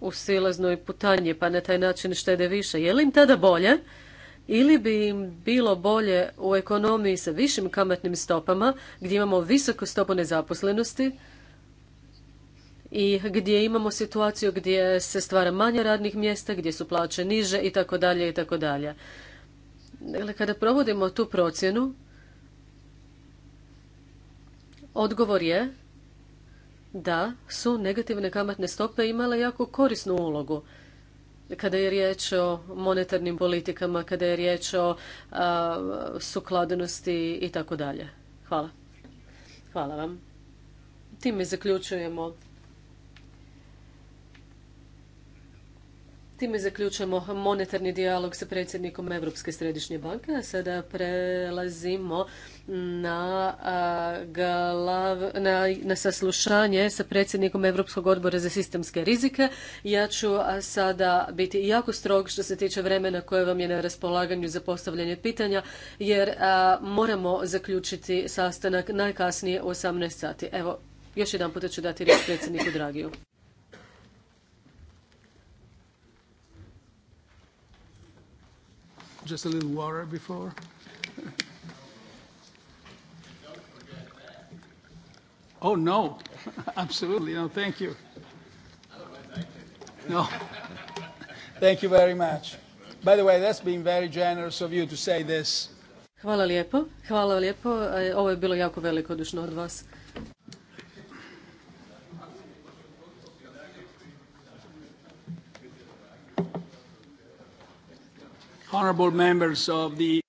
u silaznoj putanji, pa na taj način štede više. Je li im tada bolje? Ili bi im bilo bolje u ekonomiji sa višim kamatnim stopama, gdje imamo visoku stopu nezaposlenosti i gdje imamo situaciju gdje se stvara manje radnih mjesta, gdje su plaće niže i tako dalje i tako dalje. Dakle, kada provodimo tu procjenu, odgovor je da su negativne kamatne stope imale jako korisnu ulogu kada je riječ o monetarnim politikama, kada je riječ o sukladnosti i tako dalje. Hvala. Hvala vam. Time zaključujemo Time zaključujemo monetarni dijalog sa predsjednikom Europske središnje banke, a sada prelazimo na, na, saslušanje sa predsjednikom Europskog odbora za sistemske rizike. Ja ću sada biti jako strog što se tiče vremena koje vam je na raspolaganju za postavljanje pitanja, jer moramo zaključiti sastanak najkasnije u 18 sati. Evo, još jedan puta ću dati riječ predsjedniku Dragiju. just a little water before? oh, no. Absolutely. No, thank you. No. Thank you very much. By the way, that's been very generous of you to say this. Hvala lijepo. Hvala lijepo. E, ovo je bilo jako veliko dušno od vas. Poštoveni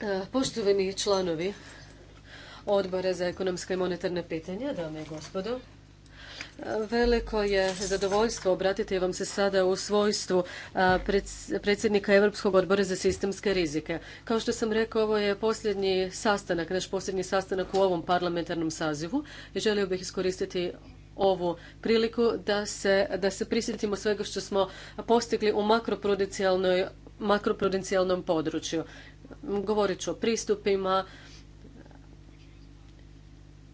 e, Poštovani članovi Odbora za ekonomske i monetarne pitanja, dame i gospodo, e, Veliko je zadovoljstvo obratiti vam se sada u svojstvu e, predsjednika Europskog odbora za sistemske rizike. Kao što sam rekao, ovo je posljednji sastanak, naš posljednji sastanak u ovom parlamentarnom sazivu i želio bih iskoristiti ovu priliku da se, da se prisjetimo svega što smo postigli u makroprudencijalnoj makroprudencijalnom području. Govorit ću o pristupima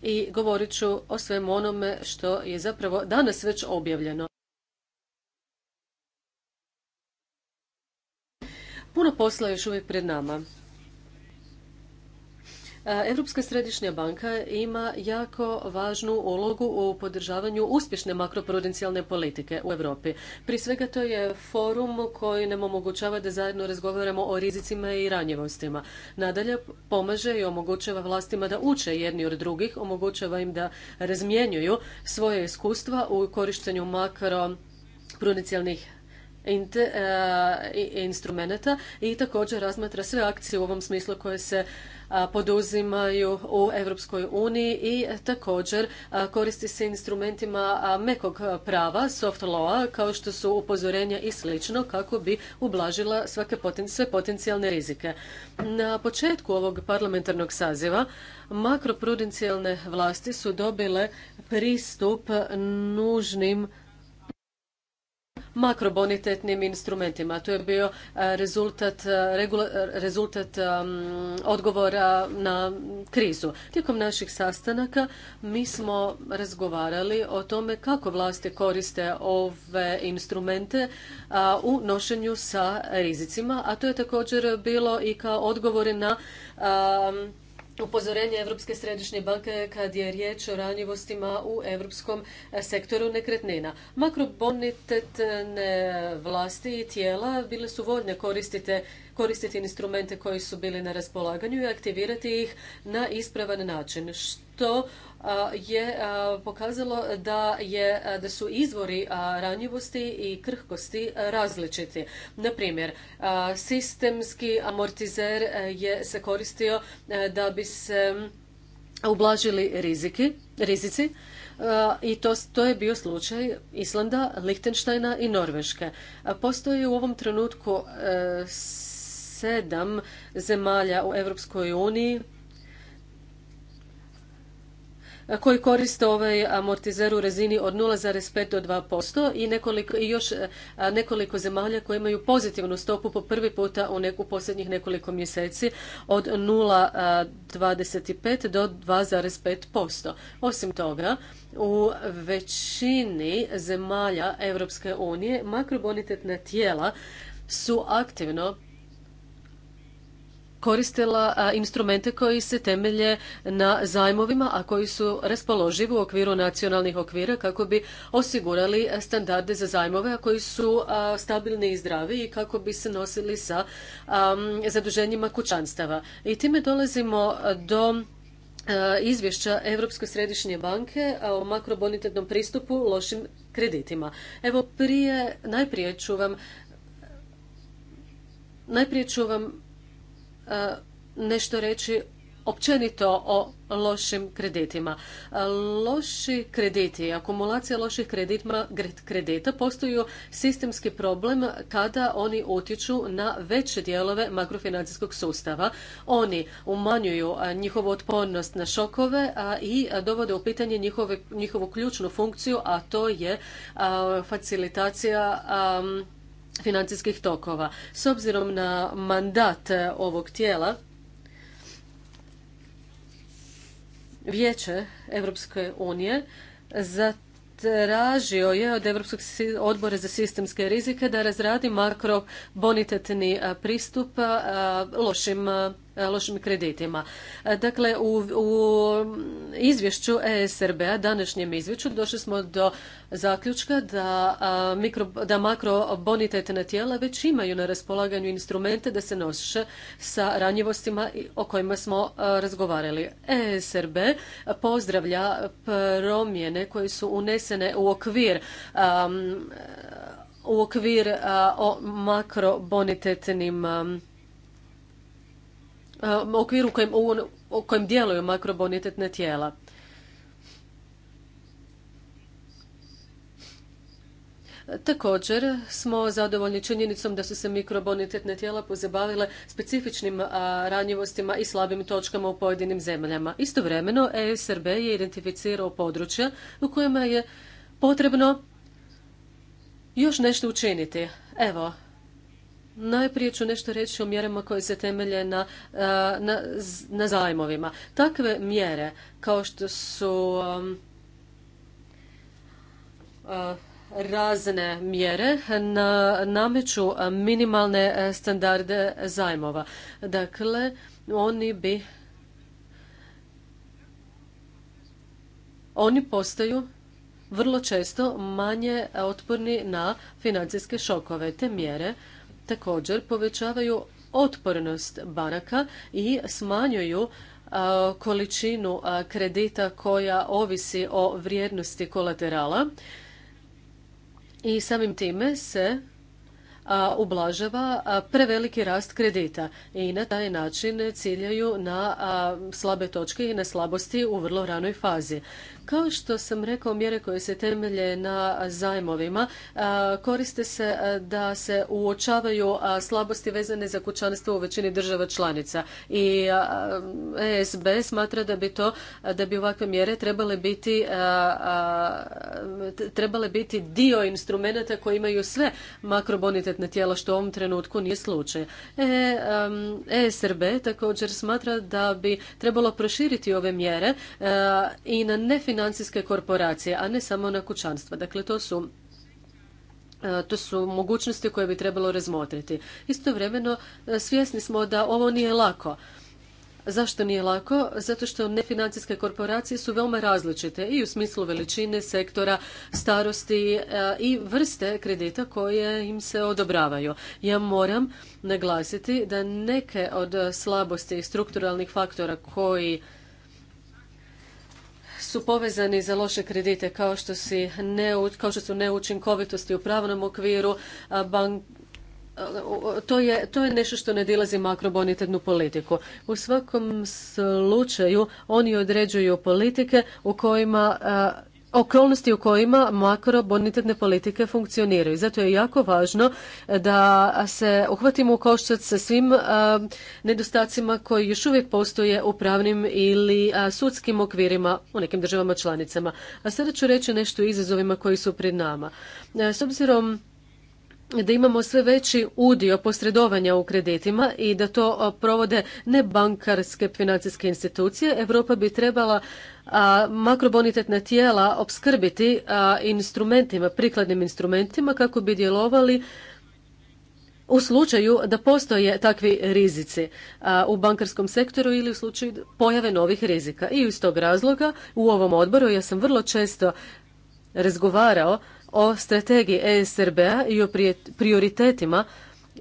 i govorit ću o svemu onome što je zapravo danas već objavljeno. Puno posla je još uvijek pred nama. E, Europska središnja banka ima jako važnu ulogu u podržavanju uspješne makroprudencijalne politike u Europi. Prije svega to je forum koji nam omogućava da zajedno razgovaramo o rizicima i ranjivostima. Nadalje pomaže i omogućava vlastima da uče jedni od drugih, omogućava im da razmjenjuju svoje iskustva u korištenju makroprudencijalnih e, instrumenata i također razmatra sve akcije u ovom smislu koje se poduzimaju u Europskoj uniji i također koristi se instrumentima mekog prava, soft law kao što su upozorenja i slično kako bi ublažila svake sve potencijalne rizike. Na početku ovog parlamentarnog saziva makroprudencijalne vlasti su dobile pristup nužnim makrobonitetnim instrumentima. To je bio e, rezultat, e, e, rezultat odgovora na krizu. Tijekom naših sastanaka mi smo razgovarali o tome kako vlasti koriste ove instrumente u nošenju sa rizicima, a to je također bilo i kao odgovore na upozorenje Europske središnje banke kad je riječ o ranjivostima u europskom e, sektoru nekretnina. Makrobonitetne vlasti i tijela bile su voljne koristite koristiti instrumente koji su bili na raspolaganju i aktivirati ih na ispravan način što je pokazalo da, je, da su izvori ranjivosti i krhkosti različiti. Na primjer, sistemski amortizer je se koristio da bi se ublažili rizici i to, to je bio slučaj Islanda, Lichtensteina i Norveške. Postoji u ovom trenutku e, sedam zemalja u Europskoj uniji koji koriste ovaj amortizer u razini od 0,5 do 2% i i još nekoliko zemalja koje imaju pozitivnu stopu po prvi puta u neku posljednjih nekoliko mjeseci od 0,25 do 2,5%. Osim toga, u većini zemalja Europske unije makrobonitetna tijela su aktivno koristila instrumente koji se temelje na zajmovima, a koji su raspoloživi u okviru nacionalnih okvira kako bi osigurali standarde za zajmove, a koji su stabilni i zdravi i kako bi se nosili sa zaduženjima kućanstava. I time dolazimo do izvješća Europske središnje banke o makrobonitetnom pristupu lošim kreditima. Evo prije, najprije ću vam najprije ću vam E, nešto reći općenito o lošim kreditima. E, loši krediti, akumulacija loših kredita postoju sistemski problem kada oni utječu na veće dijelove makrofinancijskog sustava. Oni umanjuju e, njihovu otpornost na šokove i dovode u pitanje njihovu ključnu funkciju, a to je facilitacija financijskih tokova. S obzirom na mandat e, ovog tijela, Vijeće Europske unije zatražio je od Europskog odbora za sistemske rizike da razradi makrobonitetni e, pristup e, lošim E, lošim kreditima. E, dakle, u, izvješću ESRB-a, današnjem izvješću, došli smo do zaključka da, da makrobonitetna tijela već imaju na raspolaganju instrumente da se nose sa ranjivostima o kojima smo razgovarali. ESRB pozdravlja promjene koje su unesene u okvir u okvir o makrobonitetnim Um, u okviru kojem, u kojem djeluju makrobonitetne tijela. Također smo zadovoljni činjenicom da su se mikrobonitetne tijela pozabavile specifičnim ranjivostima i slabim točkama u pojedinim zemljama. Istovremeno, ESRB je identificirao područja u kojima je potrebno još nešto učiniti. Evo, Najprije ću nešto reći o mjerama koje se temelje na, e, na, zajmovima. Takve mjere kao što su um, e, razne mjere na, nameću minimalne standarde zajmova. Dakle, oni bi oni postaju vrlo često manje otporni na financijske šokove. Te mjere također povećavaju otpornost banaka i smanjuju količinu kredita koja ovisi o vrijednosti kolaterala i samim time se ublažava preveliki rast kredita i na taj način ciljaju na slabe točke i na slabosti u vrlo ranoj fazi. Kao što sam rekao, mjere koje se temelje na zajmovima koriste se da se uočavaju slabosti vezane za kućanstvo u većini država članica i ESB smatra da bi to, da bi ovakve mjere trebale biti trebale biti dio instrumenata koji imaju sve makrobonitetna tijela što u ovom trenutku nije slučaj. ESRB e također smatra da bi trebalo proširiti ove mjere i na financijske korporacije, a ne samo na kućanstva. Dakle, to su e, to su mogućnosti koje bi trebalo razmotriti. Istovremeno e, svjesni smo da ovo nije lako. Zašto nije lako? Zato što nefinancijske korporacije su veoma različite i u smislu veličine, sektora, starosti e, i vrste kredita koje im se odobravaju. Ja moram naglasiti da neke od slabosti i strukturalnih faktora koji su povezani za loše kredite kao što, ne, kao što su neučinkovitosti u pravnom okviru, bank, to je, to je nešto što ne dilazi makrobonitetnu politiku. U svakom slučaju oni određuju politike u kojima okolnosti u kojima makrobonitetne politike funkcioniraju. Zato je jako važno eh, da se uhvatimo u koštac sa svim eh, nedostacima koji još uvijek postoje u pravnim ili eh, sudskim okvirima u nekim državama članicama. A sada ću reći nešto o izazovima koji su pred nama. S obzirom da imamo sve veći udio posredovanja u kreditima i da to provode nebankarske financijske institucije, Europa bi trebala makrobonitetna tijela opskrbiti instrumentima, prikladnim instrumentima kako bi djelovali u slučaju da postoje takvi rizici u bankarskom sektoru ili u slučaju pojave novih rizika. I iz tog razloga u ovom odboru ja sam vrlo često razgovarao o strategiji ESRB-a i o prioritetima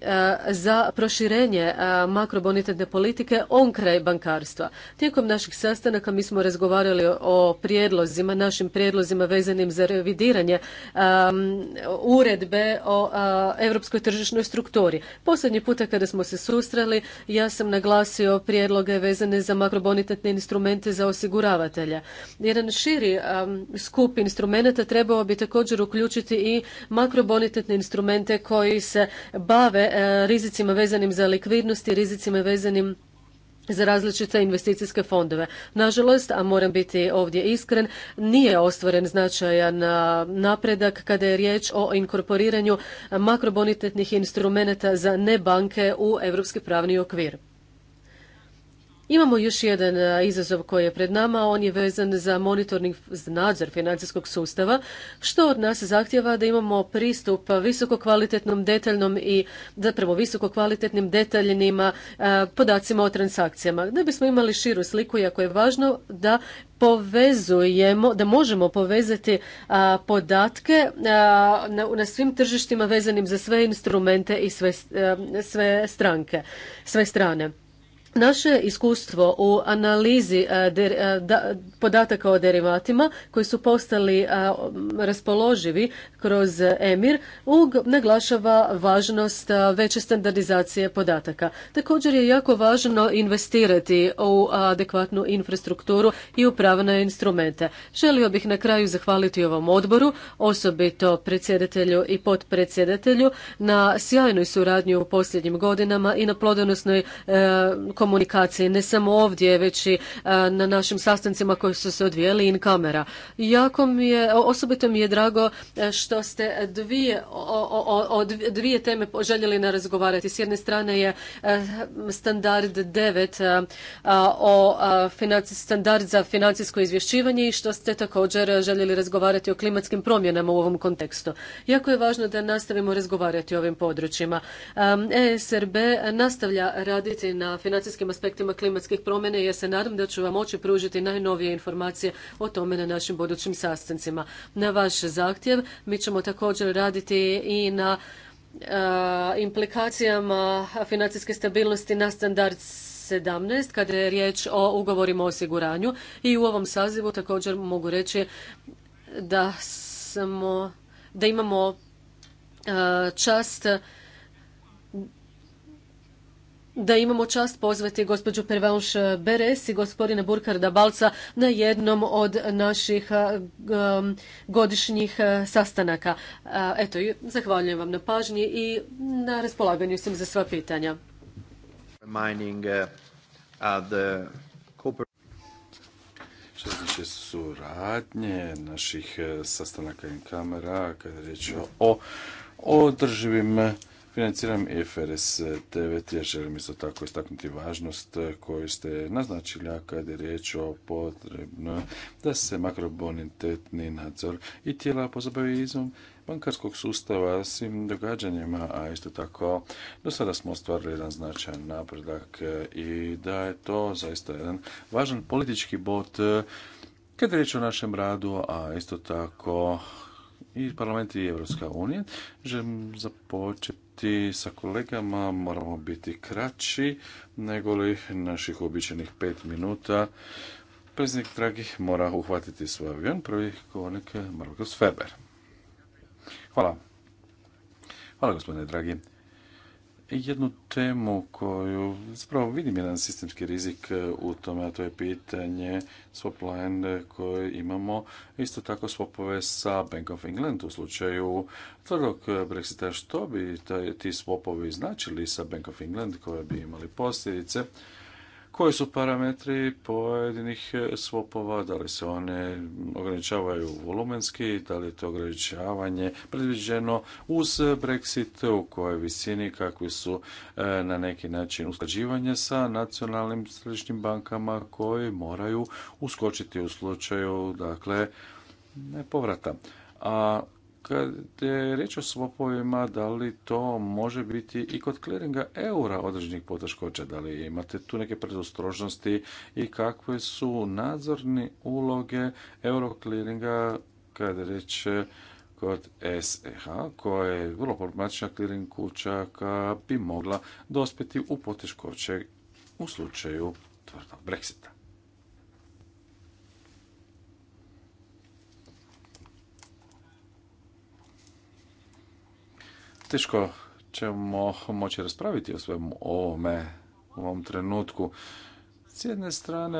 Eh, za proširenje eh, makrobonitetne politike on kraj bankarstva. Tijekom naših sastanaka mi smo razgovarali o prijedlozima, našim prijedlozima vezanim za revidiranje ehm, uredbe o eh, europskoj tržišnoj strukturi. Posljednji puta kada smo se susreli, ja sam naglasio prijedloge vezane za makrobonitetne instrumente za osiguravatelja. Jedan širi ehm, skup instrumenta trebao bi također uključiti i makrobonitetne instrumente koji se bave E, rizicima vezanim za likvidnost i rizicima vezanim za različite investicijske fondove. Nažalost, a moram biti ovdje iskren, nije ostvaren značajan e, napredak kada je riječ o inkorporiranju makrobonitetnih instrumenata za nebanke u europski pravni okvir. Imamo još jedan izazov koji je pred nama, on je vezan za monitoring nadzor financijskog sustava, što od nas zahtjeva da imamo pristup visoko kvalitetnom, detaljnom i zapravo visokokvalitetnim kvalitetnim podacima o transakcijama. Da bismo imali širu sliku, iako je važno da povezujemo, da možemo povezati podatke na, svim tržištima vezanim za sve instrumente i sve stranke, sve strane. Naše iskustvo u analizi e, e, podataka o derivatima koji su postali e, raspoloživi kroz EMIR naglašava važnost veće standardizacije podataka. Također je jako važno investirati u adekvatnu infrastrukturu i u pravne instrumente. Želio bih na kraju zahvaliti ovom odboru, osobito predsjedatelju i potpredsjedatelju na sjajnoj suradnji u posljednjim godinama i na plodonosnoj komunikaciji, ne samo ovdje, već i e, na našim sastancima koji su se odvijeli in kamera. Jako mi je, osobito mi je drago e, što ste dvije, o, dvije teme željeli na razgovarati. S jedne strane je e, standard 9 o standard za financijsko izvješćivanje i što ste također željeli razgovarati o klimatskim promjenama u ovom kontekstu. Jako je važno da nastavimo razgovarati o ovim područjima. ESRB nastavlja raditi na financijskom financijskim aspektima klimatskih promjena jer se nadam da ću vam moći pružiti najnovije informacije o tome na našim budućim sastancima. Na vaš zahtjev mi ćemo također raditi i na e, implikacijama financijske stabilnosti na standard 17 kada je riječ o ugovorima o osiguranju i u ovom sazivu također mogu reći da smo da imamo e, čast da imamo čast pozvati gospođu Pervanš Beres i gospodina Burkarda Balca na jednom od naših eh, godišnjih eh, sastanaka. Eh, eto, zahvaljujem vam na pažnji i na raspolaganju sam za sva pitanja. Što naših sastanaka i kamera, kada je o održivim Financiram FRS TV, Ja želim isto tako istaknuti važnost eh, koju ste naznačili, a kada je riječ o potrebno da se makrobonitetni nadzor i tijela pozabavi izom bankarskog sustava svim događanjima, a isto tako do sada smo ostvarili jedan značajan napredak eh, i da je to zaista jedan važan politički bot. Eh, kad je riječ o našem radu, a isto tako i Parlamenti i Evropska unija. Želim započeti biti sa kolegama, moramo biti kraći nego li naših običajnih pet minuta. Preznik Dragih mora uhvatiti svoj avion, prvi govornik Markus Feber. Hvala. Hvala gospodine Dragi jednu temu koju zapravo vidim jedan sistemski rizik e, u tome, a to je pitanje swap line e, koje imamo, isto tako swapove sa Bank of England u slučaju tvrdog e, Brexita. Što bi ti swapovi značili sa Bank of England koje bi imali posljedice? koji su parametri pojedinih swapova, da li se one ograničavaju volumenski, da li je to ograničavanje predviđeno uz Brexit, u kojoj visini, kakvi su e, na neki način usklađivanje sa nacionalnim središnjim bankama koji moraju uskočiti u slučaju dakle nepovrata. A kad je riječ o swapovima, da li to može biti i kod kliringa eura određenih poteškoća? Da li imate tu neke predostrožnosti i kakve su nadzorne uloge euro kliringa kada je riječ kod SEH, koja je vrlo problematična kliring kuća, bi mogla dospjeti u poteškoće u slučaju tvrdog Brexita. teško ćemo moći raspraviti o svemu ovome u ovom trenutku. S jedne strane,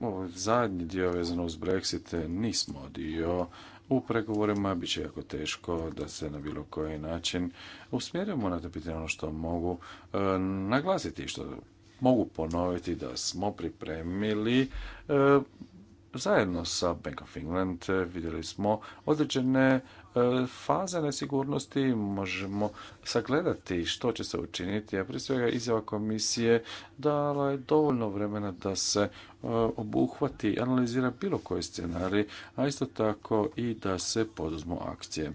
ovaj zadnji dio vezano uz Brexit nismo dio u pregovorima, bit će jako teško da se na bilo koji način usmjerimo na to pitanje ono što mogu e, naglasiti, što mogu ponoviti da smo pripremili e, Zajedno sa Bank of England e, vidjeli smo određene e, faze nesigurnosti, možemo sagledati što će se učiniti, a prije svega izjava komisije dala je dovoljno vremena da se e, obuhvati i analizira bilo koji scenarij, a isto tako i da se poduzmu akcije.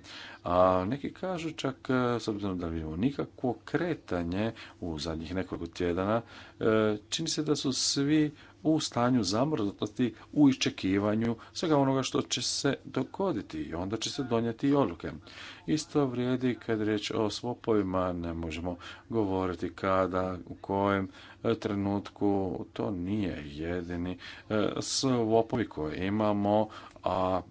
A neki kažu čak, e, s obzirom da vidimo nikakvo kretanje u zadnjih nekoliko tjedana, e, čini se da su svi u stanju zamrznutosti u iščekivanju svega onoga što će se dogoditi i onda će se donijeti i odluke. Isto vrijedi kad riječ o svopovima, ne možemo govoriti kada, u kojem e, trenutku, to nije jedini svopovi koje imamo, a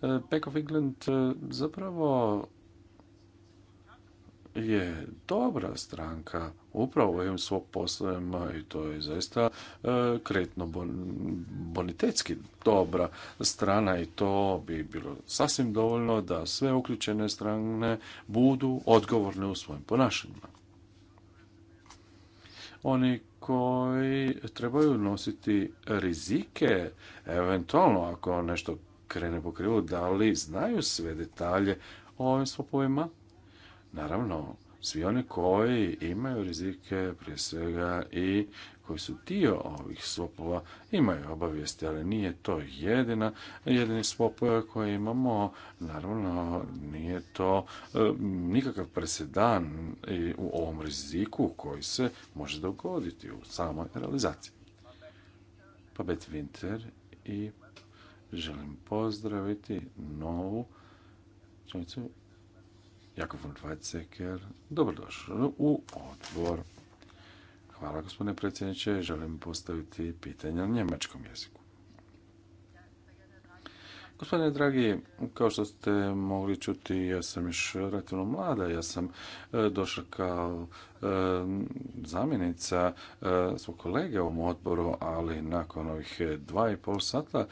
Back of England e, zapravo je dobra stranka upravo ovim svog poslovima i to je zaista e, kretno bonitetski dobra strana i to bi bilo sasvim dovoljno da sve uključene strane budu odgovorne u svojim ponašanjima. Oni koji trebaju nositi rizike, eventualno ako nešto krene po krivu, da li znaju sve detalje o ovim svopovima? Naravno, svi oni koji imaju rizike, prije svega i koji su dio ovih svopova, imaju obavijesti, ali nije to jedina, jedini swap e, koje imamo, naravno nije to e, nikakav presedan u ovom riziku koji se može dogoditi u samoj realizaciji. Pabet Winter i želim pozdraviti novu članicu Jakov von Dobrodošli u odbor. Hvala gospodine predsjedniče, želim postaviti pitanje na njemačkom jeziku. Gospodine dragi, kao što ste mogli čuti, ja sam još relativno mlada, ja sam e, došla kao e, zamjenica e, svog kolege u ovom odboru, ali nakon ovih dva i pol sata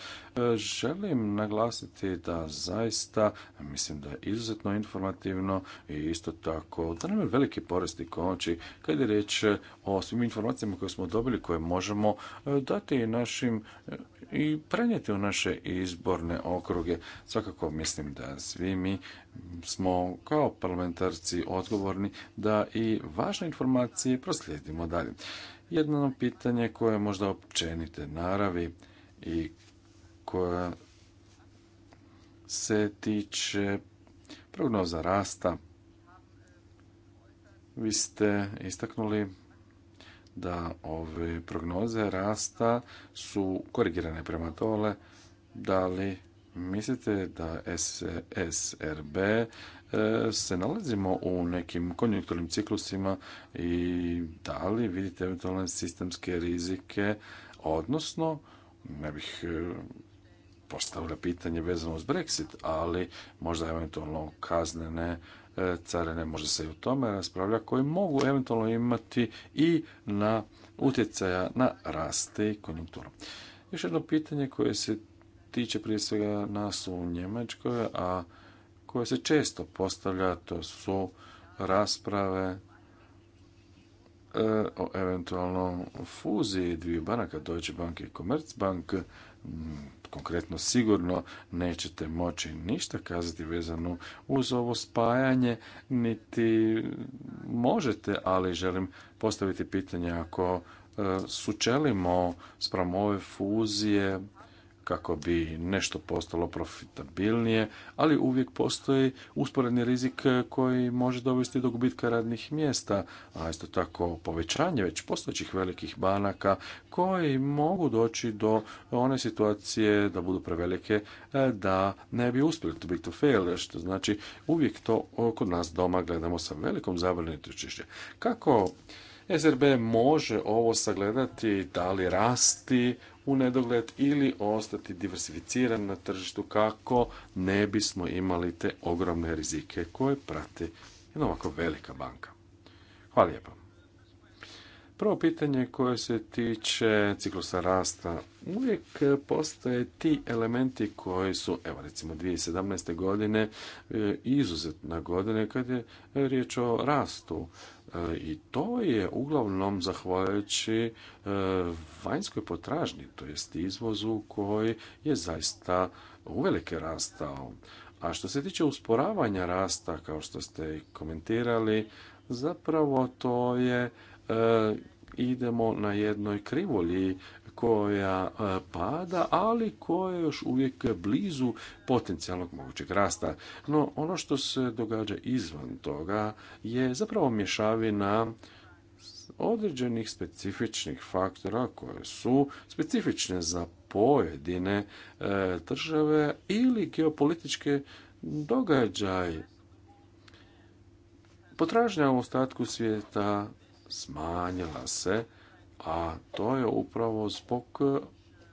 želim naglasiti da zaista mislim da je izuzetno informativno i isto tako da nam je veliki poresti konoči kad je riječ o svim informacijama koje smo dobili koje možemo dati našim i prenijeti u naše izborne okruge. Svakako mislim da svi mi smo kao parlamentarci odgovorni da i važne informacije proslijedimo dalje. Jedno pitanje koje možda općenite naravi i koje se tiče prognoza rasta. Vi ste istaknuli da ove prognoze rasta su korigirane prema dole. Da li mislite da SRB e, se nalazimo u nekim konjunkturnim ciklusima i da li vidite eventualne sistemske rizike, odnosno ne bih e, postavila pitanje vezano uz Brexit, ali možda eventualno kaznene E, carine, može se i o tome raspravlja, koji mogu eventualno imati i na utjecaja na raste i konjunkturu. Još jedno pitanje koje se tiče prije svega nas u Njemačkoj, a koje se često postavlja, to su rasprave e, o eventualnom fuziji dviju banaka, Deutsche Bank i Commerzbank, Mm, konkretno sigurno nećete moći ništa kazati vezano uz ovo spajanje, niti možete, ali želim postaviti pitanje ako e, sučelimo spram ove fuzije kako bi nešto postalo profitabilnije, ali uvijek postoji usporedni rizik koji može dovesti do gubitka radnih mjesta, a isto tako povećanje već postojećih velikih banaka koji mogu doći do one situacije da budu prevelike e, da ne bi uspjeli to big to fail, što znači uvijek to kod nas doma gledamo sa velikom zabrinutošću. Kako SRB može ovo sagledati, da li rasti u nedogled ili ostati diversificiran na tržištu kako ne bismo imali te ogromne rizike koje prati jedna ovako velika banka. Hvala lijepa. Prvo pitanje koje se tiče ciklusa rasta. Uvijek postoje ti elementi koji su, evo recimo 2017. godine, e, izuzetna godine kad je riječ o rastu. E, I to je uglavnom zahvaljujući e, vanjskoj potražnji, to jest izvozu koji je zaista uvelike rastao. A što se tiče usporavanja rasta, kao što ste komentirali, zapravo to je E, idemo na jednoj krivolji koja e, pada, ali koja je još uvijek blizu potencijalnog mogućeg rasta. No, ono što se događa izvan toga je zapravo mješavina određenih specifičnih faktora koje su specifične za pojedine e, države ili geopolitičke događaje. Potražnja u ostatku svijeta smanjila se, a to je upravo zbog eh,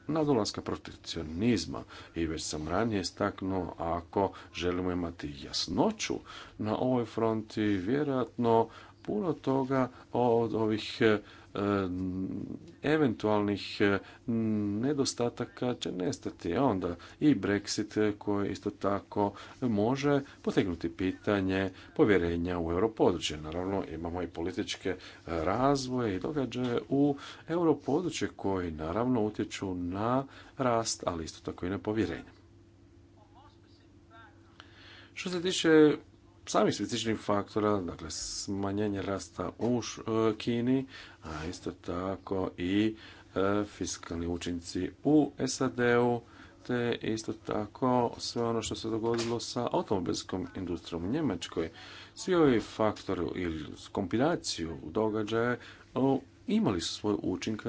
nadolaska protekcionizma i već sam ranije istaknuo ako želimo imati jasnoću na ovoj fronti vjerojatno puno toga od ovih eh, E, eventualnih e, nedostataka će nestati. E onda i Brexit koji isto tako može potegnuti pitanje povjerenja u europodručje. Naravno imamo i političke razvoje i događaje u europodručje koji naravno utječu na rast, ali isto tako i na povjerenje. Što se tiče samih specifičnih faktora, dakle smanjenje rasta u Kini, a isto tako i e, fiskalni učinci u SAD-u, te isto tako sve ono što se dogodilo sa automobilskom industrijom u Njemačkoj. Svi ovi faktori ili kombinaciju događaja imali su svoj učinak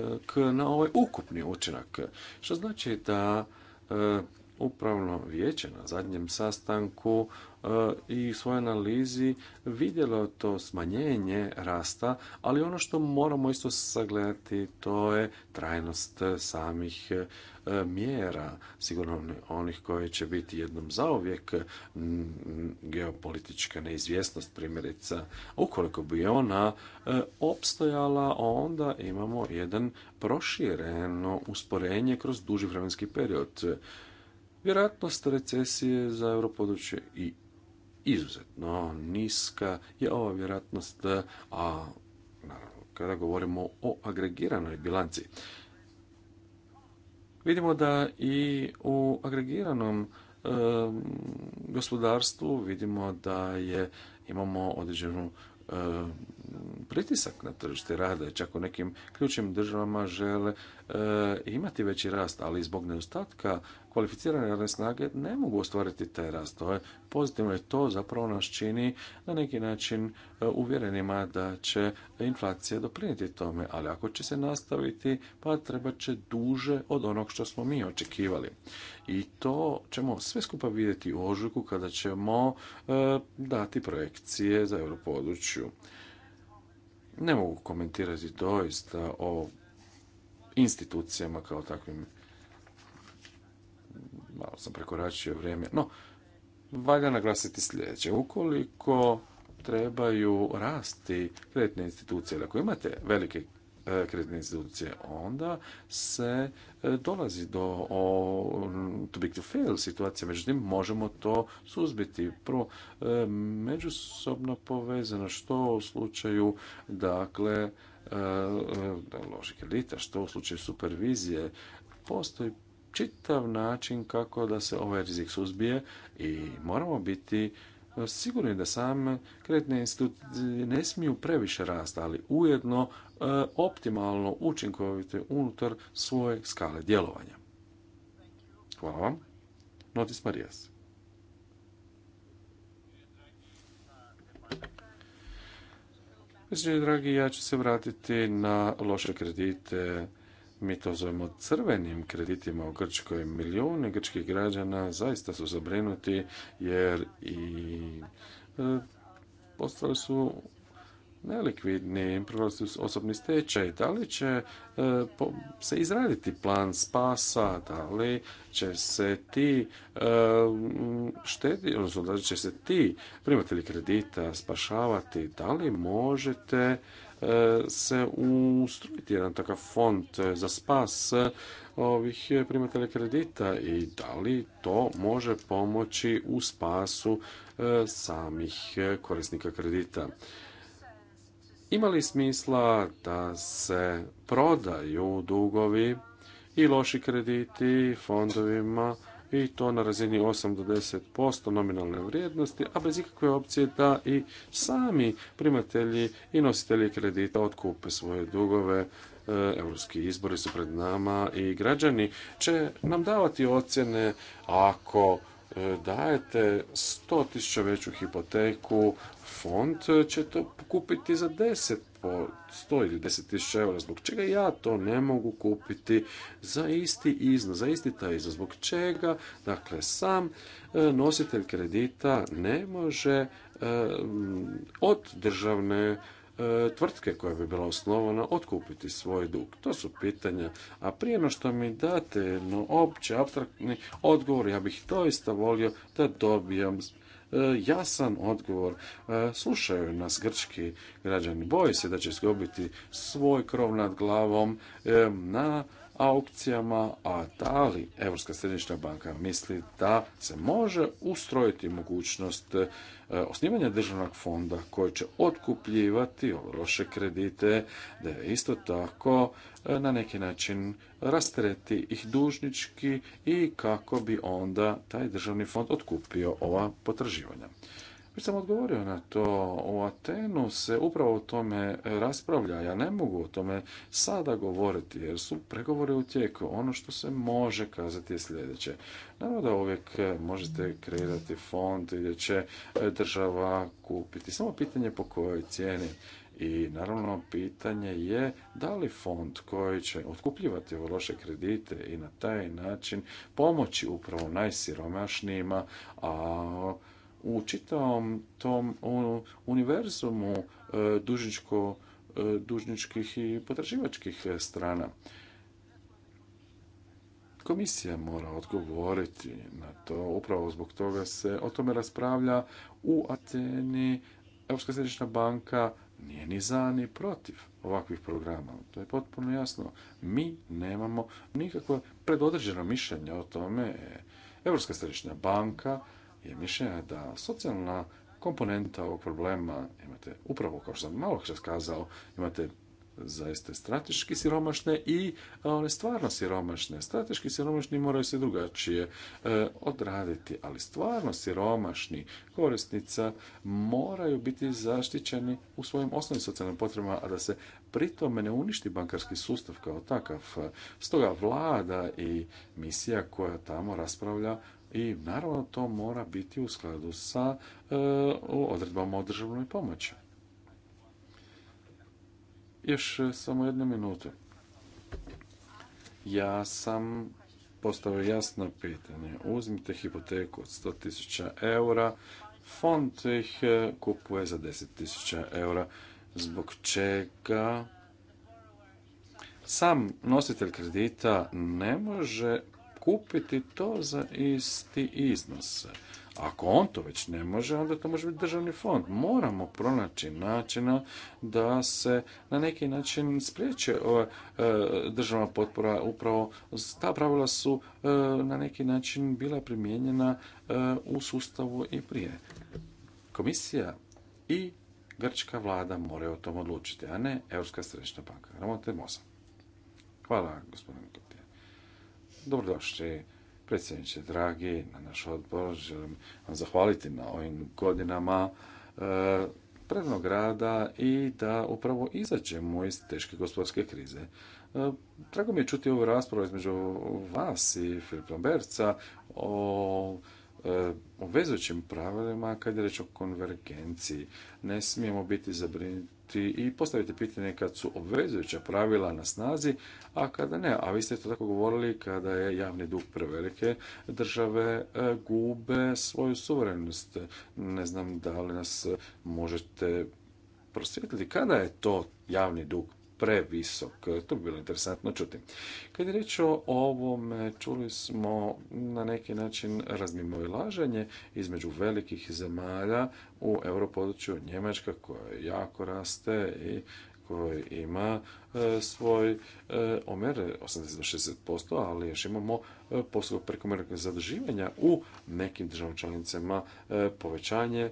na ovaj ukupni učinak, što znači da e, upravno vijeće na zadnjem sastanku e, i svojoj analizi vidjelo to smanjenje rasta, ali ono što moramo isto sagledati to je trajnost samih e, mjera, sigurno onih koje će biti jednom zauvijek geopolitička neizvjesnost primjerica. Ukoliko bi ona e, opstojala, onda imamo jedan prošireno usporenje kroz duži vremenski period. Vjerojatnost recesije za europodručje i izuzetno niska je ova vjerojatnost, a naravno kada govorimo o agregiranoj bilanci. Vidimo da i u agregiranom gospodarstvu vidimo da je imamo određenu pritisak na tržište rada, čak u nekim ključnim državama žele eh, imati veći rast, ali zbog nedostatka kvalificirane radne snage ne mogu ostvariti taj rast. To je pozitivno to zapravo nas čini na neki način eh, uvjerenima da će inflacija doprinijeti tome, ali ako će se nastaviti, pa treba će duže od onog što smo mi očekivali. I to ćemo sve skupa vidjeti u ožujku kada ćemo eh, dati projekcije za europodručju. Ne mogu komentirati doista o institucijama kao takvim. Malo sam prekoračio vrijeme. No, valja naglasiti sljedeće. Ukoliko trebaju rasti kreditne institucije. Ako imate velike kreditne institucije, onda se e, dolazi do to big to fail situacije. Međutim, možemo to suzbiti. Prvo, e, međusobno povezano što u slučaju, dakle, e, loži kredita, što u slučaju supervizije, postoji čitav način kako da se ovaj rizik suzbije i moramo biti Sigurno je da sam kreditne institucije ne smiju previše rasti, ali ujedno e, optimalno učinkovite unutar svoje skale djelovanja. Hvala vam. Notis Marijas. Dragi, ja ću se vratiti na loše kredite mi to zovemo crvenim kreditima u Grčkoj. Milijuni grčkih građana zaista su zabrinuti jer i e, postali su nelikvidni, su osobni stečaj. Da li će e, se izraditi plan spasa, da li će se ti e, štedi, odnosno da li će se ti primatelji kredita spašavati, da li možete se ustrojiti jedan takav fond e, za spas e, ovih primatelja kredita i da li to može pomoći u spasu e, samih korisnika kredita. Ima li smisla da se prodaju dugovi i loši krediti fondovima i to na razini 8 do 10% nominalne vrijednosti, a bez ikakve opcije da i sami primatelji i nositelji kredita otkupe svoje dugove. Europski izbori su pred nama i građani će nam davati ocjene ako E, dajete 100.000 veću hipoteku, fond će to kupiti za 10 po 100 ili 10.000 eura. Zbog čega ja to ne mogu kupiti za isti iznos, za isti taj iznos? Zbog čega, dakle, sam e, nositelj kredita ne može e, od državne E, tvrtke koja bi bila osnovana otkupiti svoj dug? To su pitanja. A prije no što mi date no, opće, abstraktni odgovor, ja bih doista volio da dobijam e, jasan odgovor. E, slušaju nas grčki građani, boje se da će izgubiti svoj krov nad glavom na aukcijama, a da li Europska središnja banka misli da se može ustrojiti mogućnost e, osnivanja državnog fonda koji će otkupljivati loše kredite, da je isto tako e, na neki način rastereti ih dužnički i kako bi onda taj državni fond otkupio ova potraživanja. Već sam odgovorio na to. U Atenu se upravo o tome raspravlja. Ja ne mogu o tome sada govoriti jer su pregovore u tijeku. Ono što se može kazati je sljedeće. Naravno da uvijek možete kreirati fond gdje će država kupiti. Samo pitanje po kojoj cijeni. I naravno pitanje je da li fond koji će otkupljivati ove loše kredite i na taj način pomoći upravo najsiromašnijima, a u čitavom tom univerzumu e, e, dužničkih i potraživačkih strana. Komisija mora odgovoriti na to, upravo zbog toga se o tome raspravlja u Ateni. Europska središnja banka nije ni za ni protiv ovakvih programa. To je potpuno jasno. Mi nemamo nikakvo predodređeno mišljenje o tome. Europska središnja banka je mišljenja da socijalna komponenta ovog problema imate upravo kao što sam malo čas kazao, imate zaista strateški siromašne i one stvarno siromašne. Strateški siromašni moraju se drugačije e, odraditi, ali stvarno siromašni korisnica moraju biti zaštićeni u svojim osnovnim socijalnim potrebama, a da se pritome ne uništi bankarski sustav kao takav. Stoga vlada i misija koja tamo raspravlja i naravno to mora biti u skladu sa e, odredbama o državnoj pomoći. Još e, samo jednu minutu. Ja sam postavio jasno pitanje. Uzmite hipoteku od 100.000 eura, fond ih e, kupuje za 10.000 eura. Zbog čega sam nositelj kredita ne može kupiti to za isti iznos. Ako on to već ne može, onda to može biti državni fond. Moramo pronaći načina da se na neki način spriječe ova e, državna potpora. Upravo ta pravila su e, na neki način bila primijenjena e, u sustavu i prije. Komisija i grčka vlada moraju o tom odlučiti, a ne Europska središnja banka. Ramote Hvala, gospodine Dobrodošli, predsjedniče dragi, na naš odbor. Želim vam zahvaliti na ovim godinama e, prednog rada i da upravo izađemo iz teške gospodarske krize. E, drago mi je čuti ovu raspravu između vas i Filipa Berca o e, obvezujućim pravilima kad je reč o konvergenciji. Ne smijemo biti zabrinuti i postaviti pitanje kad su obvezujuća pravila na snazi, a kada ne. A vi ste to tako govorili kada je javni dug prevelike, države e, gube svoju suverenost. Ne znam da li nas možete prosvjetiti, kada je to javni dug previsok. To bi bilo interesantno čuti. Kad je reč o ovom, čuli smo na neki način razmimoilaženje između velikih zemalja u europodručju Njemačka koja jako raste i koja ima e, svoj e, omer 80-60%, ali još imamo e, zadrživanja u nekim državama članicama e, povećanje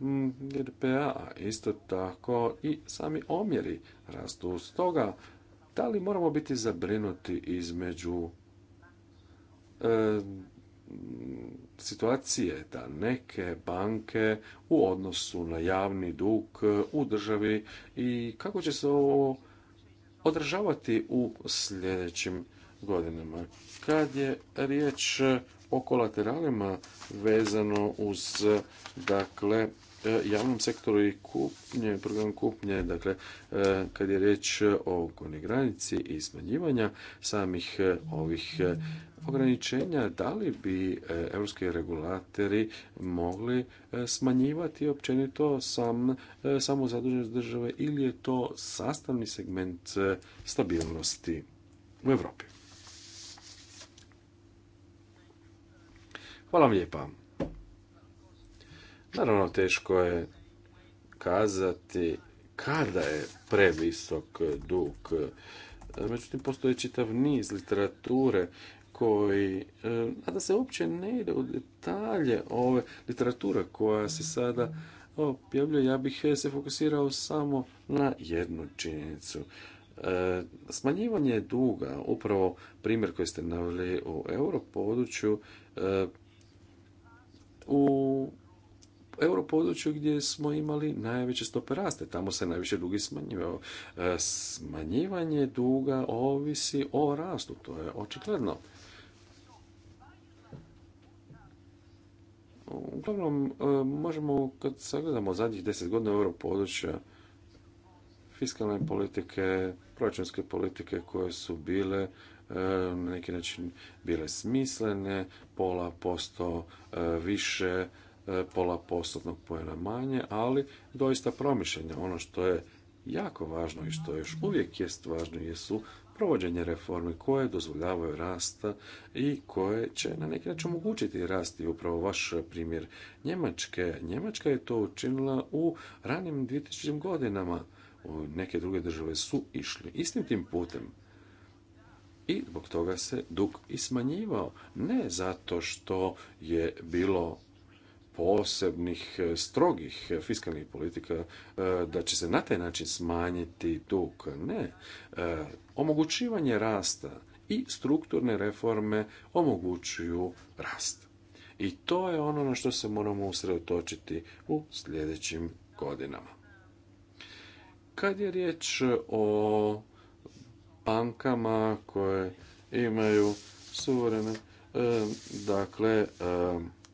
Mm, GDP-a, isto tako i sami omjeri rastu. Stoga, da li moramo biti zabrinuti između e, situacije da neke banke u odnosu na javni dug e, u državi i kako će se ovo održavati u sljedećim godinama. Kad je riječ o kolateralima vezano uz dakle E, javnom sektoru i kupnje, program kupnje, dakle e, kad je riječ o gornjoj granici i smanjivanja samih e, ovih ograničenja, da li bi europski regulatori mogli smanjivati općenito sam, samo zaduženost države ili je to sastavni segment stabilnosti u Europi? Hvala vam lijepa. Naravno, teško je kazati kada je previsok dug. Međutim, postoji čitav niz literature koji, e, a se uopće ne ide u detalje ove literature koja se sada objavljuje, ja bih se fokusirao samo na jednu činjenicu. E, smanjivanje duga, upravo primjer koji ste naveli e, u europodručju, u europodručju gdje smo imali najveće stope raste. Tamo se najviše dugi smanjivao. E, smanjivanje duga ovisi o rastu. To je očigledno. Uglavnom, e, možemo, kad sagledamo zadnjih deset godina europodručja, fiskalne politike, proračunske politike koje su bile e, na neki način bile smislene, pola posto više E, pola postotnog pojena manje, ali doista promišljenja. Ono što je jako važno i što još uvijek jest važno jesu provođenje reformi koje dozvoljavaju rasta i koje će na neki način omogućiti rast i upravo vaš primjer Njemačke. Njemačka je to učinila u ranim 2000 godinama. Neke druge države su išli istim tim putem. I zbog toga se dug i smanjivao. Ne zato što je bilo posebnih e, strogih e, fiskalnih politika e, da će se na taj način smanjiti dug. Ne. Omogućivanje rasta i strukturne reforme omogućuju rast. I to je ono na što se moramo usredotočiti u sljedećim godinama. Kad je riječ o bankama koje imaju suverene dakle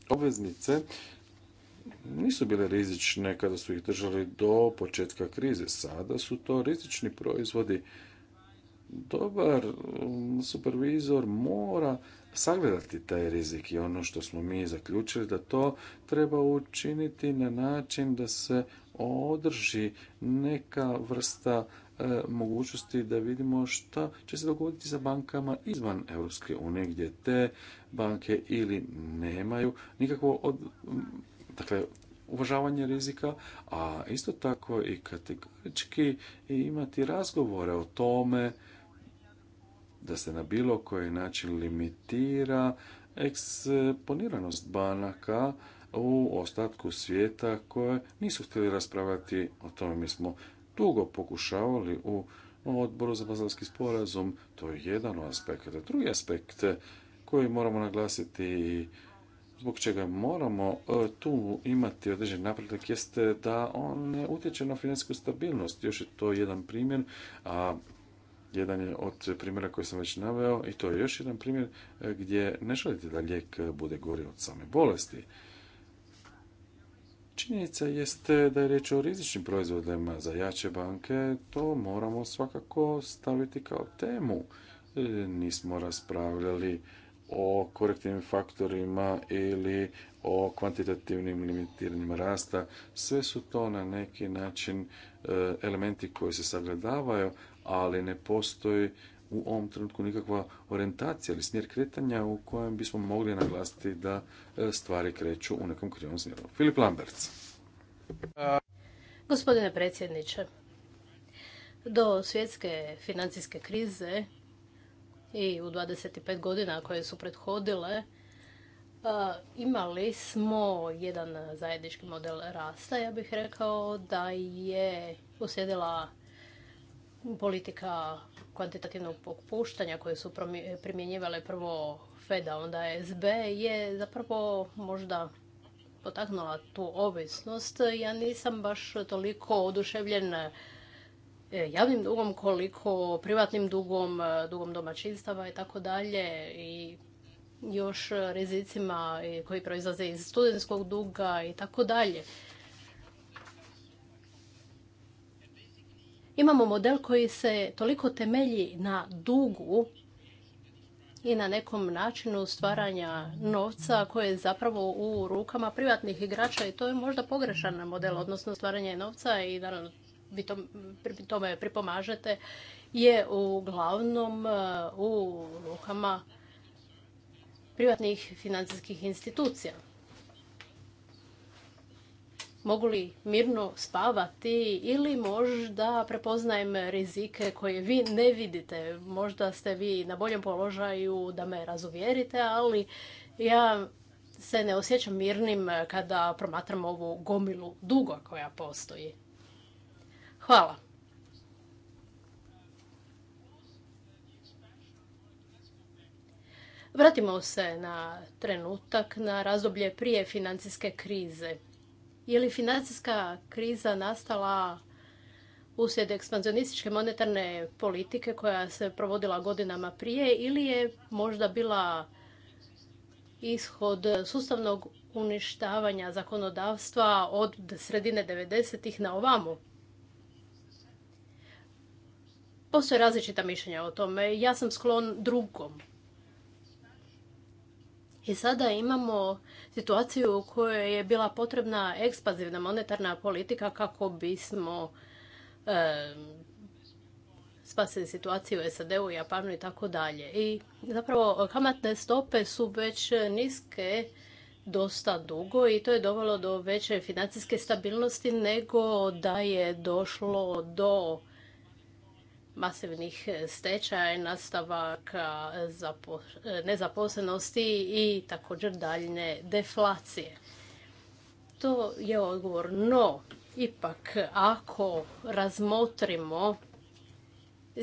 obveznice nisu bile rizične kada su ih držali do početka krize. Sada su to rizični proizvodi. Dobar mm, supervizor mora sagledati taj rizik i ono što smo mi zaključili da to treba učiniti na način da se održi neka vrsta e, mogućnosti da vidimo šta će se dogoditi sa bankama izvan Europske unije gdje te banke ili nemaju nikakvo od, Dakle, uvažavanje rizika, a isto tako i kategorički imati razgovore o tome da se na bilo koji način limitira eksponiranost banaka u ostatku svijeta koje nisu htjeli raspravljati o tome. Mi smo dugo pokušavali u odboru za bazalski sporazum, to je jedan aspekt. Drugi aspekt koji moramo naglasiti zbog čega moramo e, tu imati određen napredak jeste da on ne utječe na financijsku stabilnost. Još je to jedan primjer, a jedan je od primjera koji sam već naveo i to je još jedan primjer e, gdje ne želite da lijek bude gori od same bolesti. Činjenica jeste da je riječ o rizičnim proizvodima za jače banke, to moramo svakako staviti kao temu. E, nismo raspravljali o korektivnim faktorima ili o kvantitativnim limitiranjima rasta. Sve su to na neki način e, elementi koji se sagledavaju, ali ne postoji u ovom trenutku nikakva orijentacija ili smjer kretanja u kojem bismo mogli naglasiti da e, stvari kreću u nekom krivom smjeru. Filip Lamberts. Gospodine predsjedniče, do svjetske financijske krize i u 25 godina koje su prethodile e, imali smo jedan zajednički model rasta. Ja bih rekao da je usjedila politika kvantitativnog popuštanja koje su primjenjivale prvo Fed, a onda SB, je zapravo možda potaknula tu ovisnost. Ja nisam baš toliko oduševljena. E, javnim dugom, koliko privatnim dugom, e, dugom domaćinstava i tako dalje i još rizicima koji proizlaze iz studentskog duga i tako dalje. Imamo model koji se toliko temelji na dugu i na nekom načinu stvaranja novca koje je zapravo u rukama privatnih igrača i to je možda pogrešan model, odnosno stvaranje novca i naravno vi tome pripomažete je uglavnom e, u rukama privatnih financijskih institucija. Mogu li mirno spavati ili možda prepoznajem rizike koje vi ne vidite? Možda ste vi na boljem položaju da me razuvjerite, ali ja se ne osjećam mirnim kada promatram ovu gomilu duga koja postoji. Hvala. Vratimo se na trenutak, na razdoblje prije financijske krize. Je li financijska kriza nastala uslijed ekspanzionističke monetarne politike koja se provodila godinama prije ili je možda bila ishod sustavnog uništavanja zakonodavstva od sredine 90-ih na ovamo? Postoje različita mišljenja o tome. Ja sam sklon drugom. I sada imamo situaciju u kojoj je bila potrebna ekspazivna monetarna politika kako bismo spasili situaciju u SAD-u, Japanu i tako dalje. I zapravo kamatne stope su već niske dosta dugo i to je dovelo do veće financijske stabilnosti nego da je došlo do masivnih e, stečaja, nastavak e, nezaposlenosti i također daljne deflacije. To je odgovor. No, ipak, ako razmotrimo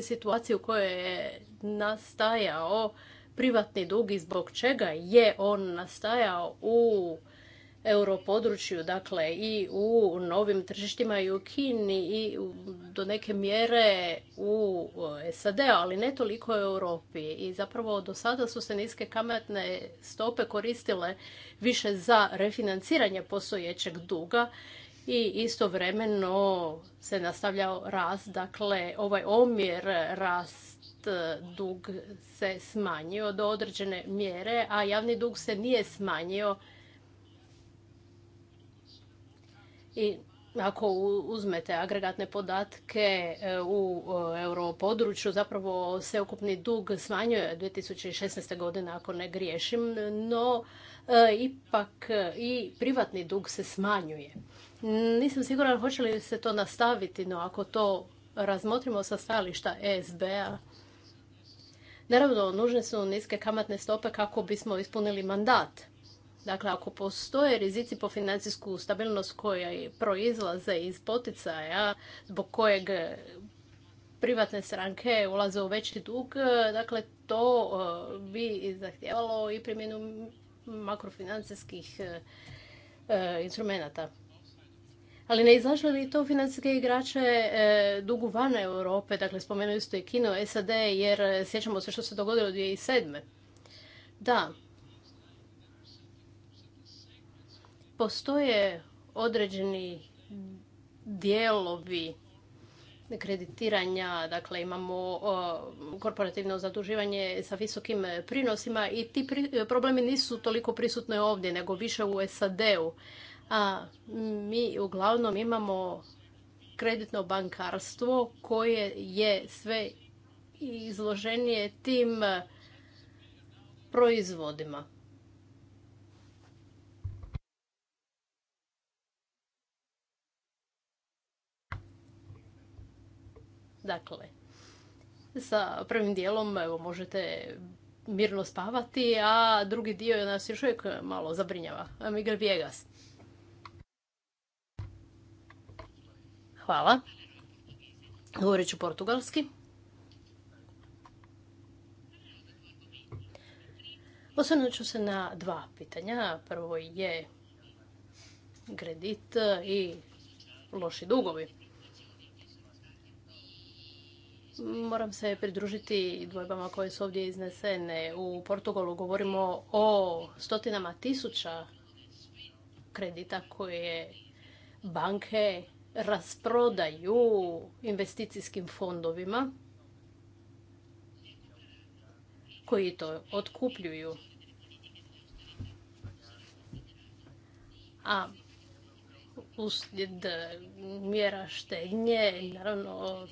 situaciju u kojoj je nastajao privatni dug i zbog čega je on nastajao u europodručju, dakle i u novim tržištima i u Kini i do neke mjere u SAD, ali ne toliko u Europi. I zapravo do sada su se niske kamatne stope koristile više za refinanciranje postojećeg duga i istovremeno se nastavljao rast, dakle ovaj omjer rast e, dug se smanjio do određene mjere, a javni dug se nije smanjio I ako uzmete agregatne podatke e, u e, europodručju, zapravo se ukupni dug smanjuje 2016. godine ako ne griješim, no e, ipak i privatni dug se smanjuje. Nisam siguran hoće li se to nastaviti, no ako to razmotrimo sa stajališta ESB-a, naravno nužne su niske kamatne stope kako bismo ispunili mandat. Dakle, ako postoje rizici po financijsku stabilnost koja proizlaze iz poticaja zbog kojeg privatne stranke ulaze u veći dug, dakle to e, bi zahtjevalo i primjenu makrofinancijskih e, e, instrumenata. Ali ne izlažu li to financijske igrače dugu van Europe? Dakle, spomenuli ste i Kino, SAD, jer sjećamo se što se dogodilo 2007. Da, postoje određeni dijelovi kreditiranja, dakle imamo korporativno zaduživanje sa visokim prinosima i ti problemi nisu toliko prisutni ovdje nego više u SAD-u. A mi uglavnom imamo kreditno bankarstvo koje je sve izloženije tim proizvodima. Dakle, sa prvim dijelom evo, možete mirno spavati, a drugi dio nas još uvijek malo zabrinjava. Miguel Viegas. Hvala. Govorit ću portugalski. Osvrnut ću se na dva pitanja. Prvo je kredit i loši dugovi. Moram se pridružiti dvojbama koje su ovdje iznesene. U Portugalu govorimo o stotinama tisuća kredita koje banke rasprodaju investicijskim fondovima koji to otkupljuju. A uslijed mjera štednje, naravno,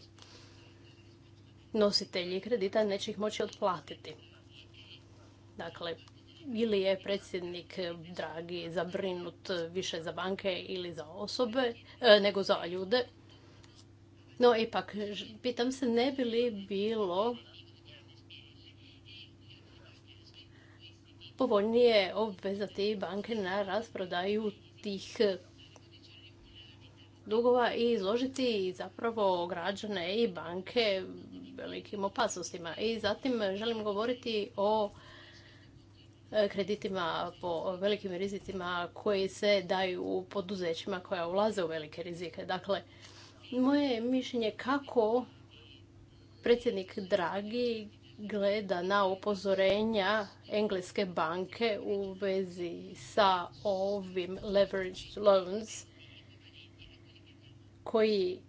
nositelji kredita neće ih moći otplatiti. Dakle, ili je predsjednik dragi zabrinut više za banke ili za osobe e, nego za ljude. No, ipak, pitam se ne bi li bilo povoljnije obvezati banke na rasprodaju tih dugova i izložiti zapravo građane i banke velikim opasnostima. I zatim eh, želim govoriti o eh, kreditima po velikim rizicima koji se daju u poduzećima koja ulaze u velike rizike. Dakle, moje mišljenje kako predsjednik Dragi gleda na upozorenja engleske banke u vezi sa ovim leveraged loans koji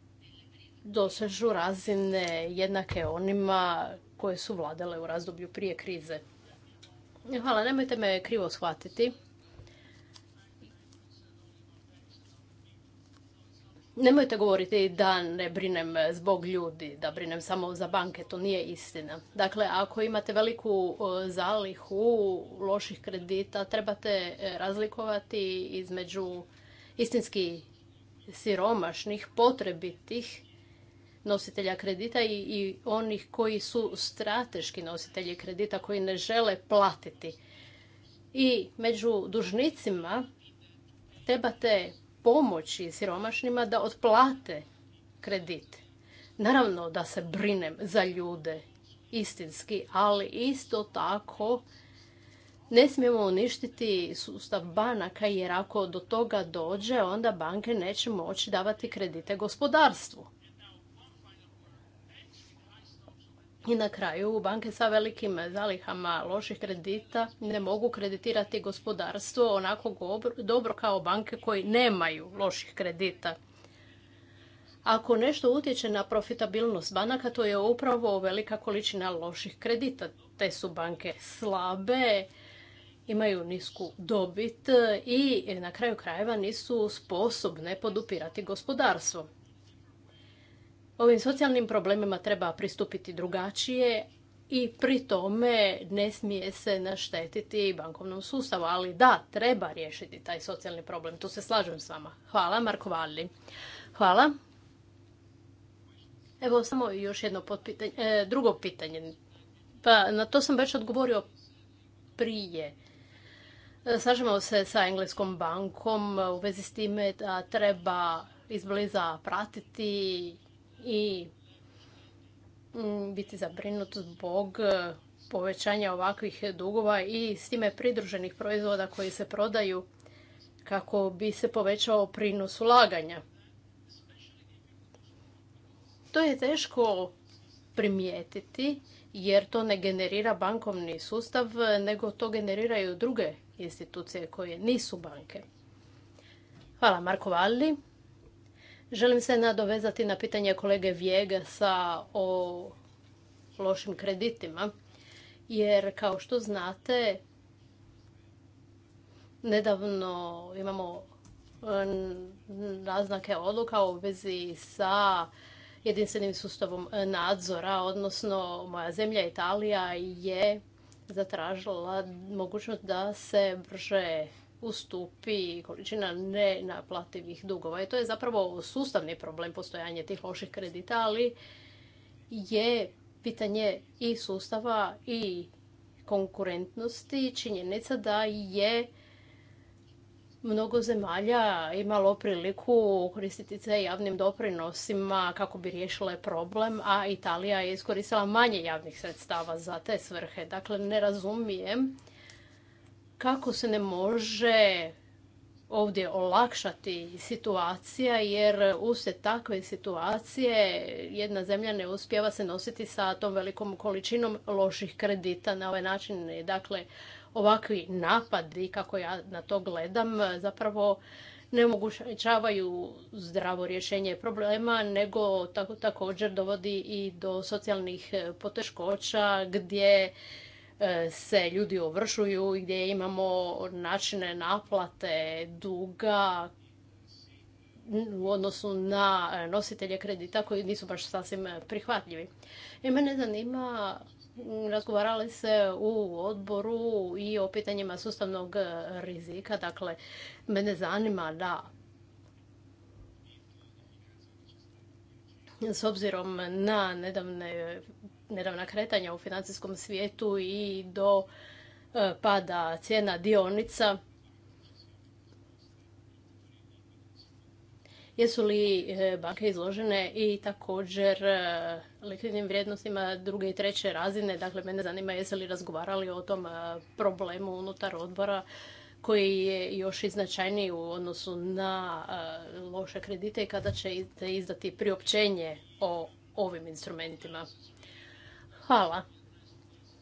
dosežu razine jednake onima koje su vladale u razdoblju prije krize. Hvala, nemojte me krivo shvatiti. Nemojte govoriti da ne brinem zbog ljudi, da brinem samo za banke, to nije istina. Dakle, ako imate veliku zalihu loših kredita, trebate e, razlikovati između istinski siromašnih, potrebitih nositelja kredita i, onih koji su strateški nositelji kredita koji ne žele platiti. I među dužnicima trebate pomoći siromašnima da otplate kredit. Naravno da se brinem za ljude istinski, ali isto tako ne smijemo uništiti sustav banaka jer ako do toga dođe onda banke neće moći davati kredite gospodarstvu. I na kraju, banke sa velikim zalihama loših kredita ne mogu kreditirati gospodarstvo onako dobro kao banke koji nemaju loših kredita. Ako nešto utječe na profitabilnost banaka, to je upravo velika količina loših kredita. Te su banke slabe, imaju nisku dobit i na kraju krajeva nisu sposobne podupirati gospodarstvo. Ovim socijalnim problemima treba pristupiti drugačije i pri tome ne smije se naštetiti bankovnom sustavu. Ali da, treba riješiti taj socijalni problem. Tu se slažem s vama. Hvala, Marko Valli. Hvala. Evo samo još jedno e, drugo pitanje. Pa na to sam već odgovorio prije. E, slažemo se sa Engleskom bankom u vezi s time da treba izbliza pratiti i mm, biti zabrinut zbog e, povećanja ovakvih dugova i s time pridruženih proizvoda koji se prodaju kako bi se povećao prinos ulaganja. To je teško primijetiti jer to ne generira bankovni sustav, nego to generiraju druge institucije koje nisu banke. Hvala Marko Valli. Želim se nadovezati na pitanje kolege Vjegasa o lošim kreditima, jer kao što znate, nedavno imamo naznake odluka u vezi sa jedinstvenim sustavom e, nadzora, odnosno moja zemlja Italija je zatražila mogućnost da se brže ustupi količina nenaplativih dugova. I to je zapravo sustavni problem postojanje tih loših kredita, ali je pitanje i sustava i konkurentnosti činjenica da je mnogo zemalja imalo priliku koristiti se javnim doprinosima kako bi riješile problem, a Italija je iskoristila manje javnih sredstava za te svrhe. Dakle, ne razumijem kako se ne može ovdje olakšati situacija jer uslijed takve situacije jedna zemlja ne uspjeva se nositi sa tom velikom količinom loših kredita na ovaj način. Dakle, ovakvi napadi, kako ja na to gledam, zapravo ne omogućavaju zdravo rješenje problema, nego također dovodi i do socijalnih poteškoća gdje E, se ljudi ovršuju i gdje imamo načine naplate duga u odnosu na e, nositelje kredita koji nisu baš sasvim prihvatljivi. I e, mene zanima, razgovarali se u odboru i o pitanjima sustavnog rizika, dakle mene zanima da s obzirom na nedavne neravna kretanja u financijskom svijetu i do e, pada cijena dionica. Jesu li e, banke izložene i također e, likvidnim vrijednostima druge i treće razine? Dakle, mene zanima jesu li razgovarali o tom problemu unutar odbora koji je još i značajniji u odnosu na loše kredite i kada ćete izdati priopćenje o ovim instrumentima. Hvala.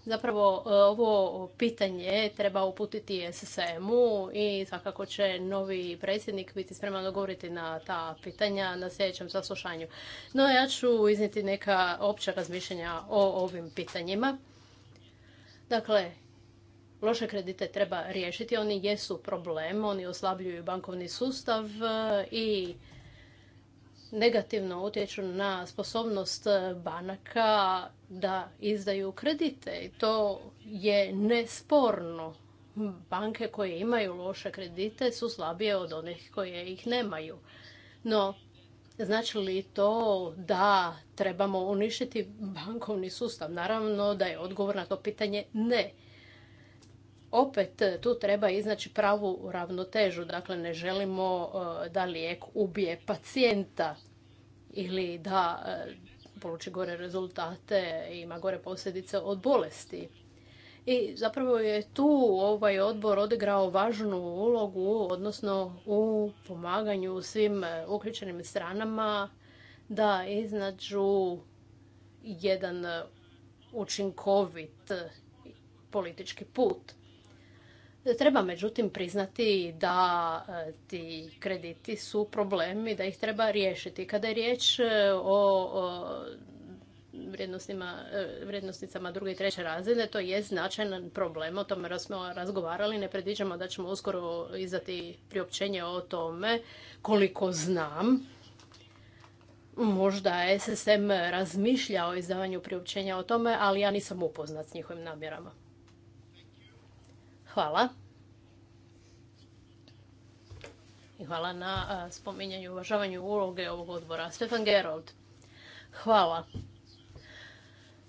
Zapravo e, ovo pitanje treba uputiti SSM-u i svakako će novi predsjednik biti spreman odgovoriti na ta pitanja na sljedećem saslušanju. No ja ću iznijeti neka opća razmišljenja o ovim pitanjima. Dakle, loše kredite treba riješiti, oni jesu problem, oni oslabljuju bankovni sustav e, i negativno utječu na sposobnost e, banaka da izdaju kredite i to je nesporno. Banke koje imaju loše kredite su slabije od onih koje ih nemaju. No, znači li to da trebamo uništiti bankovni sustav? Naravno da je odgovor na to pitanje ne opet e, tu treba iznaći pravu ravnotežu. Dakle, ne želimo e, da lijek ubije pacijenta ili da e, poluči gore rezultate i ima gore posljedice od bolesti. I zapravo je tu ovaj odbor odigrao važnu ulogu, odnosno u pomaganju svim uključenim stranama da iznađu jedan učinkovit politički put. Treba međutim priznati da e, ti krediti su problemi, da ih treba riješiti. Kada je riječ e, o e, vrijednosnicama druge i treće razine, to je značajan problem. O tome smo razgovarali, ne predviđamo da ćemo uskoro izdati priopćenje o tome koliko znam. Možda SSM razmišlja o izdavanju priopćenja o tome, ali ja nisam upoznat s njihovim namjerama. Hvala. I hvala na spominjanju i uvažavanju uloge ovog odbora. Stefan Gerold. Hvala.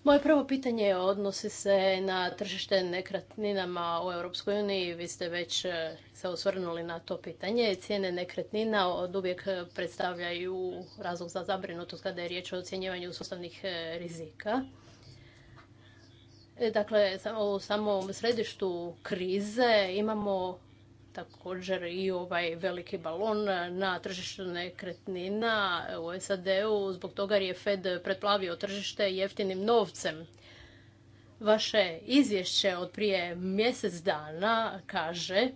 Moje prvo pitanje odnosi se na tržište nekretninama u Europskoj uniji. Vi ste već e, se osvrnuli na to pitanje. Cijene nekretnina od predstavljaju razlog za zabrinutost kada je riječ o ocjenjivanju sustavnih e, rizika. E, dakle, u samom središtu krize imamo također i ovaj veliki balon na tržištu nekretnina u SAD-u, zbog toga je Fed pretplavio tržište jeftinim novcem. Vaše izvješće od prije mjesec dana kaže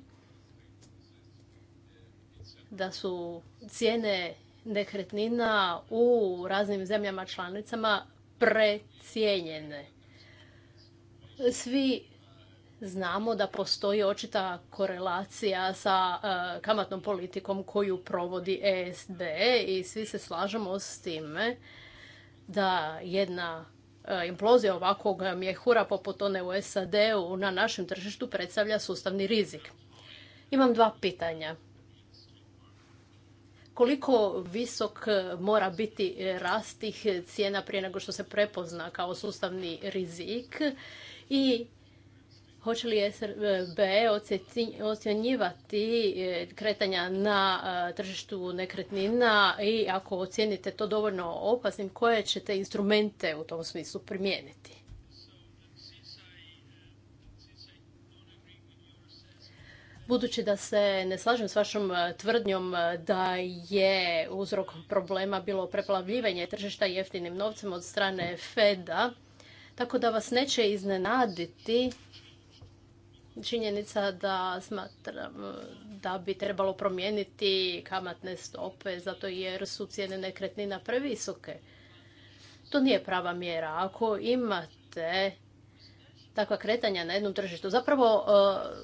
da su cijene nekretnina u raznim zemljama članicama precijenjene svi znamo da postoji očita korelacija sa e, kamatnom politikom koju provodi ESB i svi se slažemo s time da jedna e, implozija ovakvog mjehura poput one u SAD-u na našem tržištu predstavlja sustavni rizik. Imam dva pitanja. Koliko visok mora biti rast tih cijena prije nego što se prepozna kao sustavni rizik i hoće li SRB ocjenjivati e, kretanja na e, tržištu nekretnina i ako ocijenite to dovoljno opasnim, koje ćete instrumente u tom smislu primijeniti? Budući da se ne slažem s vašom e, tvrdnjom da je uzrok problema bilo preplavljivanje tržišta jeftinim novcem od strane Feda, tako da vas neće iznenaditi činjenica da smatram da bi trebalo promijeniti kamatne stope zato jer su cijene nekretnina previsoke. To nije prava mjera. Ako imate takva kretanja na jednom tržištu, zapravo eh,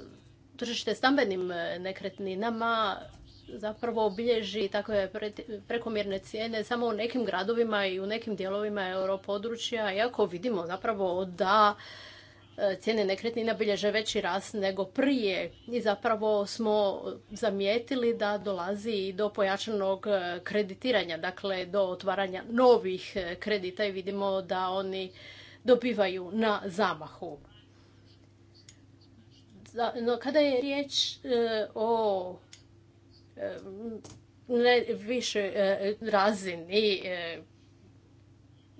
tržište stambenim nekretninama zapravo obilježi takve prekomjerne cijene samo u nekim gradovima i u nekim dijelovima europodručja, iako vidimo zapravo da e, cijene nekretnina bilježe veći rast nego prije i zapravo smo zamijetili da dolazi i do pojačanog e, kreditiranja, dakle do otvaranja novih e, kredita i vidimo da oni dobivaju na zamahu. No, kada je riječ o ne više e, razini e,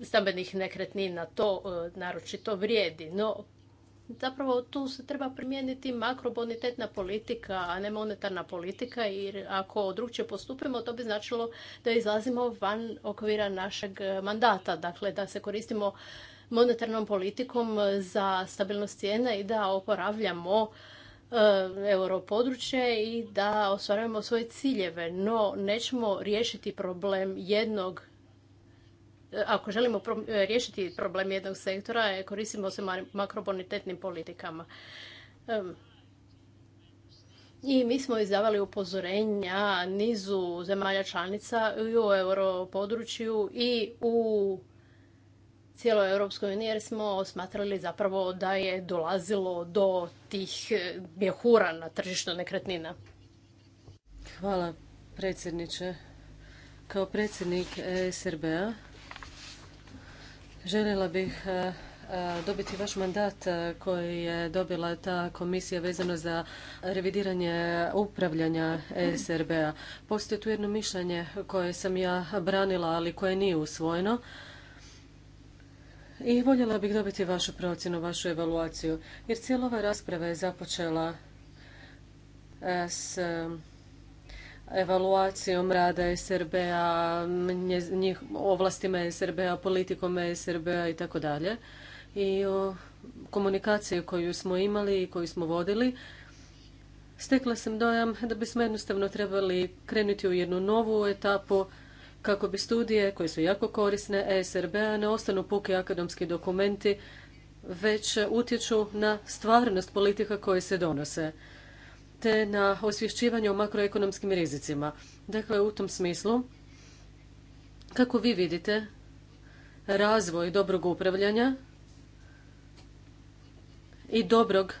stambenih nekretnina to e, naročito vrijedi. No, zapravo tu se treba primijeniti makrobonitetna politika, a ne monetarna politika, jer ako drugčije postupimo, to bi značilo da izlazimo van okvira našeg mandata, dakle da se koristimo monetarnom politikom za stabilnost cijena i da oporavljamo E, europodručje i da ostvarujemo svoje ciljeve, no nećemo riješiti problem jednog e, ako želimo e, riješiti problem jednog sektora, koristimo se makrobonitetnim politikama. I mi smo izdavali upozorenja nizu zemalja članica i u europodručju i u cijeloj Europskoj uniji jer smo smatrali zapravo da je dolazilo do tih bjehura e, na tržištu nekretnina. Hvala predsjedniče. Kao predsjednik e, SRB-a željela bih e, dobiti vaš mandat koji je dobila ta komisija vezano za revidiranje upravljanja SRB-a. Postoji tu jedno mišljenje koje sam ja branila, ali koje nije usvojeno i voljela bih dobiti vašu procjenu, vašu evaluaciju, jer cijela ova rasprava je započela e, s evaluacijom rada SRB-a, ovlastima SRB-a, politikom SRB-a i tako dalje. I o komunikaciji koju smo imali i koju smo vodili, stekla sam dojam da bismo jednostavno trebali krenuti u jednu novu etapu kako bi studije koje su jako korisne ESRB-a ne ostanu puki akademski dokumenti, već utječu na stvarnost politika koje se donose, te na osvješćivanje o makroekonomskim rizicima. Dakle, u tom smislu, kako vi vidite razvoj dobrog upravljanja i dobrog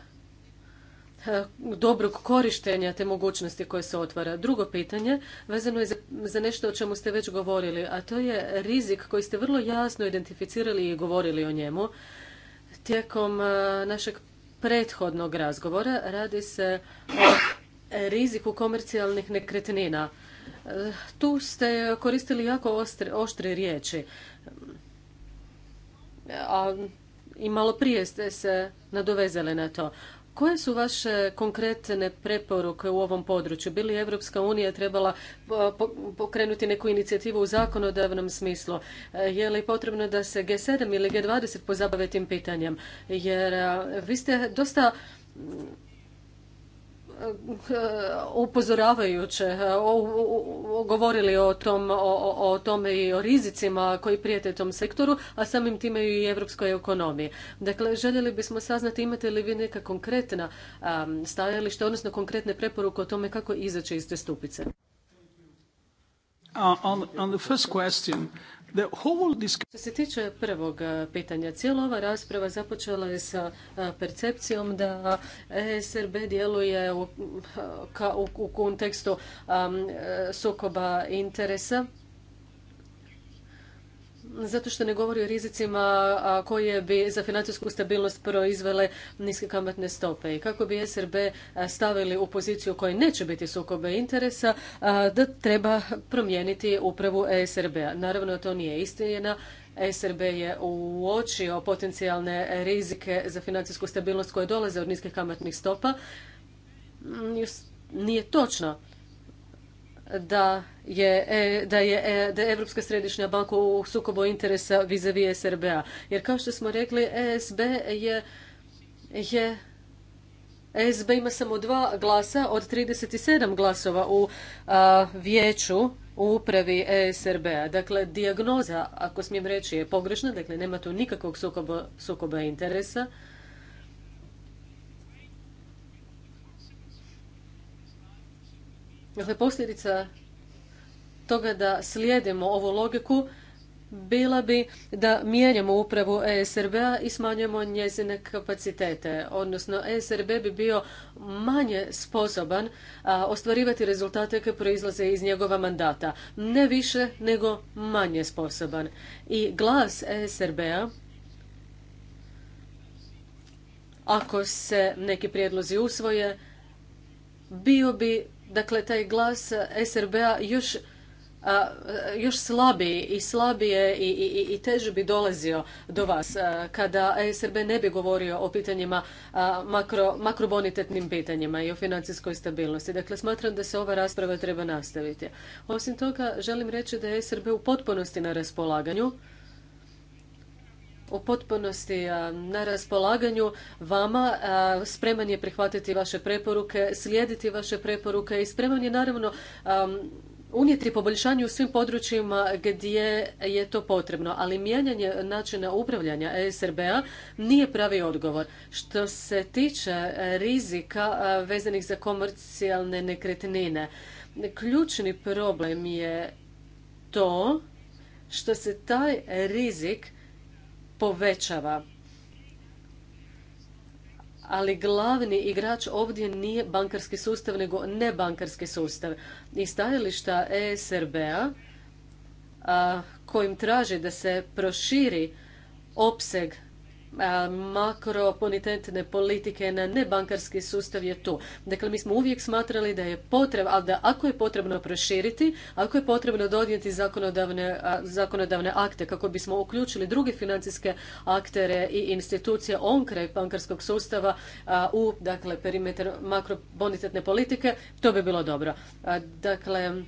E, dobrog korištenja te mogućnosti koje se otvara. Drugo pitanje vezano je za nešto o čemu ste već govorili, a to je rizik koji ste vrlo jasno identificirali i govorili o njemu tijekom e, našeg prethodnog razgovora. Radi se o riziku komercijalnih nekretnina. E, tu ste koristili jako ostre, oštre riječi. A i malo prije ste se nadovezali na to. Koje su vaše konkretne preporuke u ovom području? Bili je Evropska unija trebala e, pokrenuti neku inicijativu u zakonodavnom smislu? E, je li potrebno da se G7 ili G20 pozabave tim pitanjem? Jer e, vi ste dosta upozoravajuće e, govorili o, tom, o, o tome i o rizicima koji prijete tom sektoru, a samim time i europskoj ekonomiji. Dakle, željeli bismo saznati imate li vi neka konkretna stajališta, odnosno konkretne preporuke o tome kako izaći iz te stupice. Uh, on, on the što se tiče prvog pitanja, cijela ova rasprava započela je sa percepcijom da SRB djeluje u, u kontekstu sukoba interesa zato što ne govori o rizicima koje bi za financijsku stabilnost proizvele niske kamatne stope i kako bi SRB stavili u poziciju kojoj neće biti sukobe interesa da treba promijeniti upravu e SRB-a. Naravno to nije istina. E SRB je uočio potencijalne rizike za financijsku stabilnost koje dolaze od niskih kamatnih stopa. Nije točno da je, e, da Europska e, središnja banka u sukobu interesa vizavi srba a Jer kao što smo rekli, ESB je, je ESB ima samo dva glasa od 37 glasova u vijeću u upravi ESRB-a. Dakle, dijagnoza, ako smijem reći, je pogrešna. Dakle, nema tu nikakvog sukoba interesa. Dakle, posljedica toga da slijedimo ovu logiku bila bi da mijenjamo upravu ESRB-a i smanjujemo njezine kapacitete. Odnosno, ESRB bi bio manje sposoban ostvarivati rezultate koje proizlaze iz njegova mandata. Ne više, nego manje sposoban. I glas ESRB-a ako se neki prijedlozi usvoje, bio bi dakle taj glas SRB-a još a, još slabiji i slabije i, i, teže bi dolazio do vas kada SRB ne bi govorio o pitanjima makro, makrobonitetnim pitanjima i o financijskoj stabilnosti. Dakle, smatram da se ova rasprava treba nastaviti. Osim toga, želim reći da je SRB u potpunosti na raspolaganju u potpunosti na raspolaganju vama, spreman je prihvatiti vaše preporuke, slijediti vaše preporuke i spreman je naravno unijeti poboljšanje u svim područjima gdje je to potrebno, ali mijenjanje načina upravljanja e SRBA a nije pravi odgovor. Što se tiče rizika vezanih za komercijalne nekretnine, ključni problem je to što se taj rizik povećava. Ali glavni igrač ovdje nije bankarski sustav, nego nebankarski sustav. I stajališta ESRB-a kojim traži da se proširi opseg makroponitentne politike na nebankarski sustav je tu. Dakle, mi smo uvijek smatrali da je potrebno, ali da ako je potrebno proširiti, ako je potrebno donijeti zakonodavne, zakonodavne akte kako bismo uključili druge financijske aktere i institucije onkraj bankarskog sustava u dakle, perimetar makrobonitetne politike, to bi bilo dobro. Dakle,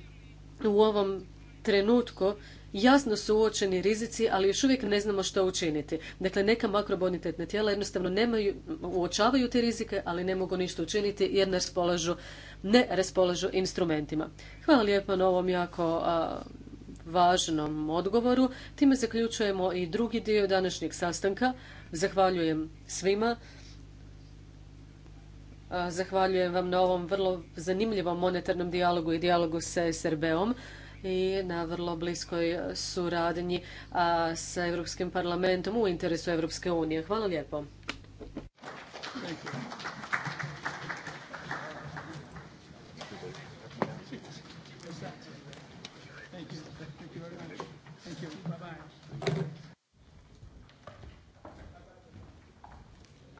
u ovom trenutku jasno su uočeni rizici, ali još uvijek ne znamo što učiniti. Dakle, neka makrobonitetna tijela jednostavno nemaju, uočavaju te rizike, ali ne mogu ništa učiniti jer ne raspolažu, ne raspolažu instrumentima. Hvala lijepo na ovom jako važnom odgovoru. Time zaključujemo i drugi dio današnjeg sastanka. Zahvaljujem svima. Zahvaljujem vam na ovom vrlo zanimljivom monetarnom dijalogu i dijalogu sa SRB-om i na vrlo bliskoj suradnji sa Europskim parlamentom u interesu Europske unije. Hvala lijepo.